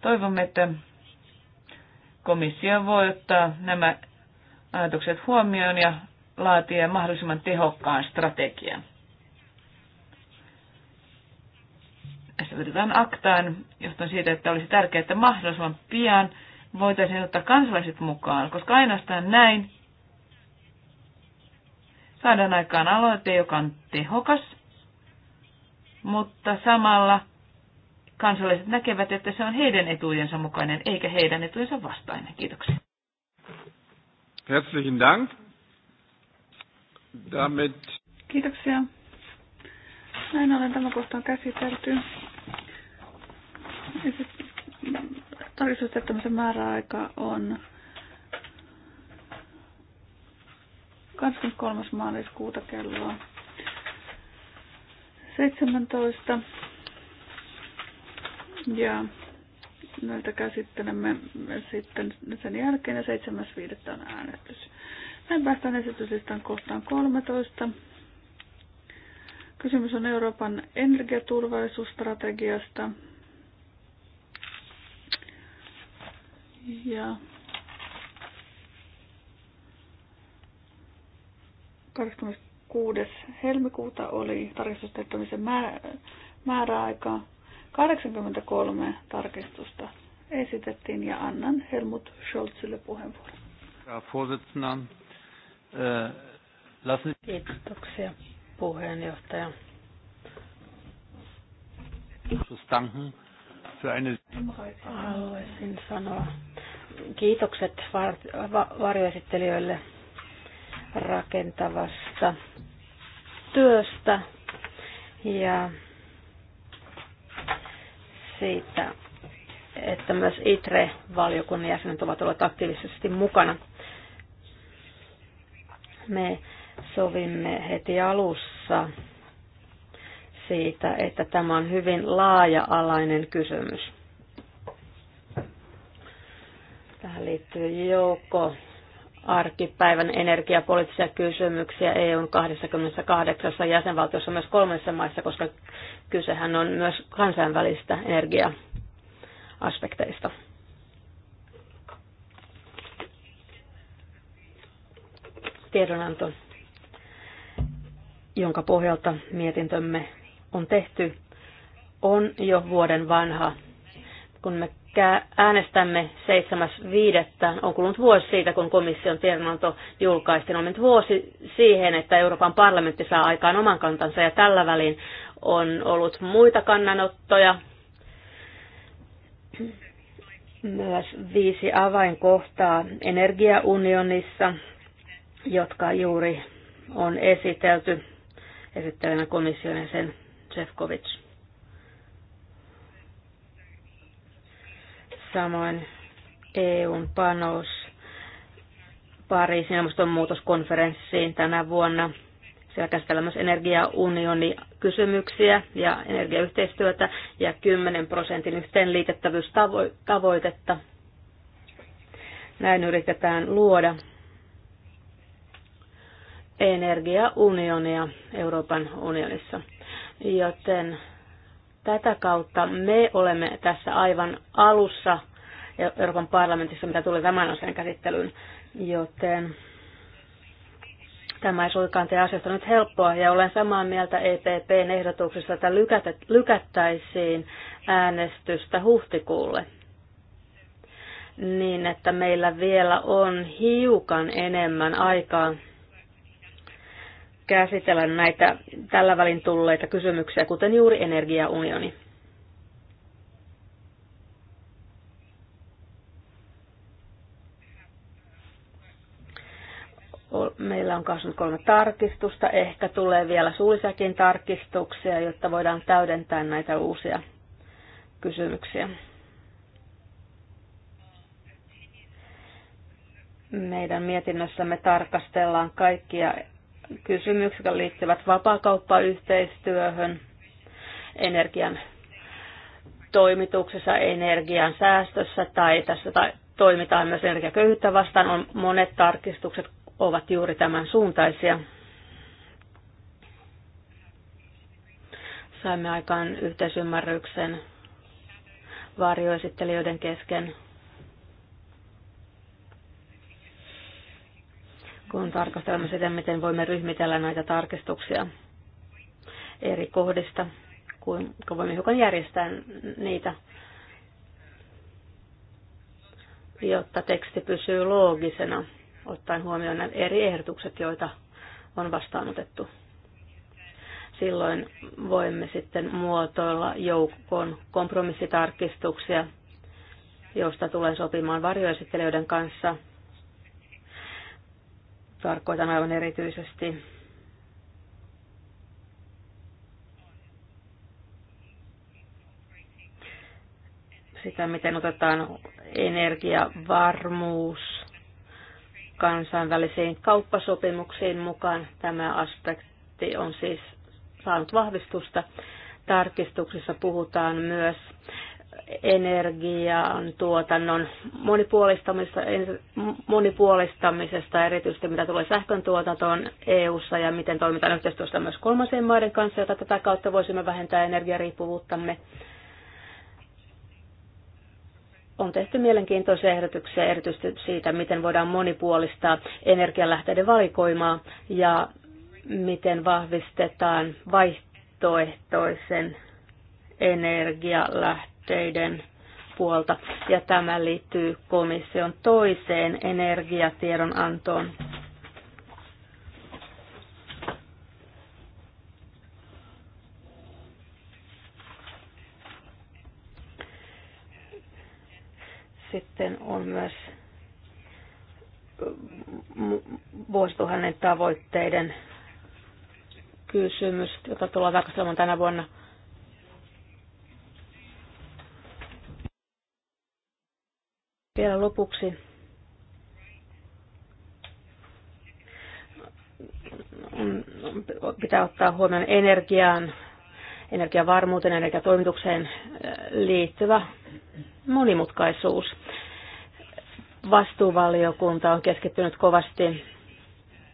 Toivomme, että komissio voi ottaa nämä ajatukset huomioon ja laatia mahdollisimman tehokkaan strategian. otetaan aktaan, johtuen siitä, että olisi tärkeää, että mahdollisimman pian voitaisiin ottaa kansalaiset mukaan, koska ainoastaan näin saadaan aikaan aloite, joka on tehokas, mutta samalla kansalaiset näkevät, että se on heidän etujensa mukainen, eikä heidän etujensa vastainen. Kiitoksia. Herzlichen Dank. Damit... Kiitoksia. Näin ollen tämä kohta on käsitelty tarkistustehtämisen määräaika on 23. maaliskuuta kello 17. Ja näitä käsittelemme sitten sen jälkeen ja 7.5. on äänestys. Näin päästään esityslistan kohtaan 13. Kysymys on Euroopan energiaturvallisuusstrategiasta. Ja Kuudes helmikuuta oli tarkistustehtämisen määrä, määräaika. 83 tarkistusta esitettiin ja annan Helmut Scholzille puheenvuoron. Äh, Kiitoksia puheenjohtaja. Haluaisin sanoa kiitokset varjoesittelijöille rakentavasta työstä ja siitä, että myös ITRE-valiokunnan jäsenet ovat olleet aktiivisesti mukana. Me sovimme heti alussa siitä, että tämä on hyvin laaja-alainen kysymys. Tähän liittyy joukko arkipäivän energiapoliittisia kysymyksiä EUn 28 jäsenvaltiossa myös kolmessa maissa, koska kysehän on myös kansainvälistä energia-aspekteista. Tiedonanto, jonka pohjalta mietintömme on tehty, on jo vuoden vanha. Kun me äänestämme 7.5. on kulunut vuosi siitä, kun komission tiedonanto julkaistiin. On mennyt vuosi siihen, että Euroopan parlamentti saa aikaan oman kantansa ja tällä välin on ollut muita kannanottoja. Myös viisi avainkohtaa energiaunionissa, jotka juuri on esitelty esittelemään komission ja sen Tsefkovic. Samoin EUn panos Pariisin ilmastonmuutoskonferenssiin tänä vuonna. Siellä käsitellään myös energiaunioni kysymyksiä ja energiayhteistyötä ja 10 prosentin yhteenliitettävyystavoitetta. Näin yritetään luoda energiaunionia Euroopan unionissa. Joten tätä kautta me olemme tässä aivan alussa Euroopan parlamentissa, mitä tuli tämän asian käsittelyyn, joten tämä ei suinkaan tee asiasta nyt helppoa, ja olen samaa mieltä EPPn ehdotuksessa, että lykättäisiin äänestystä huhtikuulle niin, että meillä vielä on hiukan enemmän aikaa käsitellä näitä tällä välin tulleita kysymyksiä, kuten juuri energiaunioni. Meillä on 23 tarkistusta, ehkä tulee vielä suullisiakin tarkistuksia, jotta voidaan täydentää näitä uusia kysymyksiä. Meidän mietinnössämme tarkastellaan kaikkia kysymykset, jotka liittyvät vapaakauppayhteistyöhön, energian toimituksessa, energian säästössä tai tässä tai toimitaan myös energiaköyhyyttä vastaan. On, monet tarkistukset ovat juuri tämän suuntaisia. Saimme aikaan yhteisymmärryksen varjoesittelijöiden kesken kun tarkastelemme sitä, miten voimme ryhmitellä näitä tarkistuksia eri kohdista, kuinka voimme hiukan järjestää niitä, jotta teksti pysyy loogisena, ottaen huomioon nämä eri ehdotukset, joita on vastaanotettu. Silloin voimme sitten muotoilla joukon kompromissitarkistuksia, josta tulee sopimaan varjoesittelijöiden kanssa – Tarkoitan aivan erityisesti sitä, miten otetaan energiavarmuus kansainvälisiin kauppasopimuksiin mukaan. Tämä aspekti on siis saanut vahvistusta. Tarkistuksissa puhutaan myös energian tuotannon monipuolistamisesta, monipuolistamisesta erityisesti mitä tulee sähkön tuotantoon EU-ssa ja miten toimitaan yhteistyössä myös kolmansien maiden kanssa, jota tätä kautta voisimme vähentää energiariippuvuuttamme. On tehty mielenkiintoisia ehdotuksia erityisesti siitä, miten voidaan monipuolistaa energialähteiden valikoimaa ja miten vahvistetaan vaihtoehtoisen energialähteen tavoitteiden puolta, ja tämä liittyy komission toiseen energiatiedonantoon. Sitten on myös mm, mm, vuosituhannen tavoitteiden kysymys, jota tullaan tarkastelemaan tänä vuonna – Vielä lopuksi pitää ottaa huomioon energiaan, energiavarmuuteen, energiatoimitukseen äh, liittyvä monimutkaisuus. Vastuuvaliokunta on keskittynyt kovasti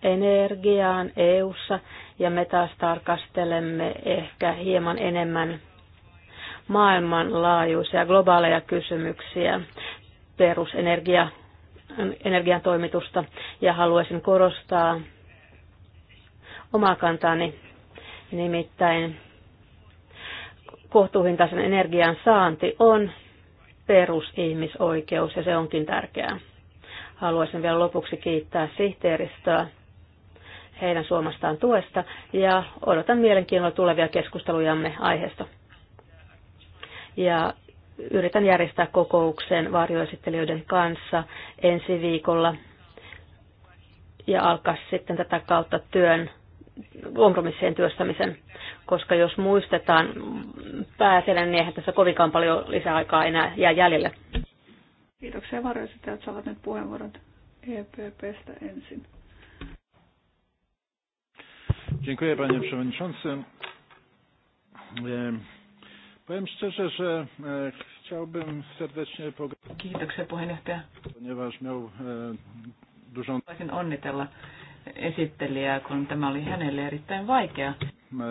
energiaan EU:ssa ja me taas tarkastelemme ehkä hieman enemmän maailmanlaajuisia globaaleja kysymyksiä perusenergia energian toimitusta ja haluaisin korostaa omaa kantaani, nimittäin kohtuuhintaisen energian saanti on perusihmisoikeus ja se onkin tärkeää. Haluaisin vielä lopuksi kiittää sihteeristöä heidän suomastaan tuesta ja odotan mielenkiinnolla tulevia keskustelujamme aiheesta. Ja yritän järjestää kokouksen varjoesittelijöiden kanssa ensi viikolla ja alkaa sitten tätä kautta työn kompromissien työstämisen, koska jos muistetaan pääsellä, niin eihän tässä kovinkaan paljon lisäaikaa enää jää jäljelle. Kiitoksia varjoesittelijät saavat nyt puheenvuorot EPPstä ensin. Dziękuję panie przewodniczący. E, Powiem szczerze, że e, chciałbym serdecznie pogratulować. puheenjohtaja. Ponieważ miał e, dużą... Voisin onnitella esittelijää, kun tämä oli hänelle erittäin vaikea.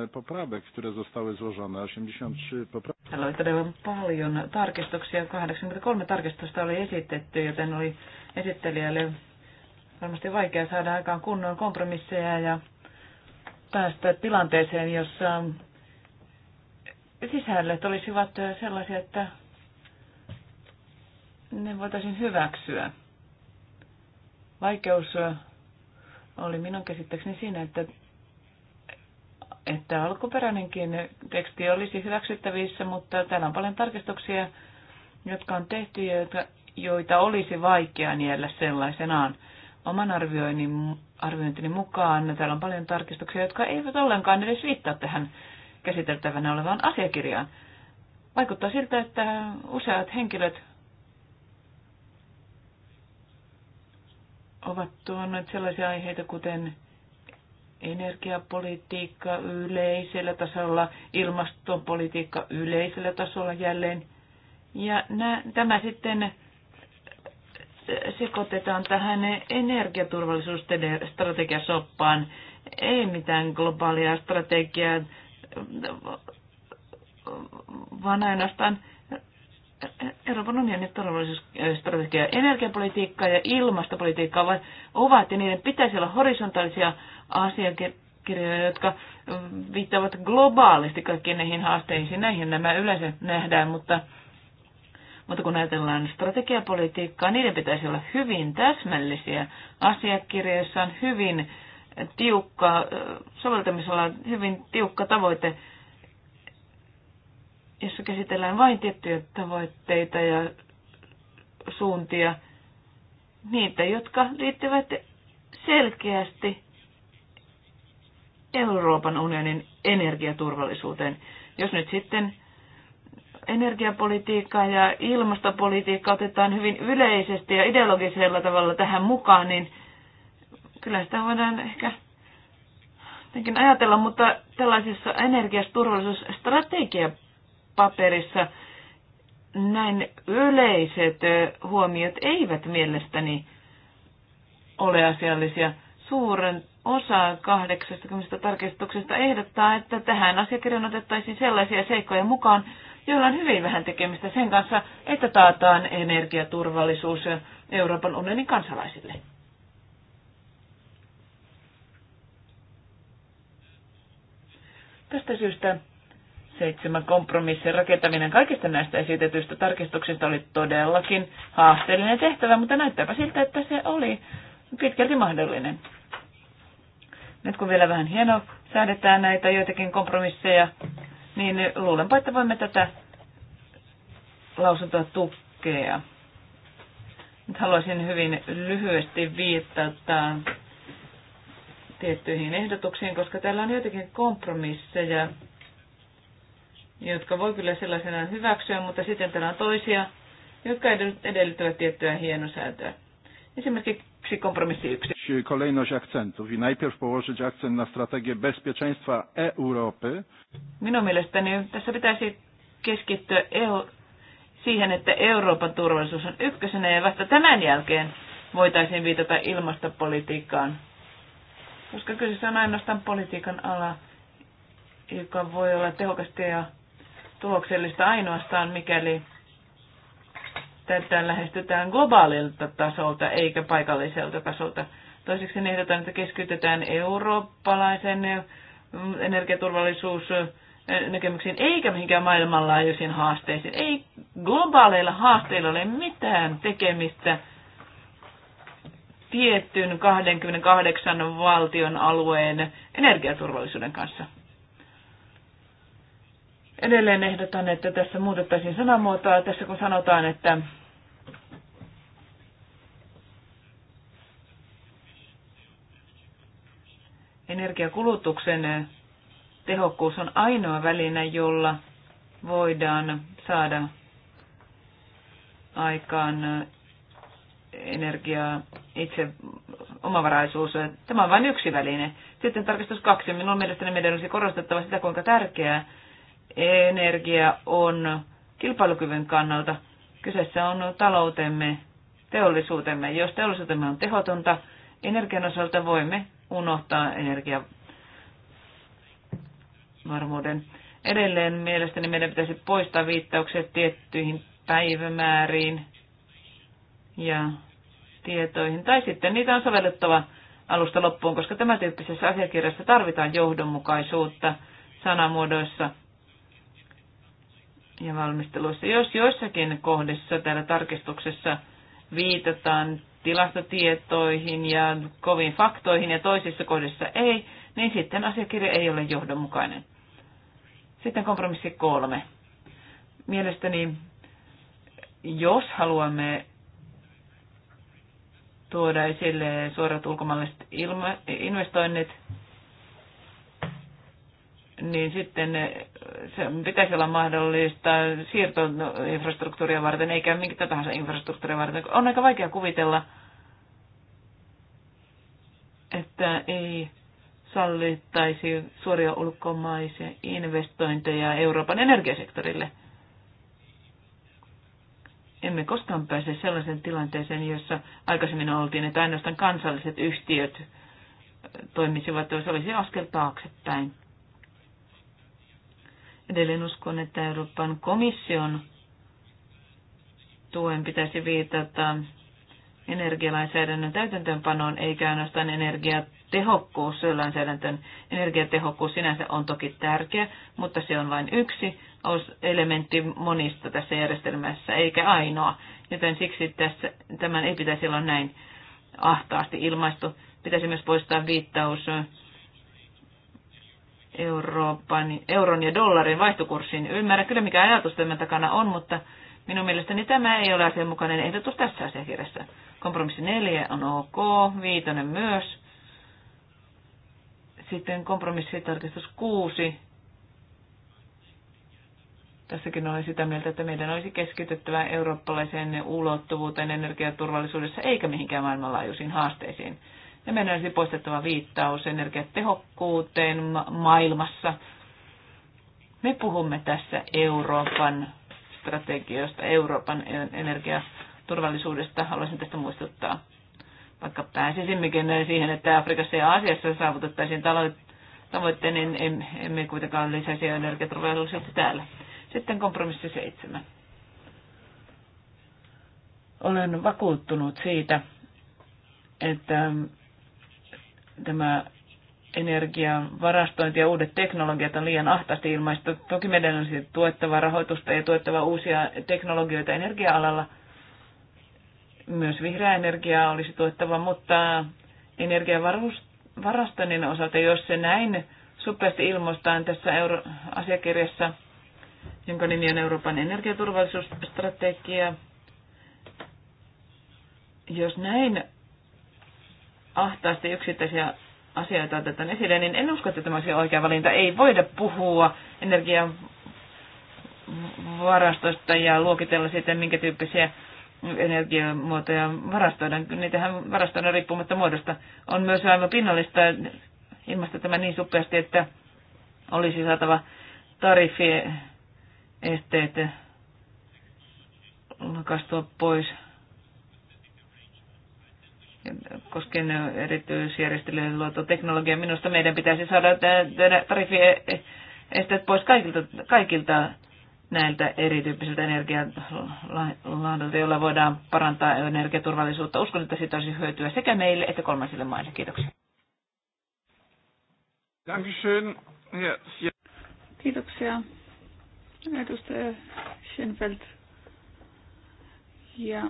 E, poprawek, które zostały złożone, 83 poprawek. Täällä oli todella paljon tarkistuksia, 83 tarkistusta oli esitetty, joten oli esittelijälle varmasti vaikea saada aikaan kunnon kompromisseja ja päästä tilanteeseen, jossa sisällöt olisivat sellaisia, että ne voitaisiin hyväksyä. Vaikeus oli minun käsittääkseni siinä, että, että alkuperäinenkin teksti olisi hyväksyttävissä, mutta täällä on paljon tarkistuksia, jotka on tehty ja joita, joita olisi vaikea niellä sellaisenaan. Oman arviointini, arviointini mukaan täällä on paljon tarkistuksia, jotka eivät ollenkaan edes viittaa tähän käsiteltävänä olevaan asiakirjaan. Vaikuttaa siltä, että useat henkilöt ovat tuoneet sellaisia aiheita, kuten energiapolitiikka yleisellä tasolla, ilmastopolitiikka yleisellä tasolla jälleen. Ja nä, tämä sitten sekoitetaan tähän energiaturvallisuusstrategiasoppaan. Ei mitään globaalia strategiaa vaan ainoastaan Euroopan unionin turvallisuusstrategia, energiapolitiikka ja ilmastopolitiikka ovat, ja niiden pitäisi olla horisontaalisia asiakirjoja, jotka viittaavat globaalisti kaikkiin näihin haasteisiin. Näihin nämä yleensä nähdään, mutta, mutta kun ajatellaan strategiapolitiikkaa, niiden pitäisi olla hyvin täsmällisiä. Asiakirjoissa on hyvin tiukka soveltamisala, hyvin tiukka tavoite, jossa käsitellään vain tiettyjä tavoitteita ja suuntia, niitä, jotka liittyvät selkeästi Euroopan unionin energiaturvallisuuteen. Jos nyt sitten energiapolitiikka ja ilmastopolitiikka otetaan hyvin yleisesti ja ideologisella tavalla tähän mukaan, niin Kyllä sitä voidaan ehkä jotenkin ajatella, mutta tällaisessa energiasturvallisuusstrategiapaperissa näin yleiset huomiot eivät mielestäni ole asiallisia. Suuren osa 80 tarkistuksesta ehdottaa, että tähän asiakirjaan otettaisiin sellaisia seikkoja mukaan, joilla on hyvin vähän tekemistä sen kanssa, että taataan energiaturvallisuus Euroopan unionin kansalaisille. Tästä syystä seitsemän kompromissin rakentaminen kaikista näistä esitetyistä tarkistuksista oli todellakin haasteellinen tehtävä, mutta näyttääpä siltä, että se oli pitkälti mahdollinen. Nyt kun vielä vähän hieno säädetään näitä joitakin kompromisseja, niin luulenpa, että voimme tätä lausuntoa tukea. Nyt haluaisin hyvin lyhyesti viittata tiettyihin ehdotuksiin, koska täällä on joitakin kompromisseja, jotka voi kyllä sellaisena hyväksyä, mutta sitten täällä on toisia, jotka edellyttävät tiettyä hienosäätöä. Esimerkiksi kompromissi yksi. Kolejność akcentów i najpierw położyć akcent na strategię bezpieczeństwa Europy. Minun mielestäni tässä pitäisi keskittyä EU, siihen, että Euroopan turvallisuus on ykkösenä ja vasta tämän jälkeen voitaisiin viitata ilmastopolitiikkaan koska kyseessä on ainoastaan politiikan ala, joka voi olla tehokasta ja tuloksellista ainoastaan, mikäli tätä lähestytään globaalilta tasolta eikä paikalliselta tasolta. Toiseksi ehdotan, että keskitytään eurooppalaisen energiaturvallisuus näkemyksiin, eikä mihinkään maailmanlaajuisiin haasteisiin. Ei globaaleilla haasteilla ole mitään tekemistä tiettyyn 28 valtion alueen energiaturvallisuuden kanssa. Edelleen ehdotan, että tässä muutettaisiin sanamuotoa. Tässä kun sanotaan, että energiakulutuksen tehokkuus on ainoa väline, jolla voidaan saada aikaan energiaa, itse omavaraisuus. Tämä on vain yksi väline. Sitten tarkistus kaksi. Minun mielestäni meidän olisi korostettava sitä, kuinka tärkeää energia on kilpailukyvyn kannalta. Kyseessä on taloutemme, teollisuutemme. Jos teollisuutemme on tehotonta, energian osalta voimme unohtaa energia varmuuden Edelleen mielestäni meidän pitäisi poistaa viittaukset tiettyihin päivämääriin ja tietoihin, tai sitten niitä on sovellettava alusta loppuun, koska tämä tyyppisessä asiakirjassa tarvitaan johdonmukaisuutta sanamuodoissa ja valmisteluissa. Jos joissakin kohdissa täällä tarkistuksessa viitataan tilastotietoihin ja koviin faktoihin ja toisissa kohdissa ei, niin sitten asiakirja ei ole johdonmukainen. Sitten kompromissi kolme. Mielestäni, jos haluamme tuoda esille suorat ulkomaalaiset ilma- investoinnit, niin sitten eh, se pitäisi olla mahdollista siirtoinfrastruktuuria varten, eikä minkä tahansa infrastruktuuria varten. On aika vaikea kuvitella, että ei sallittaisi suoria ulkomaisia investointeja Euroopan energiasektorille – emme koskaan pääse sellaiseen tilanteeseen, jossa aikaisemmin oltiin, että ainoastaan kansalliset yhtiöt toimisivat, jos olisi askel taaksepäin. Edelleen uskon, että Euroopan komission tuen pitäisi viitata energialainsäädännön täytäntöönpanoon, eikä ainoastaan energiat tehokkuus lainsäädäntön energiatehokkuus sinänsä on toki tärkeä, mutta se on vain yksi elementti monista tässä järjestelmässä, eikä ainoa. Joten siksi tässä, tämän ei pitäisi olla näin ahtaasti ilmaistu. Pitäisi myös poistaa viittaus Euroopan, euron ja dollarin vaihtokurssiin. Ymmärrän kyllä, mikä ajatus tämän takana on, mutta minun mielestäni tämä ei ole asianmukainen ehdotus tässä asiakirjassa. Kompromissi 4 on ok, viitonen myös sitten kompromissitarkistus 6. Tässäkin olen sitä mieltä, että meidän olisi keskityttävä eurooppalaiseen ulottuvuuteen energiaturvallisuudessa eikä mihinkään maailmanlaajuisiin haasteisiin. Ja meidän olisi poistettava viittaus energiatehokkuuteen ma- maailmassa. Me puhumme tässä Euroopan strategioista, Euroopan energiaturvallisuudesta. Haluaisin tästä muistuttaa vaikka pääsisimmekin siihen, että Afrikassa ja Aasiassa saavutettaisiin tavoitteen, niin emme kuitenkaan lisäisi energiaturvallisuutta täällä. Sitten kompromissi seitsemän. Olen vakuuttunut siitä, että tämä energian varastointi ja uudet teknologiat on liian ahtaasti ilmaistu. Toki meidän on tuettava rahoitusta ja tuettava uusia teknologioita energia-alalla – myös vihreää energiaa olisi tuettava, mutta energiavarastoinnin osalta, jos se näin suppeasti ilmoistaan tässä euro- asiakirjassa, jonka nimi on Euroopan energiaturvallisuusstrategia, jos näin ahtaasti yksittäisiä asioita otetaan esille, niin en usko, että tämä olisi oikea valinta. Ei voida puhua energian varastosta ja luokitella sitten minkä tyyppisiä energiamuotoja varastoidaan. Niitähän varastoidaan riippumatta muodosta. On myös aivan pinnallista ilmasta tämä niin suppeasti, että olisi saatava tarifiesteet lakastua pois koskien erityisjärjestelyjen luotu teknologia. Minusta meidän pitäisi saada tarifiestä pois kaikilta, kaikilta näiltä erityyppisiltä energialahdolta, joilla voidaan parantaa energiaturvallisuutta. Uskon, että siitä olisi hyötyä sekä meille että kolmansille maille. Kiitoksia. Kiitoksia. Edustaja Schenfeld. Ja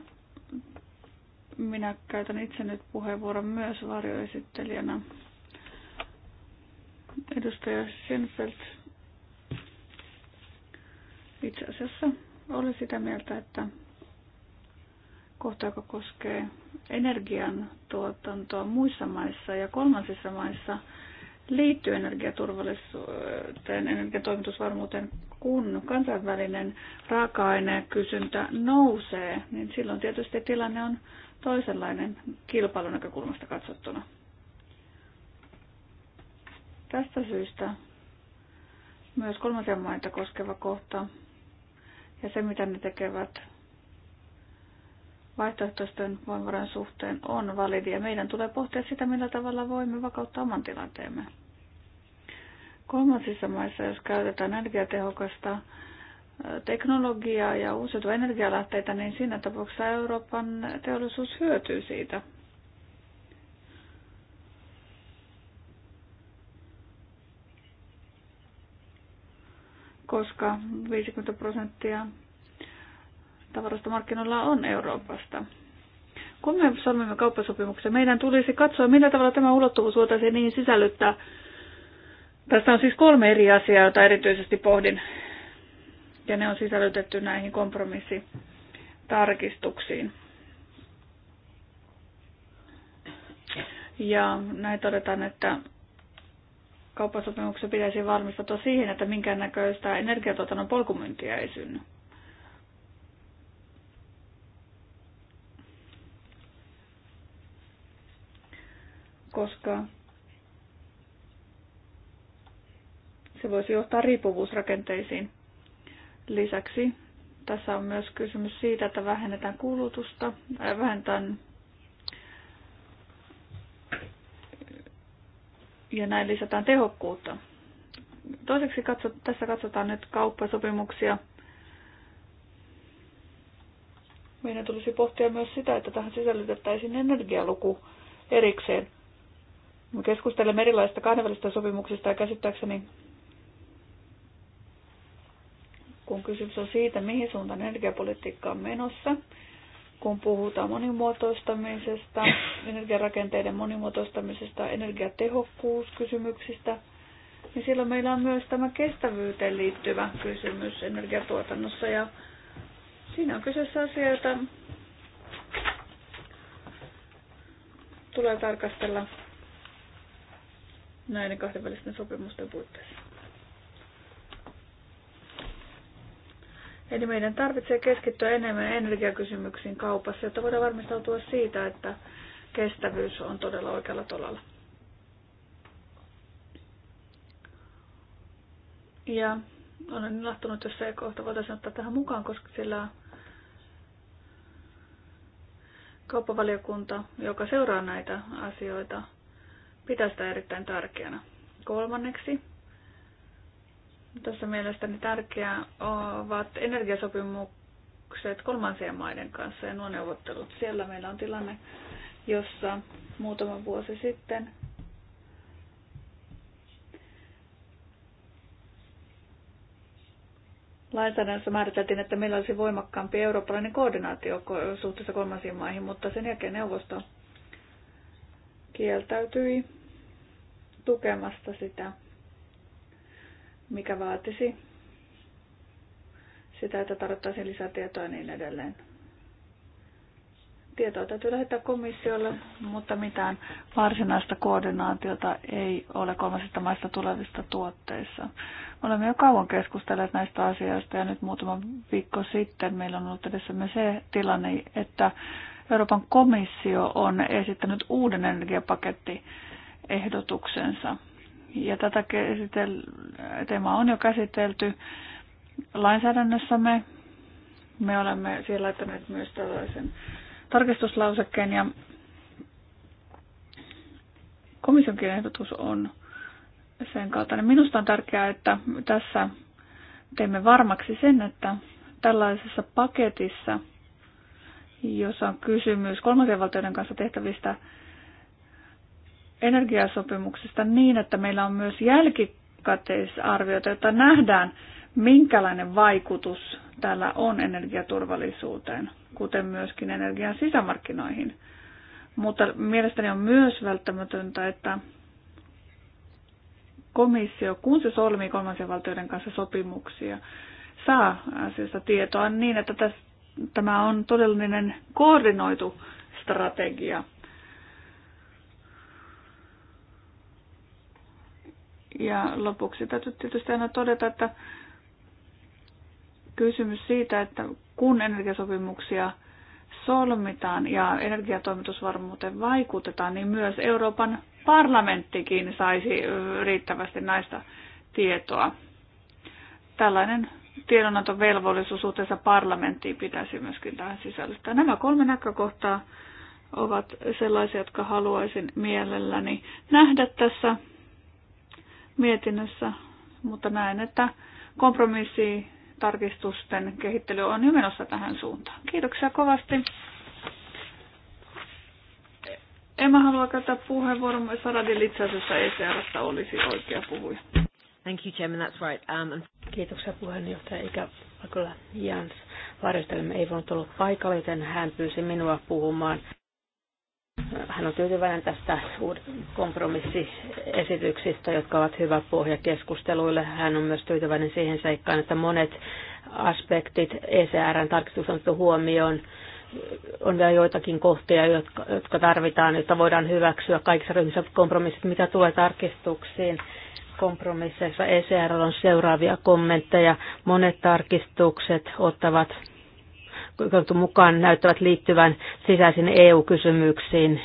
minä käytän itse nyt puheenvuoron myös varjoesittelijänä. Edustaja Schenfeld itse asiassa olen sitä mieltä, että kohta, joka koskee energian tuotantoa muissa maissa ja kolmansissa maissa, liittyy energiaturvallisuuteen, energiatoimitusvarmuuteen, kun kansainvälinen raaka-aineen kysyntä nousee, niin silloin tietysti tilanne on toisenlainen kilpailun näkökulmasta katsottuna. Tästä syystä myös kolmansia maita koskeva kohta ja se, mitä ne tekevät vaihtoehtoisten voimavarojen suhteen, on validia. Meidän tulee pohtia sitä, millä tavalla voimme vakauttaa oman tilanteemme. Kolmansissa maissa, jos käytetään energiatehokasta teknologiaa ja uusiutuvia energialähteitä, niin siinä tapauksessa Euroopan teollisuus hyötyy siitä. koska 50 prosenttia tavarasta markkinoilla on Euroopasta. Kun me solmimme kauppasopimuksen, meidän tulisi katsoa, millä tavalla tämä ulottuvuus voitaisiin niin sisällyttää. Tässä on siis kolme eri asiaa, joita erityisesti pohdin, ja ne on sisällytetty näihin kompromissitarkistuksiin. Ja näin todetaan, että kauppasopimuksen pitäisi valmistautua siihen, että minkäännäköistä energiatuotannon polkumyyntiä ei synny. Koska se voisi johtaa riippuvuusrakenteisiin. Lisäksi tässä on myös kysymys siitä, että vähennetään kulutusta, äh, vähennetään ja näin lisätään tehokkuutta. Toiseksi katso, tässä katsotaan nyt kauppasopimuksia. Meidän tulisi pohtia myös sitä, että tähän sisällytettäisiin energialuku erikseen. Me keskustelemme erilaisista kahdenvälisistä sopimuksista ja käsittääkseni kun kysymys on siitä, mihin suuntaan energiapolitiikka on menossa, kun puhutaan monimuotoistamisesta, energiarakenteiden monimuotoistamisesta, energiatehokkuuskysymyksistä, niin silloin meillä on myös tämä kestävyyteen liittyvä kysymys energiatuotannossa. Ja siinä on kyseessä asia, jota tulee tarkastella näiden kahdenvälisten sopimusten puitteissa. Eli meidän tarvitsee keskittyä enemmän energiakysymyksiin kaupassa, jotta voidaan varmistautua siitä, että kestävyys on todella oikealla tolalla. Ja olen ilahtunut, jos se kohta voitaisiin ottaa tähän mukaan, koska sillä kauppavaliokunta, joka seuraa näitä asioita, pitää sitä erittäin tärkeänä. Kolmanneksi, tässä mielestäni tärkeää ovat energiasopimukset kolmansien maiden kanssa ja nuo neuvottelut. Siellä meillä on tilanne, jossa muutama vuosi sitten lainsäädännössä määriteltiin, että meillä olisi voimakkaampi eurooppalainen koordinaatio suhteessa kolmansiin maihin, mutta sen jälkeen neuvosto kieltäytyi tukemasta sitä mikä vaatisi sitä, että tarvittaisiin lisätietoa ja niin edelleen. Tietoa täytyy lähettää komissiolle, mutta mitään varsinaista koordinaatiota ei ole kolmasista maista tulevista tuotteissa. Olemme jo kauan keskustelleet näistä asioista ja nyt muutama viikko sitten meillä on ollut myös se tilanne, että Euroopan komissio on esittänyt uuden energiapaketti ehdotuksensa. Ja tätä teemaa on jo käsitelty lainsäädännössämme. Me olemme siellä laittaneet myös tällaisen tarkistuslausekkeen ja komissionkin ehdotus on sen kaltainen. Minusta on tärkeää, että tässä teemme varmaksi sen, että tällaisessa paketissa, jossa on kysymys kolmansien valtioiden kanssa tehtävistä energiasopimuksesta niin, että meillä on myös jälkikäteisarvioita, joita nähdään, minkälainen vaikutus tällä on energiaturvallisuuteen, kuten myöskin energian sisämarkkinoihin. Mutta mielestäni on myös välttämätöntä, että komissio, kun se solmii kolmansien valtioiden kanssa sopimuksia, saa asiasta tietoa niin, että tässä, tämä on todellinen koordinoitu strategia – Ja lopuksi täytyy tietysti aina todeta, että kysymys siitä, että kun energiasopimuksia solmitaan ja energiatoimitusvarmuuteen vaikutetaan, niin myös Euroopan parlamenttikin saisi riittävästi näistä tietoa. Tällainen tiedonantovelvollisuus suhteessa parlamenttiin pitäisi myöskin tähän sisällyttää. Nämä kolme näkökohtaa ovat sellaisia, jotka haluaisin mielelläni nähdä tässä mietinnössä, mutta näen, että kompromissi tarkistusten kehittely on jo menossa tähän suuntaan. Kiitoksia kovasti. En mä halua käyttää puheenvuoron, Saradin itse asiassa ECRstä olisi oikea puhuja. Thank you, Chairman. That's right. Um, Kiitoksia puheenjohtaja eikä kyllä Jans. Varjostelemme ei voinut olla paikalla, joten hän pyysi minua puhumaan hän on tyytyväinen tästä kompromissiesityksistä, jotka ovat hyvä pohja keskusteluille. Hän on myös tyytyväinen siihen seikkaan, että monet aspektit ECRn tarkistus on huomioon. On vielä joitakin kohtia, jotka, jotka tarvitaan, jotta voidaan hyväksyä kaikissa ryhmissä kompromissit, mitä tulee tarkistuksiin kompromisseissa. ECR on seuraavia kommentteja. Monet tarkistukset ottavat otettu mukaan, näyttävät liittyvän sisäisiin EU-kysymyksiin.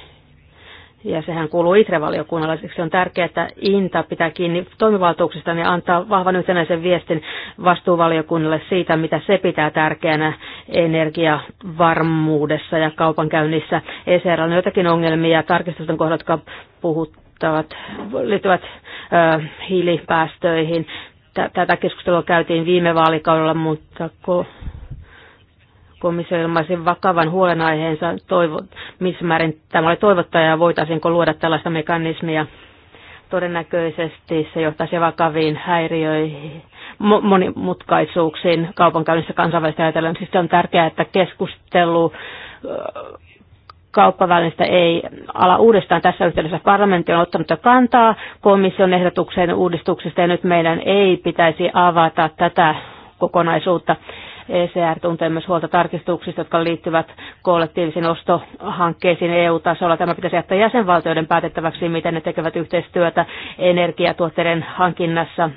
Ja sehän kuuluu ITRE-valiokunnalle. Siksi on tärkeää, että INTA pitää kiinni toimivaltuuksista ja antaa vahvan yhtenäisen viestin vastuuvaliokunnalle siitä, mitä se pitää tärkeänä energiavarmuudessa ja kaupankäynnissä. ECR on joitakin ongelmia tarkistusten kohdalla, jotka puhuttavat, liittyvät ö, hiilipäästöihin tätä keskustelua käytiin viime vaalikaudella, mutta Komissio ilmaisi vakavan huolenaiheensa, toivo, missä määrin tämä oli toivottaja ja voitaisiinko luoda tällaista mekanismia. Todennäköisesti se johtaisi vakaviin häiriöihin monimutkaisuuksiin kaupankäynnissä kansainvälistä ajatellen. Siis on tärkeää, että keskustelu kauppavälineistä ei ala uudestaan tässä yhteydessä. Parlamentti on ottanut jo kantaa komission ehdotukseen uudistuksesta ja nyt meidän ei pitäisi avata tätä kokonaisuutta. ECR tuntee myös huolta tarkistuksista, jotka liittyvät kollektiivisiin ostohankkeisiin EU-tasolla. Tämä pitäisi jättää jäsenvaltioiden päätettäväksi, miten ne tekevät yhteistyötä energiatuotteiden hankinnassa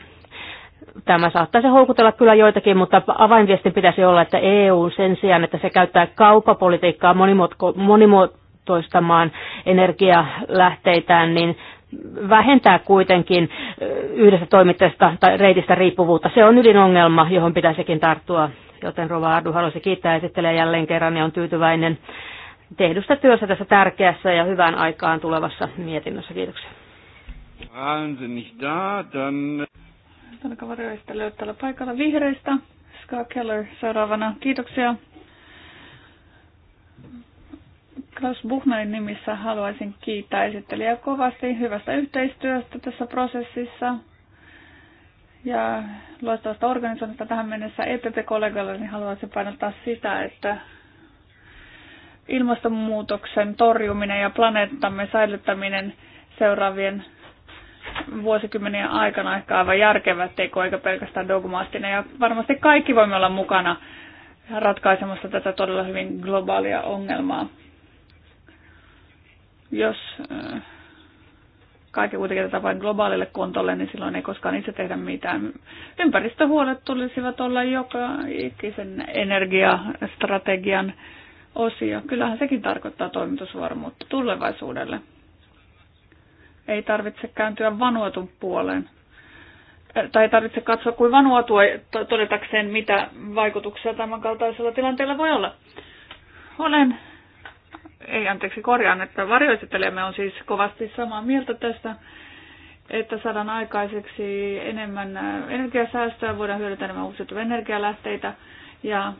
tämä saattaisi houkutella kyllä joitakin, mutta avainviestin pitäisi olla, että EU sen sijaan, että se käyttää kaupapolitiikkaa monimuotoistamaan energialähteitään, niin vähentää kuitenkin yhdestä toimittajasta tai reitistä riippuvuutta. Se on ydinongelma, johon pitäisikin tarttua. Joten Rova Ardu haluaisi kiittää esittelee jälleen kerran ja on tyytyväinen tehdystä työssä tässä tärkeässä ja hyvään aikaan tulevassa mietinnössä. Kiitoksia. Tanaka varjoistelijoille täällä paikalla vihreistä. Ska Keller seuraavana. Kiitoksia. Klaus Buchnerin nimissä haluaisin kiittää esittelijää kovasti hyvästä yhteistyöstä tässä prosessissa ja loistavasta organisoinnista tähän mennessä EPP-kollegalle, niin haluaisin painottaa sitä, että ilmastonmuutoksen torjuminen ja planeettamme säilyttäminen seuraavien vuosikymmenien aikana ehkä aivan järkevä teko, eikä pelkästään dogmaattinen. Ja varmasti kaikki voimme olla mukana ratkaisemassa tätä todella hyvin globaalia ongelmaa. Jos äh, kaiken kuitenkin tätä vain globaalille kontolle, niin silloin ei koskaan itse tehdä mitään. Ympäristöhuolet tulisivat olla joka ikisen energiastrategian osio. Kyllähän sekin tarkoittaa toimitusvarmuutta tulevaisuudelle. Ei tarvitse kääntyä vanuotun puoleen. Äh, tai ei tarvitse katsoa kuin vanuotua todetakseen, mitä vaikutuksia tämänkaltaisella tilanteella voi olla. Olen ei anteeksi korjaan, että varjoesittelemme on siis kovasti samaa mieltä tästä, että saadaan aikaiseksi enemmän äh, energiasäästöä, voidaan hyödyntää enemmän uusiutuvia energialähteitä ja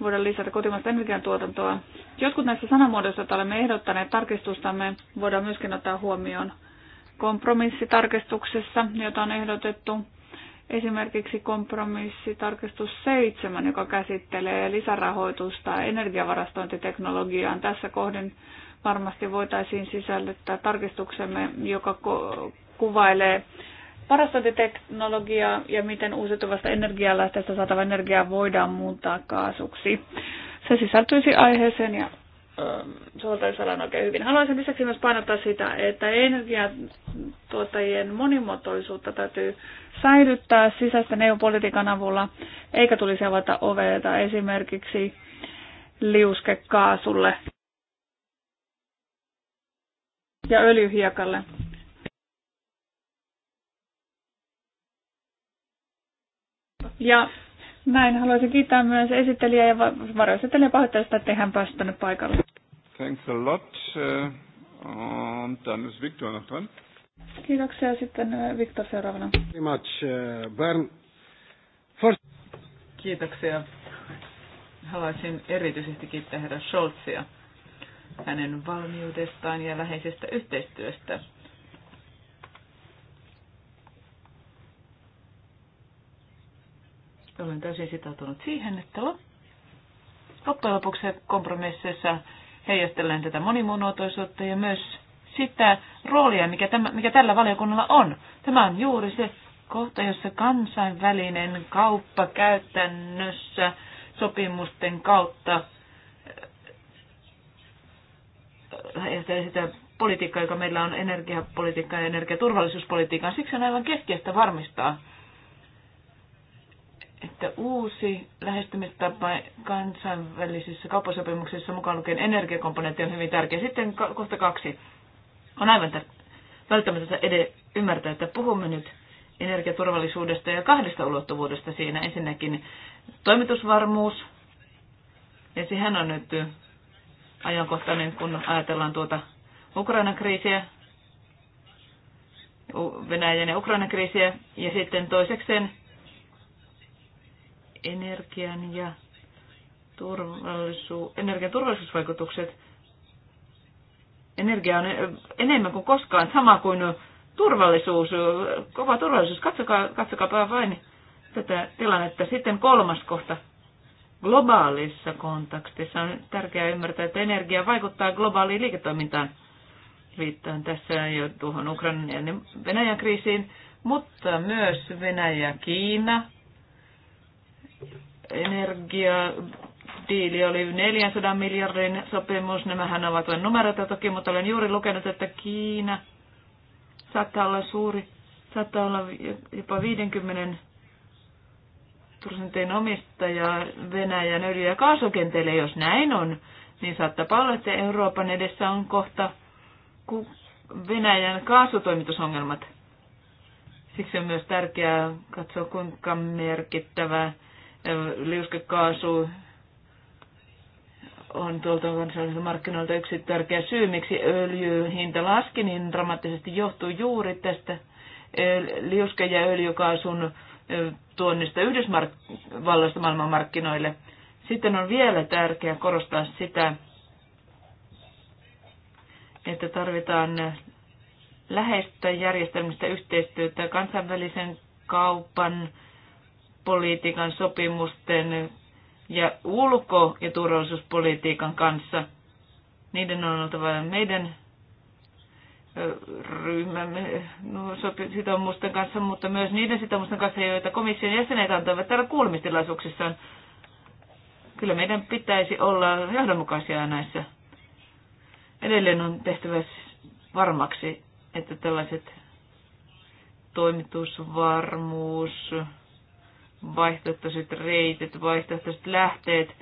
voidaan lisätä kotimaista energiantuotantoa. Jotkut näistä sanamuodoista, joita olemme ehdottaneet tarkistustamme, voidaan myöskin ottaa huomioon kompromissitarkistuksessa, jota on ehdotettu esimerkiksi kompromissitarkistus 7, joka käsittelee lisärahoitusta energiavarastointiteknologiaan. Tässä kohden varmasti voitaisiin sisällyttää tarkistuksemme, joka kuvailee varastointiteknologiaa ja miten uusiutuvasta energialähteestä saatava energiaa voidaan muuntaa kaasuksi. Se sisältyisi aiheeseen ja soveltamisalan oikein hyvin. Haluaisin lisäksi myös painottaa sitä, että energiatuottajien monimuotoisuutta täytyy säilyttää sisäisten EU-politiikan avulla, eikä tulisi avata oveita esimerkiksi liuskekaasulle ja öljyhiekalle. Ja näin, haluaisin kiittää myös esittelijää ja varoesittelijä pahoittelusta, että hän tänne paikalle. Thanks a lot. Uh, und dann ist Victor noch dran. Kiitoksia sitten uh, Victor seuraavana. much, uh, Bern. First... Kiitoksia. Haluaisin erityisesti kiittää herra Scholzia hänen valmiudestaan ja läheisestä yhteistyöstä Olen täysin sitoutunut siihen, että loppujen lopuksi kompromisseissa heijastellaan tätä monimuotoisuutta ja myös sitä roolia, mikä, tämä, mikä tällä valiokunnalla on. Tämä on juuri se kohta, jossa kansainvälinen kauppa käytännössä sopimusten kautta äh, ja sitä politiikkaa, joka meillä on energiapolitiikkaa ja energiaturvallisuuspolitiikkaa. Siksi on aivan keskeistä varmistaa, että uusi lähestymistapa kansainvälisissä kauppasopimuksissa mukaan lukien energiakomponentti on hyvin tärkeä. Sitten kohta kaksi. On aivan välttämätöntä ymmärtää, että puhumme nyt energiaturvallisuudesta ja kahdesta ulottuvuudesta siinä. Ensinnäkin toimitusvarmuus, ja sehän on nyt ajankohtainen, kun ajatellaan tuota Ukrainan kriisiä, Venäjän ja Ukrainan kriisiä, ja sitten toisekseen energian ja turvallisuus, energian turvallisuusvaikutukset. Energia on eh, enemmän kuin koskaan sama kuin turvallisuus, kova turvallisuus. Katsokaa, katsokaa vain tätä tilannetta. Sitten kolmas kohta. Globaalissa kontaktissa on tärkeää ymmärtää, että energia vaikuttaa globaaliin liiketoimintaan. Viittaan tässä jo tuohon Ukrainan ja Venäjän kriisiin, mutta myös Venäjä, Kiina, energia diili oli 400 miljardin sopimus. Nämähän ovat vain numeroita toki, mutta olen juuri lukenut, että Kiina saattaa olla suuri, saattaa olla jopa 50 prosentin omistaja Venäjän öljy- ja kaasukenteille, jos näin on, niin saattaa olla, että Euroopan edessä on kohta Venäjän kaasutoimitusongelmat. Siksi on myös tärkeää katsoa, kuinka merkittävää liuskekaasu on tuolta kansallisilta markkinoilta yksi tärkeä syy, miksi öljyn hinta laski niin dramaattisesti, johtuu juuri tästä liuske- ja öljykaasun tuonnista Yhdysvalloista maailmanmarkkinoille. Sitten on vielä tärkeää korostaa sitä, että tarvitaan läheistä järjestelmistä yhteistyötä kansainvälisen kaupan politiikan sopimusten ja ulko- ja turvallisuuspolitiikan kanssa. Niiden on oltava meidän ryhmämme no, sitoumusten kanssa, mutta myös niiden sitoumusten kanssa, joita komission jäsenet antavat täällä kuulemistilaisuuksissaan. Kyllä meidän pitäisi olla johdonmukaisia näissä. Edelleen on tehtävä varmaksi, että tällaiset toimitusvarmuus, vaihtoehtoiset reitit, vaihtoehtoiset lähteet.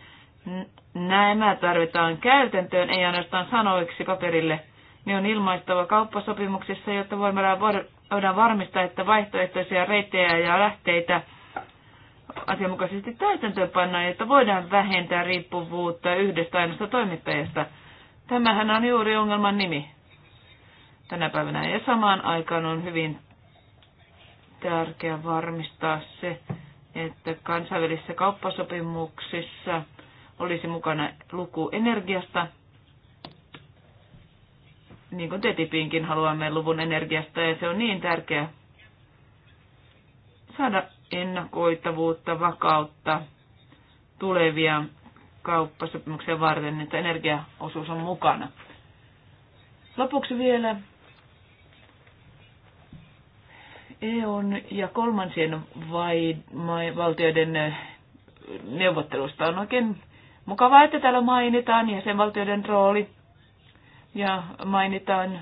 Nämä tarvitaan käytäntöön, ei ainoastaan sanoiksi paperille. Ne on ilmaistava kauppasopimuksissa, jotta voidaan varmistaa, että vaihtoehtoisia reittejä ja lähteitä asianmukaisesti pannaan, jotta voidaan vähentää riippuvuutta yhdestä ainoasta toimittajasta. Tämähän on juuri ongelman nimi tänä päivänä. Ja samaan aikaan on hyvin tärkeää varmistaa se, että kansainvälisissä kauppasopimuksissa olisi mukana luku energiasta. Niin kuin TTIPinkin haluamme luvun energiasta ja se on niin tärkeä saada ennakoitavuutta, vakautta tulevia kauppasopimuksia varten, että energiaosuus on mukana. Lopuksi vielä EUn ja kolmansien vai, vai, valtioiden neuvottelusta on oikein mukavaa, että täällä mainitaan jäsenvaltioiden rooli ja mainitaan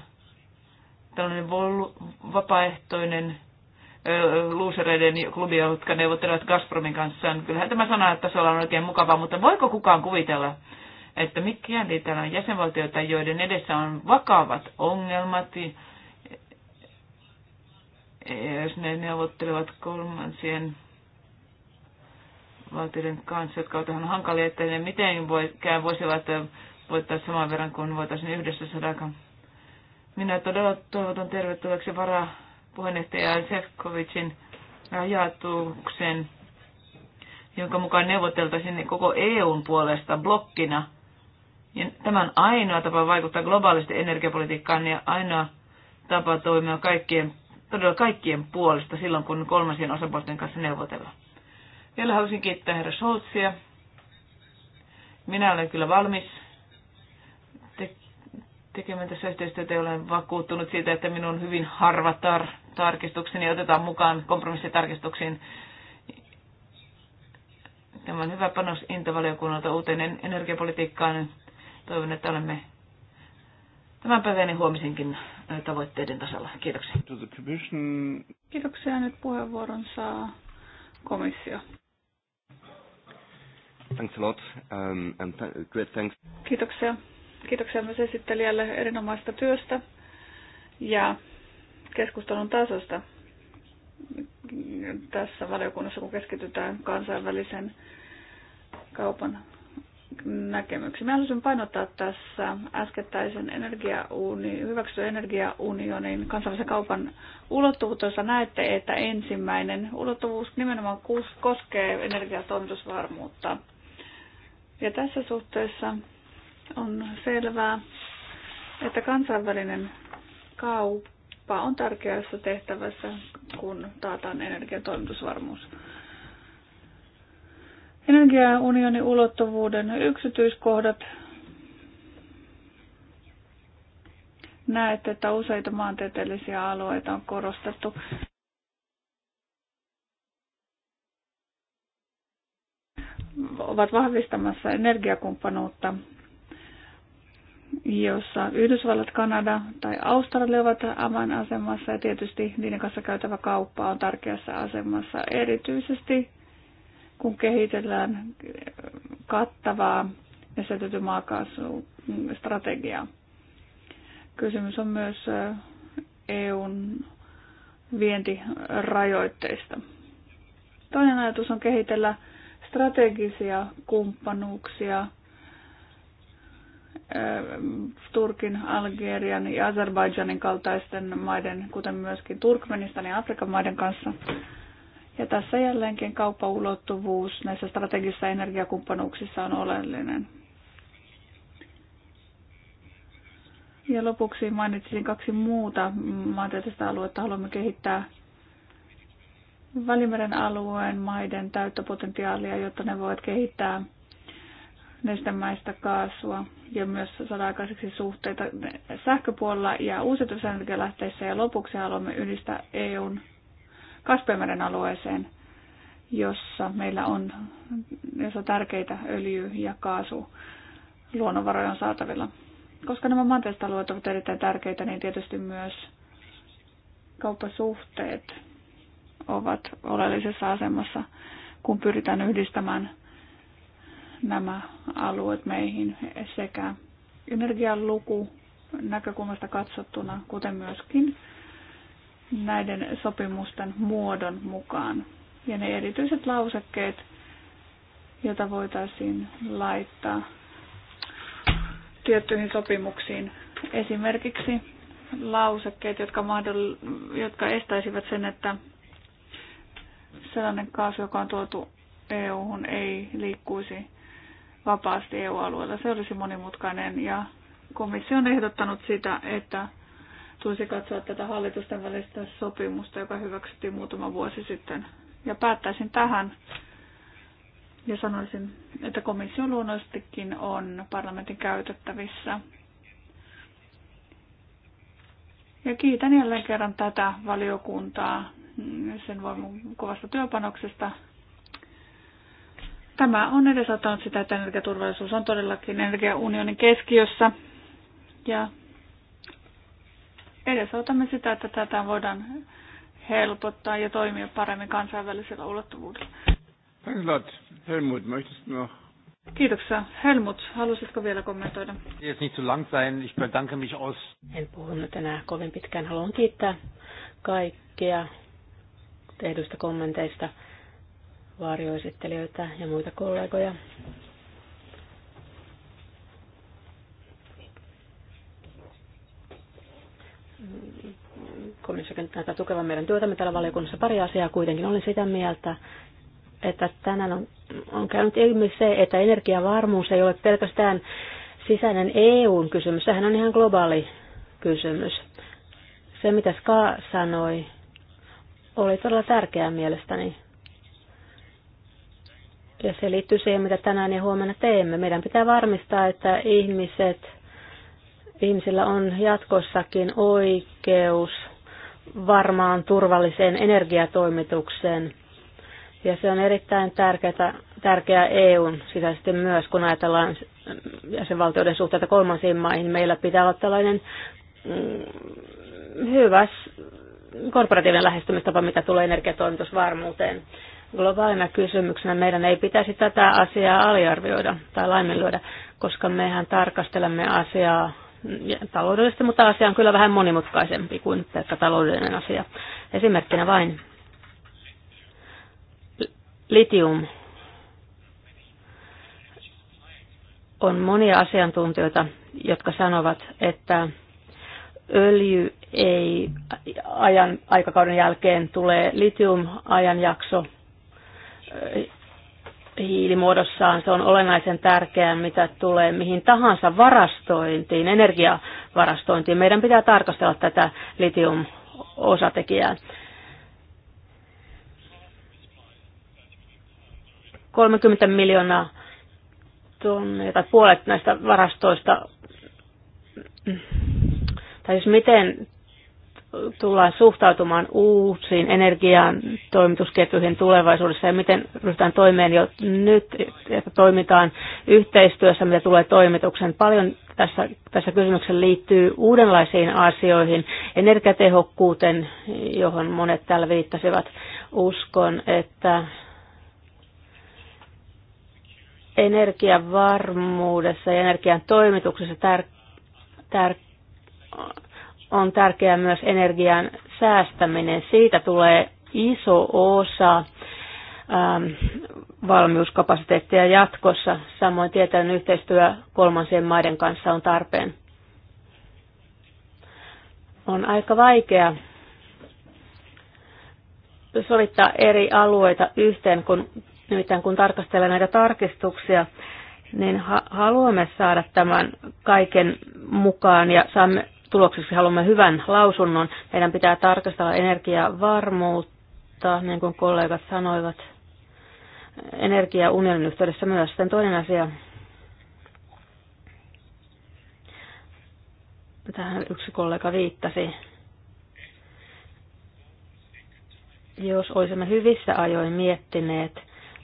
tällainen vol, vapaaehtoinen luusereiden klubi, jotka neuvottelevat Gazpromin kanssa. Kyllähän tämä sana, että se on oikein mukava, mutta voiko kukaan kuvitella, että mikään täällä on jäsenvaltioita, joiden edessä on vakavat ongelmat, jos e ne neuvottelevat kolmansien valtioiden kanssa, jotka ovat vähän hankalia, että ne mitenkään voisivat voittaa saman verran kuin voitaisiin yhdessä sadaka. Minä todella toivotan tervetulleeksi varapuheenjohtaja Sefkovicin ajatuksen, jonka mukaan neuvoteltaisiin koko EUn puolesta blokkina. Ja tämä on ainoa tapa vaikuttaa globaalisti energiapolitiikkaan ja ainoa tapa toimia kaikkien todella kaikkien puolesta silloin, kun kolmansien osapuolten kanssa neuvotellaan. Vielä haluaisin kiittää herra Scholzia. Minä olen kyllä valmis te- tekemään tässä yhteistyötä ja olen vakuuttunut siitä, että minun hyvin harva tar- tarkistukseni otetaan mukaan kompromissitarkistuksiin. Tämä on hyvä panos Intavaliokunnalta uuteen energiapolitiikkaan. Toivon, että olemme Tämän päiväni huomisenkin äh, tavoitteiden tasolla. Kiitoksia. Kiitoksia. Nyt puheenvuoron saa komissio. Thanks a lot. Um, and th- great thanks. Kiitoksia. Kiitoksia myös esittelijälle erinomaista työstä ja keskustelun tasosta tässä valiokunnassa, kun keskitytään kansainvälisen kaupan näkemyksiä. Mä haluaisin painottaa tässä äskettäisen energiauni, hyväksy energiaunionin kansainvälisen kaupan ulottuvuutta, jossa näette, että ensimmäinen ulottuvuus nimenomaan koskee energiatoimitusvarmuutta. Ja tässä suhteessa on selvää, että kansainvälinen kauppa on tärkeässä tehtävässä, kun taataan energiatoimitusvarmuus. toimitusvarmuus. Energiaunionin ulottuvuuden yksityiskohdat. Näette, että useita maantieteellisiä alueita on korostettu. ovat vahvistamassa energiakumppanuutta, jossa Yhdysvallat, Kanada tai Australia ovat avainasemassa ja tietysti niiden kanssa käytävä kauppa on tärkeässä asemassa erityisesti kun kehitellään kattavaa nesteytetyn maakaasustrategiaa. Kysymys on myös EUn vientirajoitteista. Toinen ajatus on kehitellä strategisia kumppanuuksia Turkin, Algerian ja Azerbaidžanin kaltaisten maiden, kuten myöskin Turkmenistan ja Afrikan maiden kanssa ja tässä jälleenkin kauppaulottuvuus näissä strategisissa energiakumppanuuksissa on oleellinen. Ja lopuksi mainitsin kaksi muuta maantieteellistä aluetta. Haluamme kehittää Välimeren alueen maiden täyttöpotentiaalia, jotta ne voivat kehittää nestemäistä kaasua ja myös saada aikaiseksi suhteita sähköpuolella ja uusiutuvissa energialähteissä. Ja lopuksi haluamme yhdistää EUn Kaspianmeren alueeseen, jossa meillä on jossa tärkeitä öljy- ja kaasu luonnonvaroja on saatavilla. Koska nämä maanteiset alueet ovat erittäin tärkeitä, niin tietysti myös kauppasuhteet ovat oleellisessa asemassa, kun pyritään yhdistämään nämä alueet meihin sekä energian luku näkökulmasta katsottuna, kuten myöskin näiden sopimusten muodon mukaan. Ja ne erityiset lausekkeet, joita voitaisiin laittaa tiettyihin sopimuksiin. Esimerkiksi lausekkeet, jotka, mahdoll- jotka estäisivät sen, että sellainen kaasu, joka on tuotu EU-hun, ei liikkuisi vapaasti EU-alueella. Se olisi monimutkainen ja komissio on ehdottanut sitä, että tulisi katsoa tätä hallitusten välistä sopimusta, joka hyväksyttiin muutama vuosi sitten. Ja päättäisin tähän ja sanoisin, että komissio luonnollisestikin on parlamentin käytettävissä. Ja kiitän jälleen kerran tätä valiokuntaa sen kovasta työpanoksesta. Tämä on edesauttanut sitä, että energiaturvallisuus on todellakin energiaunionin keskiössä. Ja edesautamme sitä, että tätä voidaan helpottaa ja toimia paremmin kansainvälisellä ulottuvuudella. Helmut, möchtest noch? Kiitoksia. Helmut, halusitko vielä kommentoida? Jetzt nicht zu lang sein. Ich bedanke mich aus. En puhunut enää kovin pitkään. Haluan kiittää kaikkia tehdyistä kommenteista, varjoesittelijöitä ja muita kollegoja. valiokunnissa näitä tukevan meidän työtämme täällä valiokunnassa. Pari asiaa kuitenkin. Olen sitä mieltä, että tänään on, on käynyt ilmi se, että energiavarmuus ei ole pelkästään sisäinen EUn kysymys. Sehän on ihan globaali kysymys. Se, mitä Ska sanoi, oli todella tärkeää mielestäni. Ja se liittyy siihen, mitä tänään ja huomenna teemme. Meidän pitää varmistaa, että ihmiset, ihmisillä on jatkossakin oikeus varmaan turvalliseen energiatoimitukseen. Ja se on erittäin tärkeää, tärkeää EUn sisäisesti myös, kun ajatellaan jäsenvaltioiden suhteita kolmansiin maihin. Meillä pitää olla tällainen mm, hyvä korporatiivinen lähestymistapa, mitä tulee energiatoimitusvarmuuteen. Globaalina kysymyksenä meidän ei pitäisi tätä asiaa aliarvioida tai laiminlyödä, koska mehän tarkastelemme asiaa taloudellisesti, mutta asia on kyllä vähän monimutkaisempi kuin pelkkä taloudellinen asia. Esimerkkinä vain litium. On monia asiantuntijoita, jotka sanovat, että öljy ei ajan, aikakauden jälkeen tulee litium-ajanjakso, hiilimuodossaan. Se on olennaisen tärkeää, mitä tulee mihin tahansa varastointiin, energiavarastointiin. Meidän pitää tarkastella tätä litium-osatekijää. 30 miljoonaa tonnia tai puolet näistä varastoista. Tai siis miten tullaan suhtautumaan uusiin energian toimitusketjuihin tulevaisuudessa ja miten ryhdytään toimeen jo nyt, että toimitaan yhteistyössä, mitä tulee toimituksen. Paljon tässä, tässä kysymyksessä liittyy uudenlaisiin asioihin, energiatehokkuuteen, johon monet täällä viittasivat. Uskon, että energiavarmuudessa ja energian toimituksessa tär, tär, on tärkeää myös energian säästäminen. Siitä tulee iso osa ähm, valmiuskapasiteettia jatkossa. Samoin tietäen yhteistyö kolmansien maiden kanssa on tarpeen. On aika vaikea sovittaa eri alueita yhteen, kun, nimittäin kun tarkastelee näitä tarkistuksia, niin ha- haluamme saada tämän kaiken mukaan ja saamme tulokseksi haluamme hyvän lausunnon. Meidän pitää tarkastella energiavarmuutta, niin kuin kollegat sanoivat, energiaunionin yhteydessä myös. Sitten toinen asia, tähän yksi kollega viittasi. Jos olisimme hyvissä ajoin miettineet,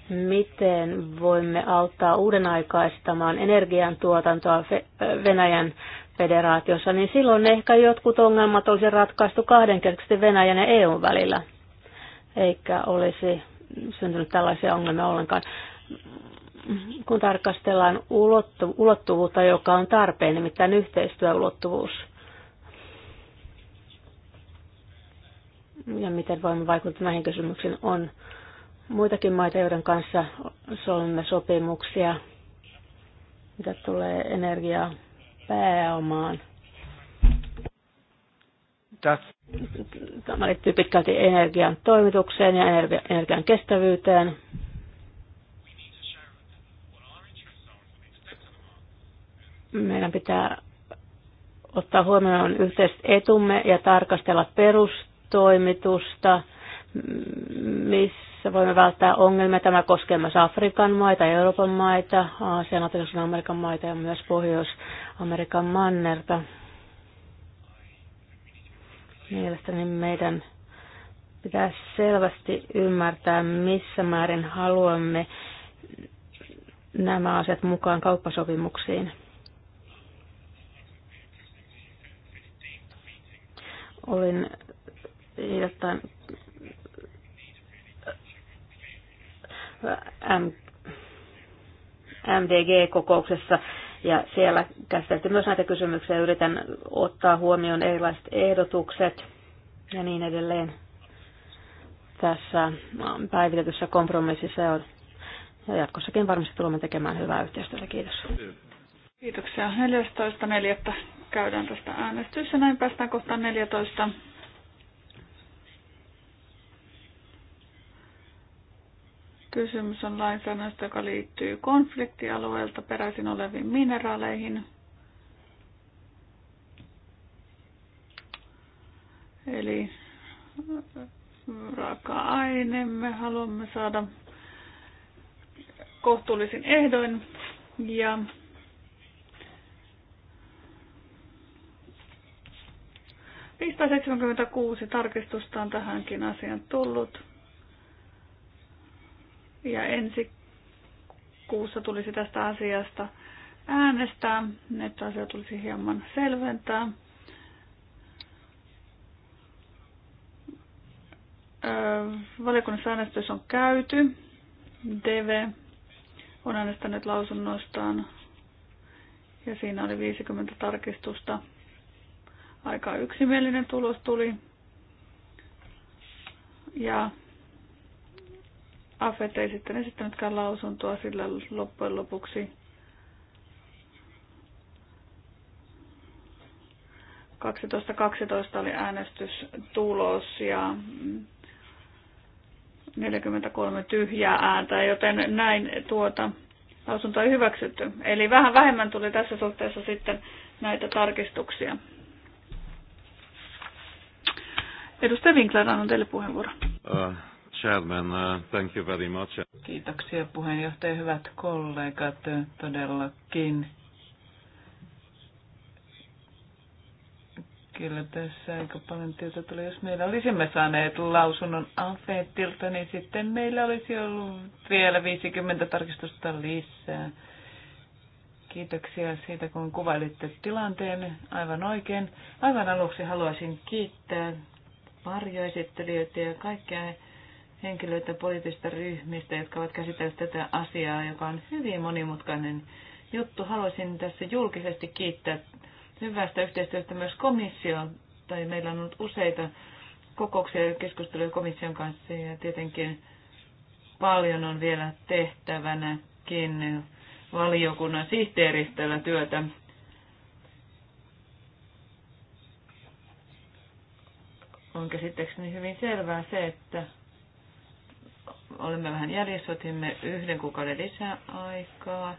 miten voimme auttaa uuden aikaistamaan energiantuotantoa Venäjän federaatiossa, niin silloin ehkä jotkut ongelmat olisi ratkaistu kahdenkertaisesti Venäjän ja EUn välillä, eikä olisi syntynyt tällaisia ongelmia ollenkaan. Kun tarkastellaan ulottuvuutta, joka on tarpeen, nimittäin yhteistyöulottuvuus, ja miten voimme vaikuttaa näihin kysymyksiin, on muitakin maita, joiden kanssa solmimme sopimuksia, mitä tulee energiaa pääomaan. Tämä liittyy pitkälti energian toimitukseen ja energian kestävyyteen. Meidän pitää ottaa huomioon yhteiset etumme ja tarkastella perustoimitusta, missä voimme välttää ongelmia. Tämä koskee myös Afrikan maita, Euroopan maita, Aasian, Latinalaisen Amerikan maita ja myös Pohjois- Amerikan mannerta. Mielestäni meidän pitää selvästi ymmärtää, missä määrin haluamme nämä asiat mukaan kauppasopimuksiin. Olin hiljattain MDG-kokouksessa ja siellä käsiteltiin myös näitä kysymyksiä. Yritän ottaa huomioon erilaiset ehdotukset ja niin edelleen tässä päivitetyssä kompromississa. On. Ja jatkossakin varmasti tulemme tekemään hyvää yhteistyötä. Kiitos. Kiitoksia. 14.4. käydään tästä äänestys ja näin päästään kohtaan 14. Kysymys on lainsäädännöstä, joka liittyy konfliktialueelta peräisin oleviin mineraaleihin. Eli raaka-aine me haluamme saada kohtuullisin ehdoin ja tarkistusta on tähänkin asiaan tullut. Ja ensi kuussa tulisi tästä asiasta äänestää, että asia tulisi hieman selventää. Valiokunnassa äänestys on käyty. DV on äänestänyt lausunnoistaan ja siinä oli 50 tarkistusta. Aika yksimielinen tulos tuli. Ja AFET ei sitten esittänytkään lausuntoa, sillä loppujen lopuksi kaksitoista oli äänestystulos ja 43 tyhjää ääntä, joten näin tuota lausunto ei hyväksytty. Eli vähän vähemmän tuli tässä suhteessa sitten näitä tarkistuksia. Edustaja Winkler, annan teille puheenvuoron. Uh. Chairman. Uh, thank you very much. Kiitoksia puheenjohtaja, hyvät kollegat, todellakin. Kyllä tässä aika paljon tietoa tuli. Jos meillä olisimme saaneet lausunnon Afetilta, niin sitten meillä olisi ollut vielä 50 tarkistusta lisää. Kiitoksia siitä, kun kuvailitte tilanteen aivan oikein. Aivan aluksi haluaisin kiittää varjoesittelijöitä ja kaikkia henkilöitä poliittisista ryhmistä, jotka ovat käsitelleet tätä asiaa, joka on hyvin monimutkainen juttu. Haluaisin tässä julkisesti kiittää hyvästä yhteistyöstä myös komission, tai meillä on ollut useita kokouksia ja keskusteluja komission kanssa, ja tietenkin paljon on vielä tehtävänäkin valiokunnan sihteeristöllä työtä. On käsittääkseni hyvin selvää se, että olemme vähän jäljessä, otimme yhden kuukauden lisäaikaa.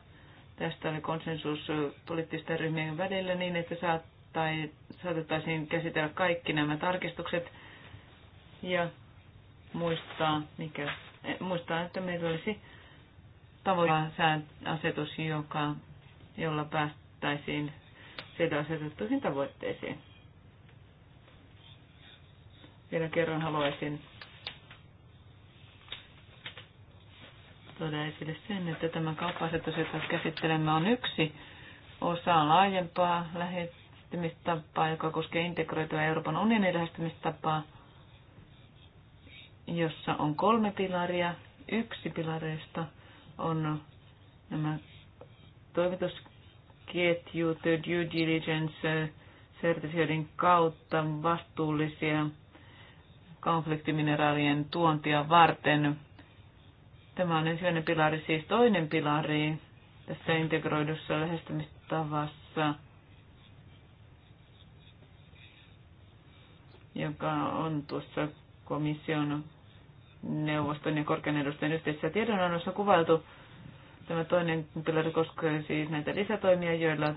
Tästä oli konsensus poliittisten ryhmien välillä niin, että saatettaisiin käsitellä kaikki nämä tarkistukset ja muistaa, mikä, eh, muistaa että meillä olisi asetus, joka, jolla päästäisiin sieltä asetettuihin tavoitteisiin. Vielä kerran haluaisin tuoda esille sen, että tämä kauppasetus, jota käsittelemme, on yksi osa laajempaa lähestymistapaa, joka koskee integroitua Euroopan unionin lähestymistapaa, jossa on kolme pilaria. Yksi pilareista on nämä toimitusketjut, due diligence, sertifioiden kautta vastuullisia konfliktimineraalien tuontia varten Tämä on ensimmäinen pilari, siis toinen pilari tässä integroidussa lähestymistavassa, joka on tuossa komission neuvoston ja korkean edustajan yhteisessä tiedonannossa kuvailtu. Tämä toinen pilari koskee siis näitä lisätoimia, joilla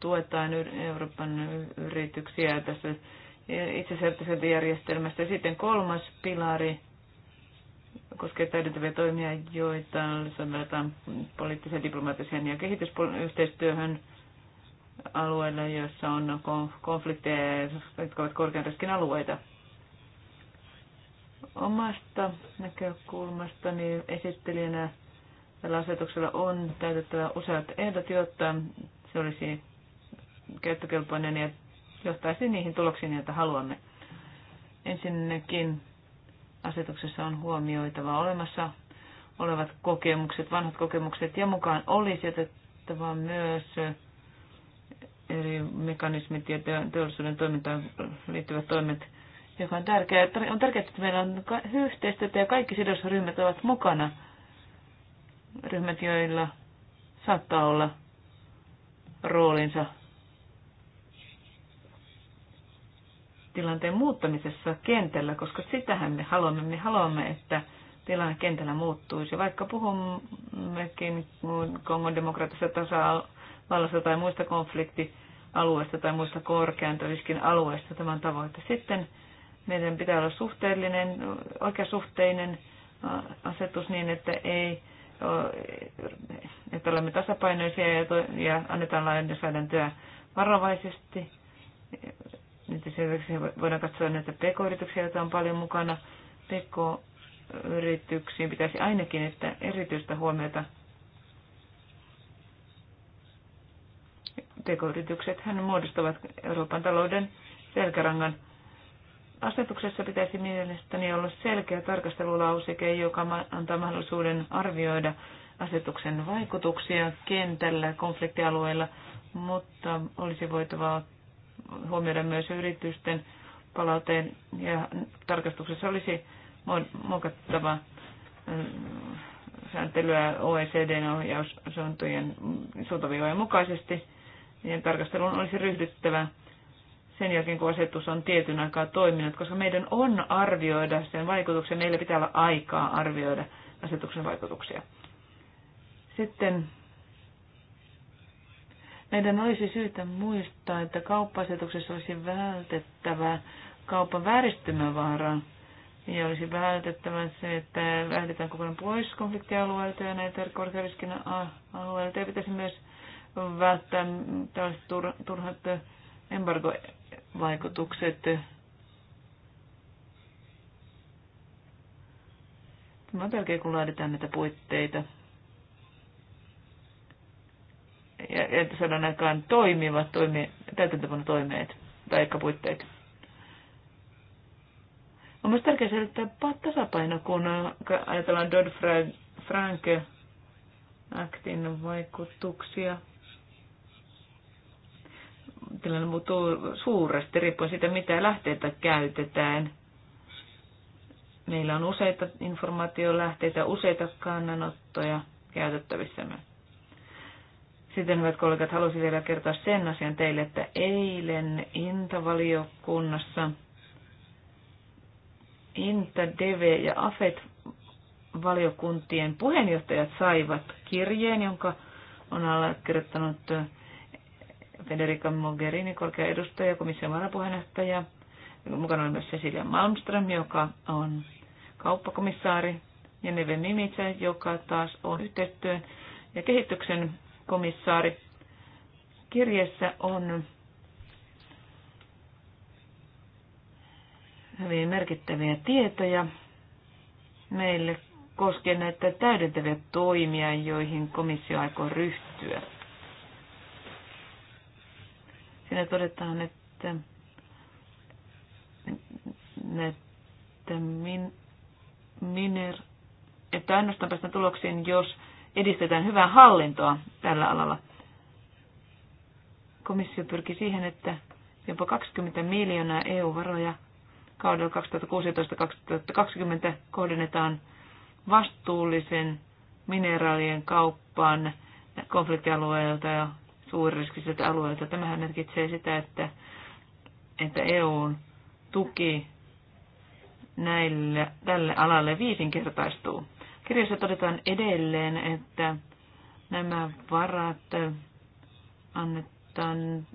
tuetaan Euroopan yrityksiä tässä järjestelmästä. Sitten kolmas pilari koskee täydentäviä toimia, joita sovelletaan poliittiseen, diplomaattiseen ja kehitysyhteistyöhön alueilla, joissa on konflikteja, jotka ovat korkean riskin alueita. Omasta näkökulmastani esittelijänä tällä asetuksella on täytettävä useat ehdot, jotta se olisi käyttökelpoinen ja johtaisi niihin tuloksiin, joita haluamme. Ensinnäkin Asetuksessa on huomioitava olemassa olevat kokemukset, vanhat kokemukset ja mukaan olisi otettava myös eri mekanismit ja teollisuuden toimintaan liittyvät toimet, joka on tärkeää. On tärkeää, että meillä on yhteistyötä ja kaikki sidosryhmät ovat mukana. Ryhmät, joilla saattaa olla roolinsa tilanteen muuttamisessa kentällä, koska sitähän me haluamme. Me haluamme, että tilanne kentällä muuttuisi. Vaikka puhummekin Kongon demokraattisesta tasavallasta tai muista konfliktialueista tai muista korkean riskin alueista tämän tavoite. Sitten meidän pitää olla suhteellinen, oikeasuhteinen asetus niin, että ei että olemme tasapainoisia ja, annetaan lainsäädäntöä varovaisesti nyt esimerkiksi voidaan katsoa näitä pk-yrityksiä, joita on paljon mukana. Pk-yrityksiin pitäisi ainakin että erityistä huomiota. Pk-yritykset hän muodostavat Euroopan talouden selkärangan. Asetuksessa pitäisi mielestäni olla selkeä tarkastelulauseke, joka antaa mahdollisuuden arvioida asetuksen vaikutuksia kentällä, konfliktialueilla, mutta olisi voitava ottaa huomioida myös yritysten palauteen ja tarkastuksessa olisi muokattava sääntelyä OECDn ohjaussuuntojen suuntaviivojen mukaisesti ja tarkasteluun olisi ryhdyttävä sen jälkeen, kun asetus on tietyn aikaa toiminut, koska meidän on arvioida sen vaikutuksen. Meillä pitää olla aikaa arvioida asetuksen vaikutuksia. Sitten meidän olisi syytä muistaa, että kauppasetuksessa olisi vältettävä kaupan vääristymävaaraa. Ja olisi vältettävä se, että lähdetään kokonaan pois konfliktialueelta ja näitä korkeariskin alueelta. Ja pitäisi myös välttää tällaiset turhat embargovaikutukset. Tämä on tärkeää, kun laaditaan näitä puitteita että saadaan aikaan toimivat toimi, täytäntöpano toimeet tai puitteet. On myös tärkeää selittää tasapaino, kun äh, ajatellaan Dodd-Frank aktin vaikutuksia. Tilanne muuttuu suuresti riippuen siitä, mitä lähteitä käytetään. Meillä on useita informaatiolähteitä, useita kannanottoja käytettävissämme. Sitten, hyvät kollegat, halusin vielä kertoa sen asian teille, että eilen Intavaliokunnassa Inta, DV ja AFET valiokuntien puheenjohtajat saivat kirjeen, jonka on allekirjoittanut Federica Mogherini, korkea edustaja, komission varapuheenjohtaja. Mukana oli myös Cecilia Malmström, joka on kauppakomissaari, ja Neve Mimitsä, joka taas on yhteistyön ja kehityksen komissaari. Kirjeessä on hyvin merkittäviä tietoja meille koskien näitä täydentäviä toimia, joihin komissio aikoo ryhtyä. Siinä todetaan, että, että min, miner, että ainoastaan päästään tuloksiin, jos edistetään hyvää hallintoa tällä alalla. Komissio pyrki siihen, että jopa 20 miljoonaa EU-varoja kaudella 2016-2020 kohdennetaan vastuullisen mineraalien kauppaan konfliktialueilta ja suuririskisiltä alueilta. Tämähän merkitsee sitä, että, että EUn tuki näille, tälle alalle viisinkertaistuu. Kirjassa todetaan edelleen, että nämä varat annetaan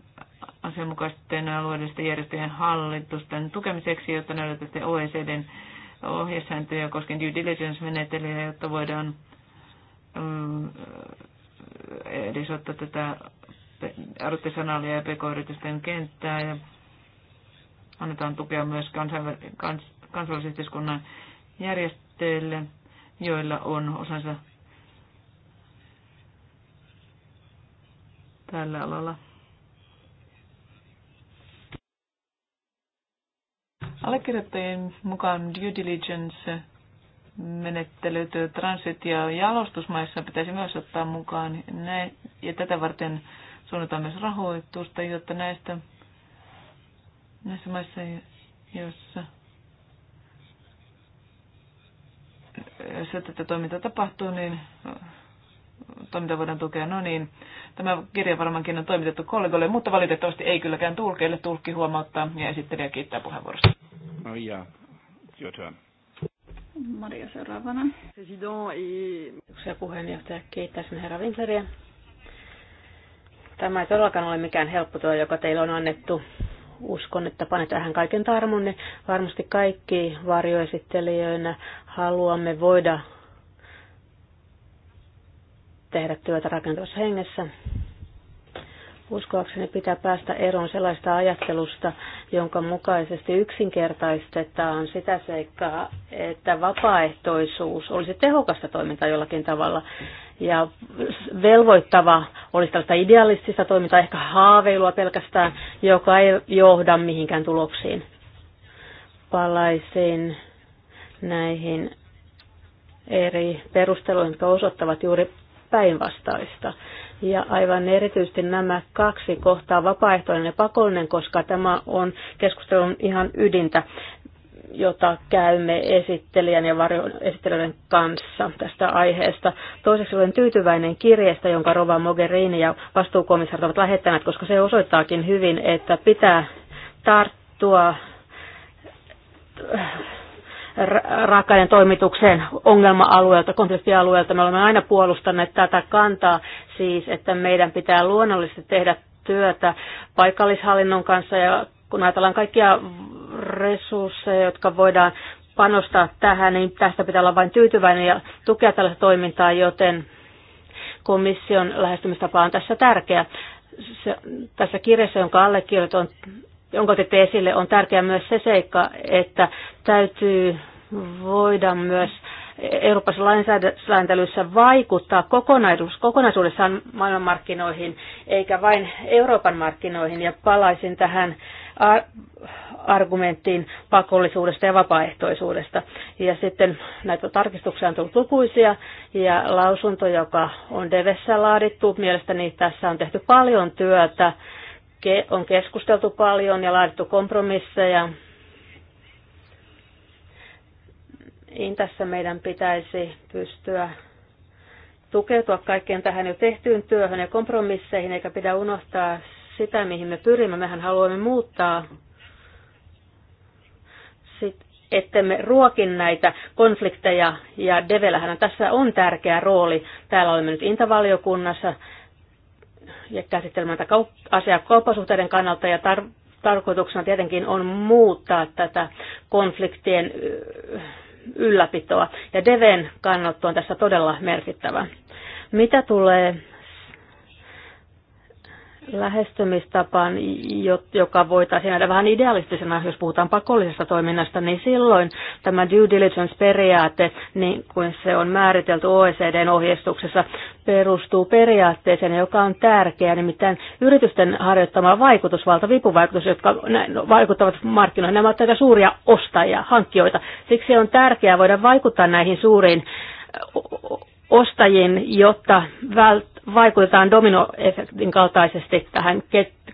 asianmukaisten alueellisten järjestöjen hallitusten tukemiseksi, jotta noudatetaan OECDn ohjesääntöjä koskien due diligence-menettelyä, jotta voidaan edesottaa tätä artisanaalia ja pk-yritysten kenttää ja annetaan tukea myös kansainvä- kans- kansallisyhteiskunnan järjestöille joilla on osansa tällä alalla. Allekirjoittajien mukaan due diligence menettelyt transit- ja jalostusmaissa pitäisi myös ottaa mukaan. Näin, ja tätä varten suunnataan myös rahoitusta, jotta näistä näissä maissa, joissa jos tätä toimintaa tapahtuu, niin toiminta voidaan tukea. No niin, tämä kirja varmaankin on toimitettu kollegoille, mutta valitettavasti ei kylläkään tulkeille. Tulkki huomauttaa ja esittelijä kiittää puheenvuorosta. No ja, your turn. Maria seuraavana. ja puheenjohtaja, kiittäisin herra Winkleria. Tämä ei todellakaan ole mikään helppo työ, joka teille on annettu uskon, että panet tähän kaiken tarmonne. Varmasti kaikki varjoesittelijöinä haluamme voida tehdä työtä rakentavassa hengessä. Uskoakseni pitää päästä eroon sellaista ajattelusta, jonka mukaisesti yksinkertaistetaan sitä seikkaa, että vapaaehtoisuus olisi tehokasta toimintaa jollakin tavalla ja velvoittava olisi tällaista idealistista toimintaa, ehkä haaveilua pelkästään, joka ei johda mihinkään tuloksiin. Palaisin näihin eri perusteluihin, jotka osoittavat juuri päinvastaista. Ja aivan erityisesti nämä kaksi kohtaa, vapaaehtoinen ja pakollinen, koska tämä on keskustelun ihan ydintä, jota käymme esittelijän ja varjoesittelijän kanssa tästä aiheesta. Toiseksi olen tyytyväinen kirjeestä, jonka Rova Mogherini ja vastuukomissaarit ovat lähettäneet, koska se osoittaakin hyvin, että pitää tarttua raakaiden toimitukseen ongelma-alueelta, konfliktialueelta. Me olemme aina puolustaneet tätä kantaa siis, että meidän pitää luonnollisesti tehdä työtä paikallishallinnon kanssa ja kun ajatellaan kaikkia resursseja, jotka voidaan panostaa tähän, niin tästä pitää olla vain tyytyväinen ja tukea tällaista toimintaa, joten komission lähestymistapa on tässä tärkeä. Se, tässä kirjassa, jonka allekirjoitan, jonka otitte esille, on tärkeää myös se seikka, että täytyy voida myös Euroopassa lainsäädäntelyssä vaikuttaa kokonaisuus, kokonaisuudessaan maailmanmarkkinoihin, eikä vain Euroopan markkinoihin. Ja palaisin tähän argumenttiin pakollisuudesta ja vapaaehtoisuudesta. Ja sitten näitä tarkistuksia on tullut lukuisia, ja lausunto, joka on Devessä laadittu, mielestäni tässä on tehty paljon työtä on keskusteltu paljon ja laadittu kompromisseja. Niin tässä meidän pitäisi pystyä tukeutua kaikkeen tähän jo tehtyyn työhön ja kompromisseihin, eikä pidä unohtaa sitä, mihin me pyrimme. Mehän haluamme muuttaa, Sit, me ruokin näitä konflikteja, ja Develähän tässä on tärkeä rooli. Täällä olemme nyt Intavaliokunnassa, ja käsittelemään tätä asiaa kauppasuhteiden kannalta ja tar- tarkoituksena tietenkin on muuttaa tätä konfliktien ylläpitoa. Ja Deven kannalta on tässä todella merkittävä. Mitä tulee lähestymistapaan, joka voitaisiin nähdä vähän idealistisena, jos puhutaan pakollisesta toiminnasta, niin silloin tämä due diligence-periaate, niin kuin se on määritelty OECDn ohjeistuksessa, perustuu periaatteeseen, joka on tärkeä, nimittäin yritysten harjoittama vaikutusvalta, vipuvaikutus, jotka no, vaikuttavat markkinoihin. Nämä ovat tätä suuria ostajia, hankkijoita. Siksi on tärkeää voida vaikuttaa näihin suuriin ostajien, jotta vält- vaikutetaan dominoefektin kaltaisesti tähän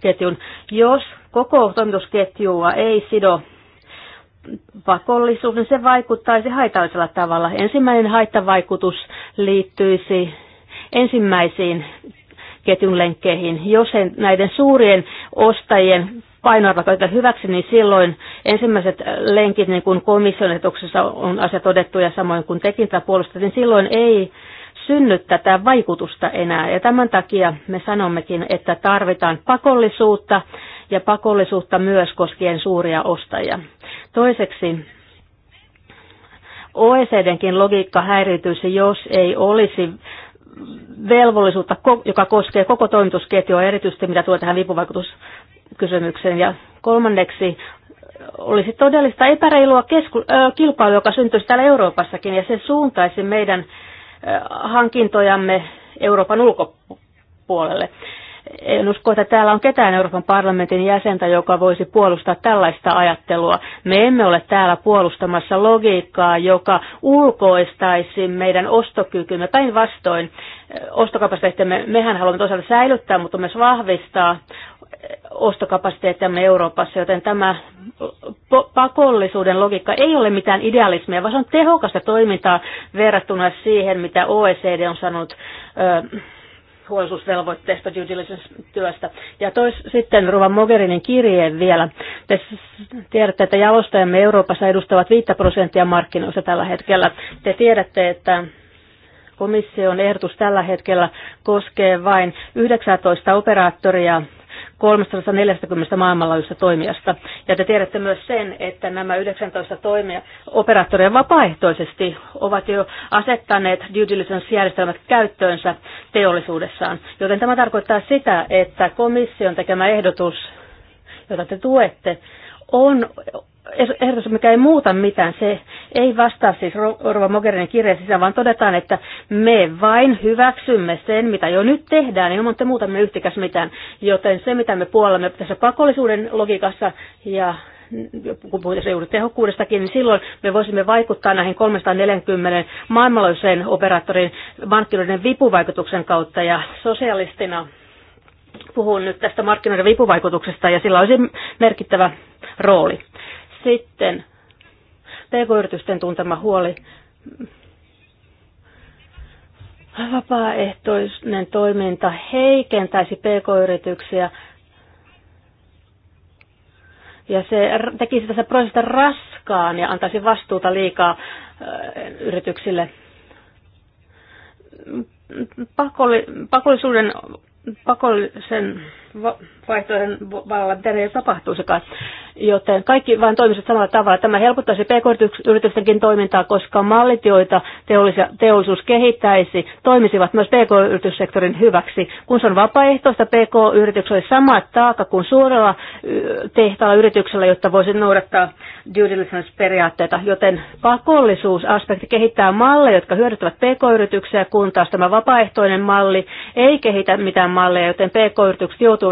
ketjun. Jos koko toimitusketjua ei sido pakollisuus, niin se vaikuttaisi haitallisella tavalla. Ensimmäinen haittavaikutus liittyisi ensimmäisiin ketjun lenkkeihin. Jos näiden suurien ostajien painoivat tätä hyväksi, niin silloin ensimmäiset lenkit, niin kuin komission on asia todettu ja samoin kuin tekin tätä niin silloin ei synny tätä vaikutusta enää. Ja tämän takia me sanommekin, että tarvitaan pakollisuutta ja pakollisuutta myös koskien suuria ostajia. Toiseksi OECDnkin logiikka häiriytyisi, jos ei olisi velvollisuutta, joka koskee koko toimitusketjua, erityisesti mitä tulee tähän vipuvaikutuskysymykseen. Ja kolmanneksi olisi todellista epäreilua kesku, ö, kilpailua, joka syntyisi täällä Euroopassakin, ja se suuntaisi meidän ö, hankintojamme Euroopan ulkopuolelle. En usko, että täällä on ketään Euroopan parlamentin jäsentä, joka voisi puolustaa tällaista ajattelua. Me emme ole täällä puolustamassa logiikkaa, joka ulkoistaisi meidän ostokykymme. Päinvastoin eh, ostokapasiteettimme, mehän haluamme toisaalta säilyttää, mutta myös vahvistaa eh, ostokapasiteettiamme Euroopassa, joten tämä pakollisuuden logiikka ei ole mitään idealismia, vaan se on tehokasta toimintaa verrattuna siihen, mitä OECD on sanonut eh, huolellisuusvelvoitteesta, due diligence-työstä. Ja tois, sitten Ruva Mogherinin kirjeen vielä. Te tiedätte, että jalostajamme Euroopassa edustavat 5 prosenttia markkinoista tällä hetkellä. Te tiedätte, että komission ehdotus tällä hetkellä koskee vain 19 operaattoria 340 maailmanlaajuisesta toimijasta. Ja te tiedätte myös sen, että nämä 19 toimia operaattoria vapaaehtoisesti ovat jo asettaneet due diligence-järjestelmät käyttöönsä teollisuudessaan. Joten tämä tarkoittaa sitä, että komission tekemä ehdotus, jota te tuette, on Er- ehdotus, mikä ei muuta mitään, se ei vastaa siis Orva Mogherinin kirjeessä, vaan todetaan, että me vain hyväksymme sen, mitä jo nyt tehdään, ilman te muutamme yhtikäs mitään. Joten se, mitä me puolamme tässä pakollisuuden logiikassa ja kun puhutaan juuri tehokkuudestakin, niin silloin me voisimme vaikuttaa näihin 340 maailmanlaajuiseen operaattorin markkinoiden vipuvaikutuksen kautta ja sosialistina puhun nyt tästä markkinoiden vipuvaikutuksesta ja sillä olisi merkittävä rooli. Sitten pk-yritysten tuntema huoli. Vapaaehtoinen toiminta heikentäisi pk-yrityksiä ja se tekisi tässä prosessista raskaan ja antaisi vastuuta liikaa äh, yrityksille. Pakolli, pakollisuuden, pakollisen vaihtoehdon vallalla, mitä ei tapahtuisikaan. Joten kaikki vain toimisivat samalla tavalla. Tämä helpottaisi pk-yritystenkin toimintaa, koska mallit, joita teollisuus kehittäisi, toimisivat myös pk-yrityssektorin hyväksi. Kun se on vapaaehtoista, pk-yritykselle sama taaka kuin suurella tehtaalla yrityksellä, jotta voisi noudattaa due diligence-periaatteita. Joten pakollisuusaspekti kehittää malleja, jotka hyödyttävät pk-yrityksiä, kun taas tämä vapaaehtoinen malli ei kehitä mitään malleja, joten pk-yritykset joutuvat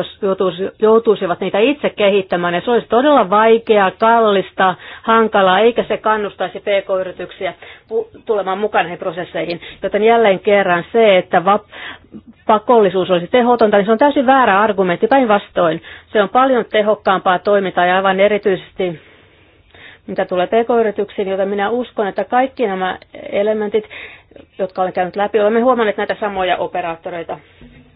joutuisivat niitä itse kehittämään. Ja se olisi todella vaikeaa, kallista, hankalaa, eikä se kannustaisi pk-yrityksiä tulemaan mukaan näihin prosesseihin. Joten jälleen kerran se, että pakollisuus olisi tehotonta, niin se on täysin väärä argumentti. Päinvastoin se on paljon tehokkaampaa toimintaa ja aivan erityisesti mitä tulee pk-yrityksiin, joten minä uskon, että kaikki nämä elementit, jotka olen käynyt läpi, olemme huomanneet näitä samoja operaattoreita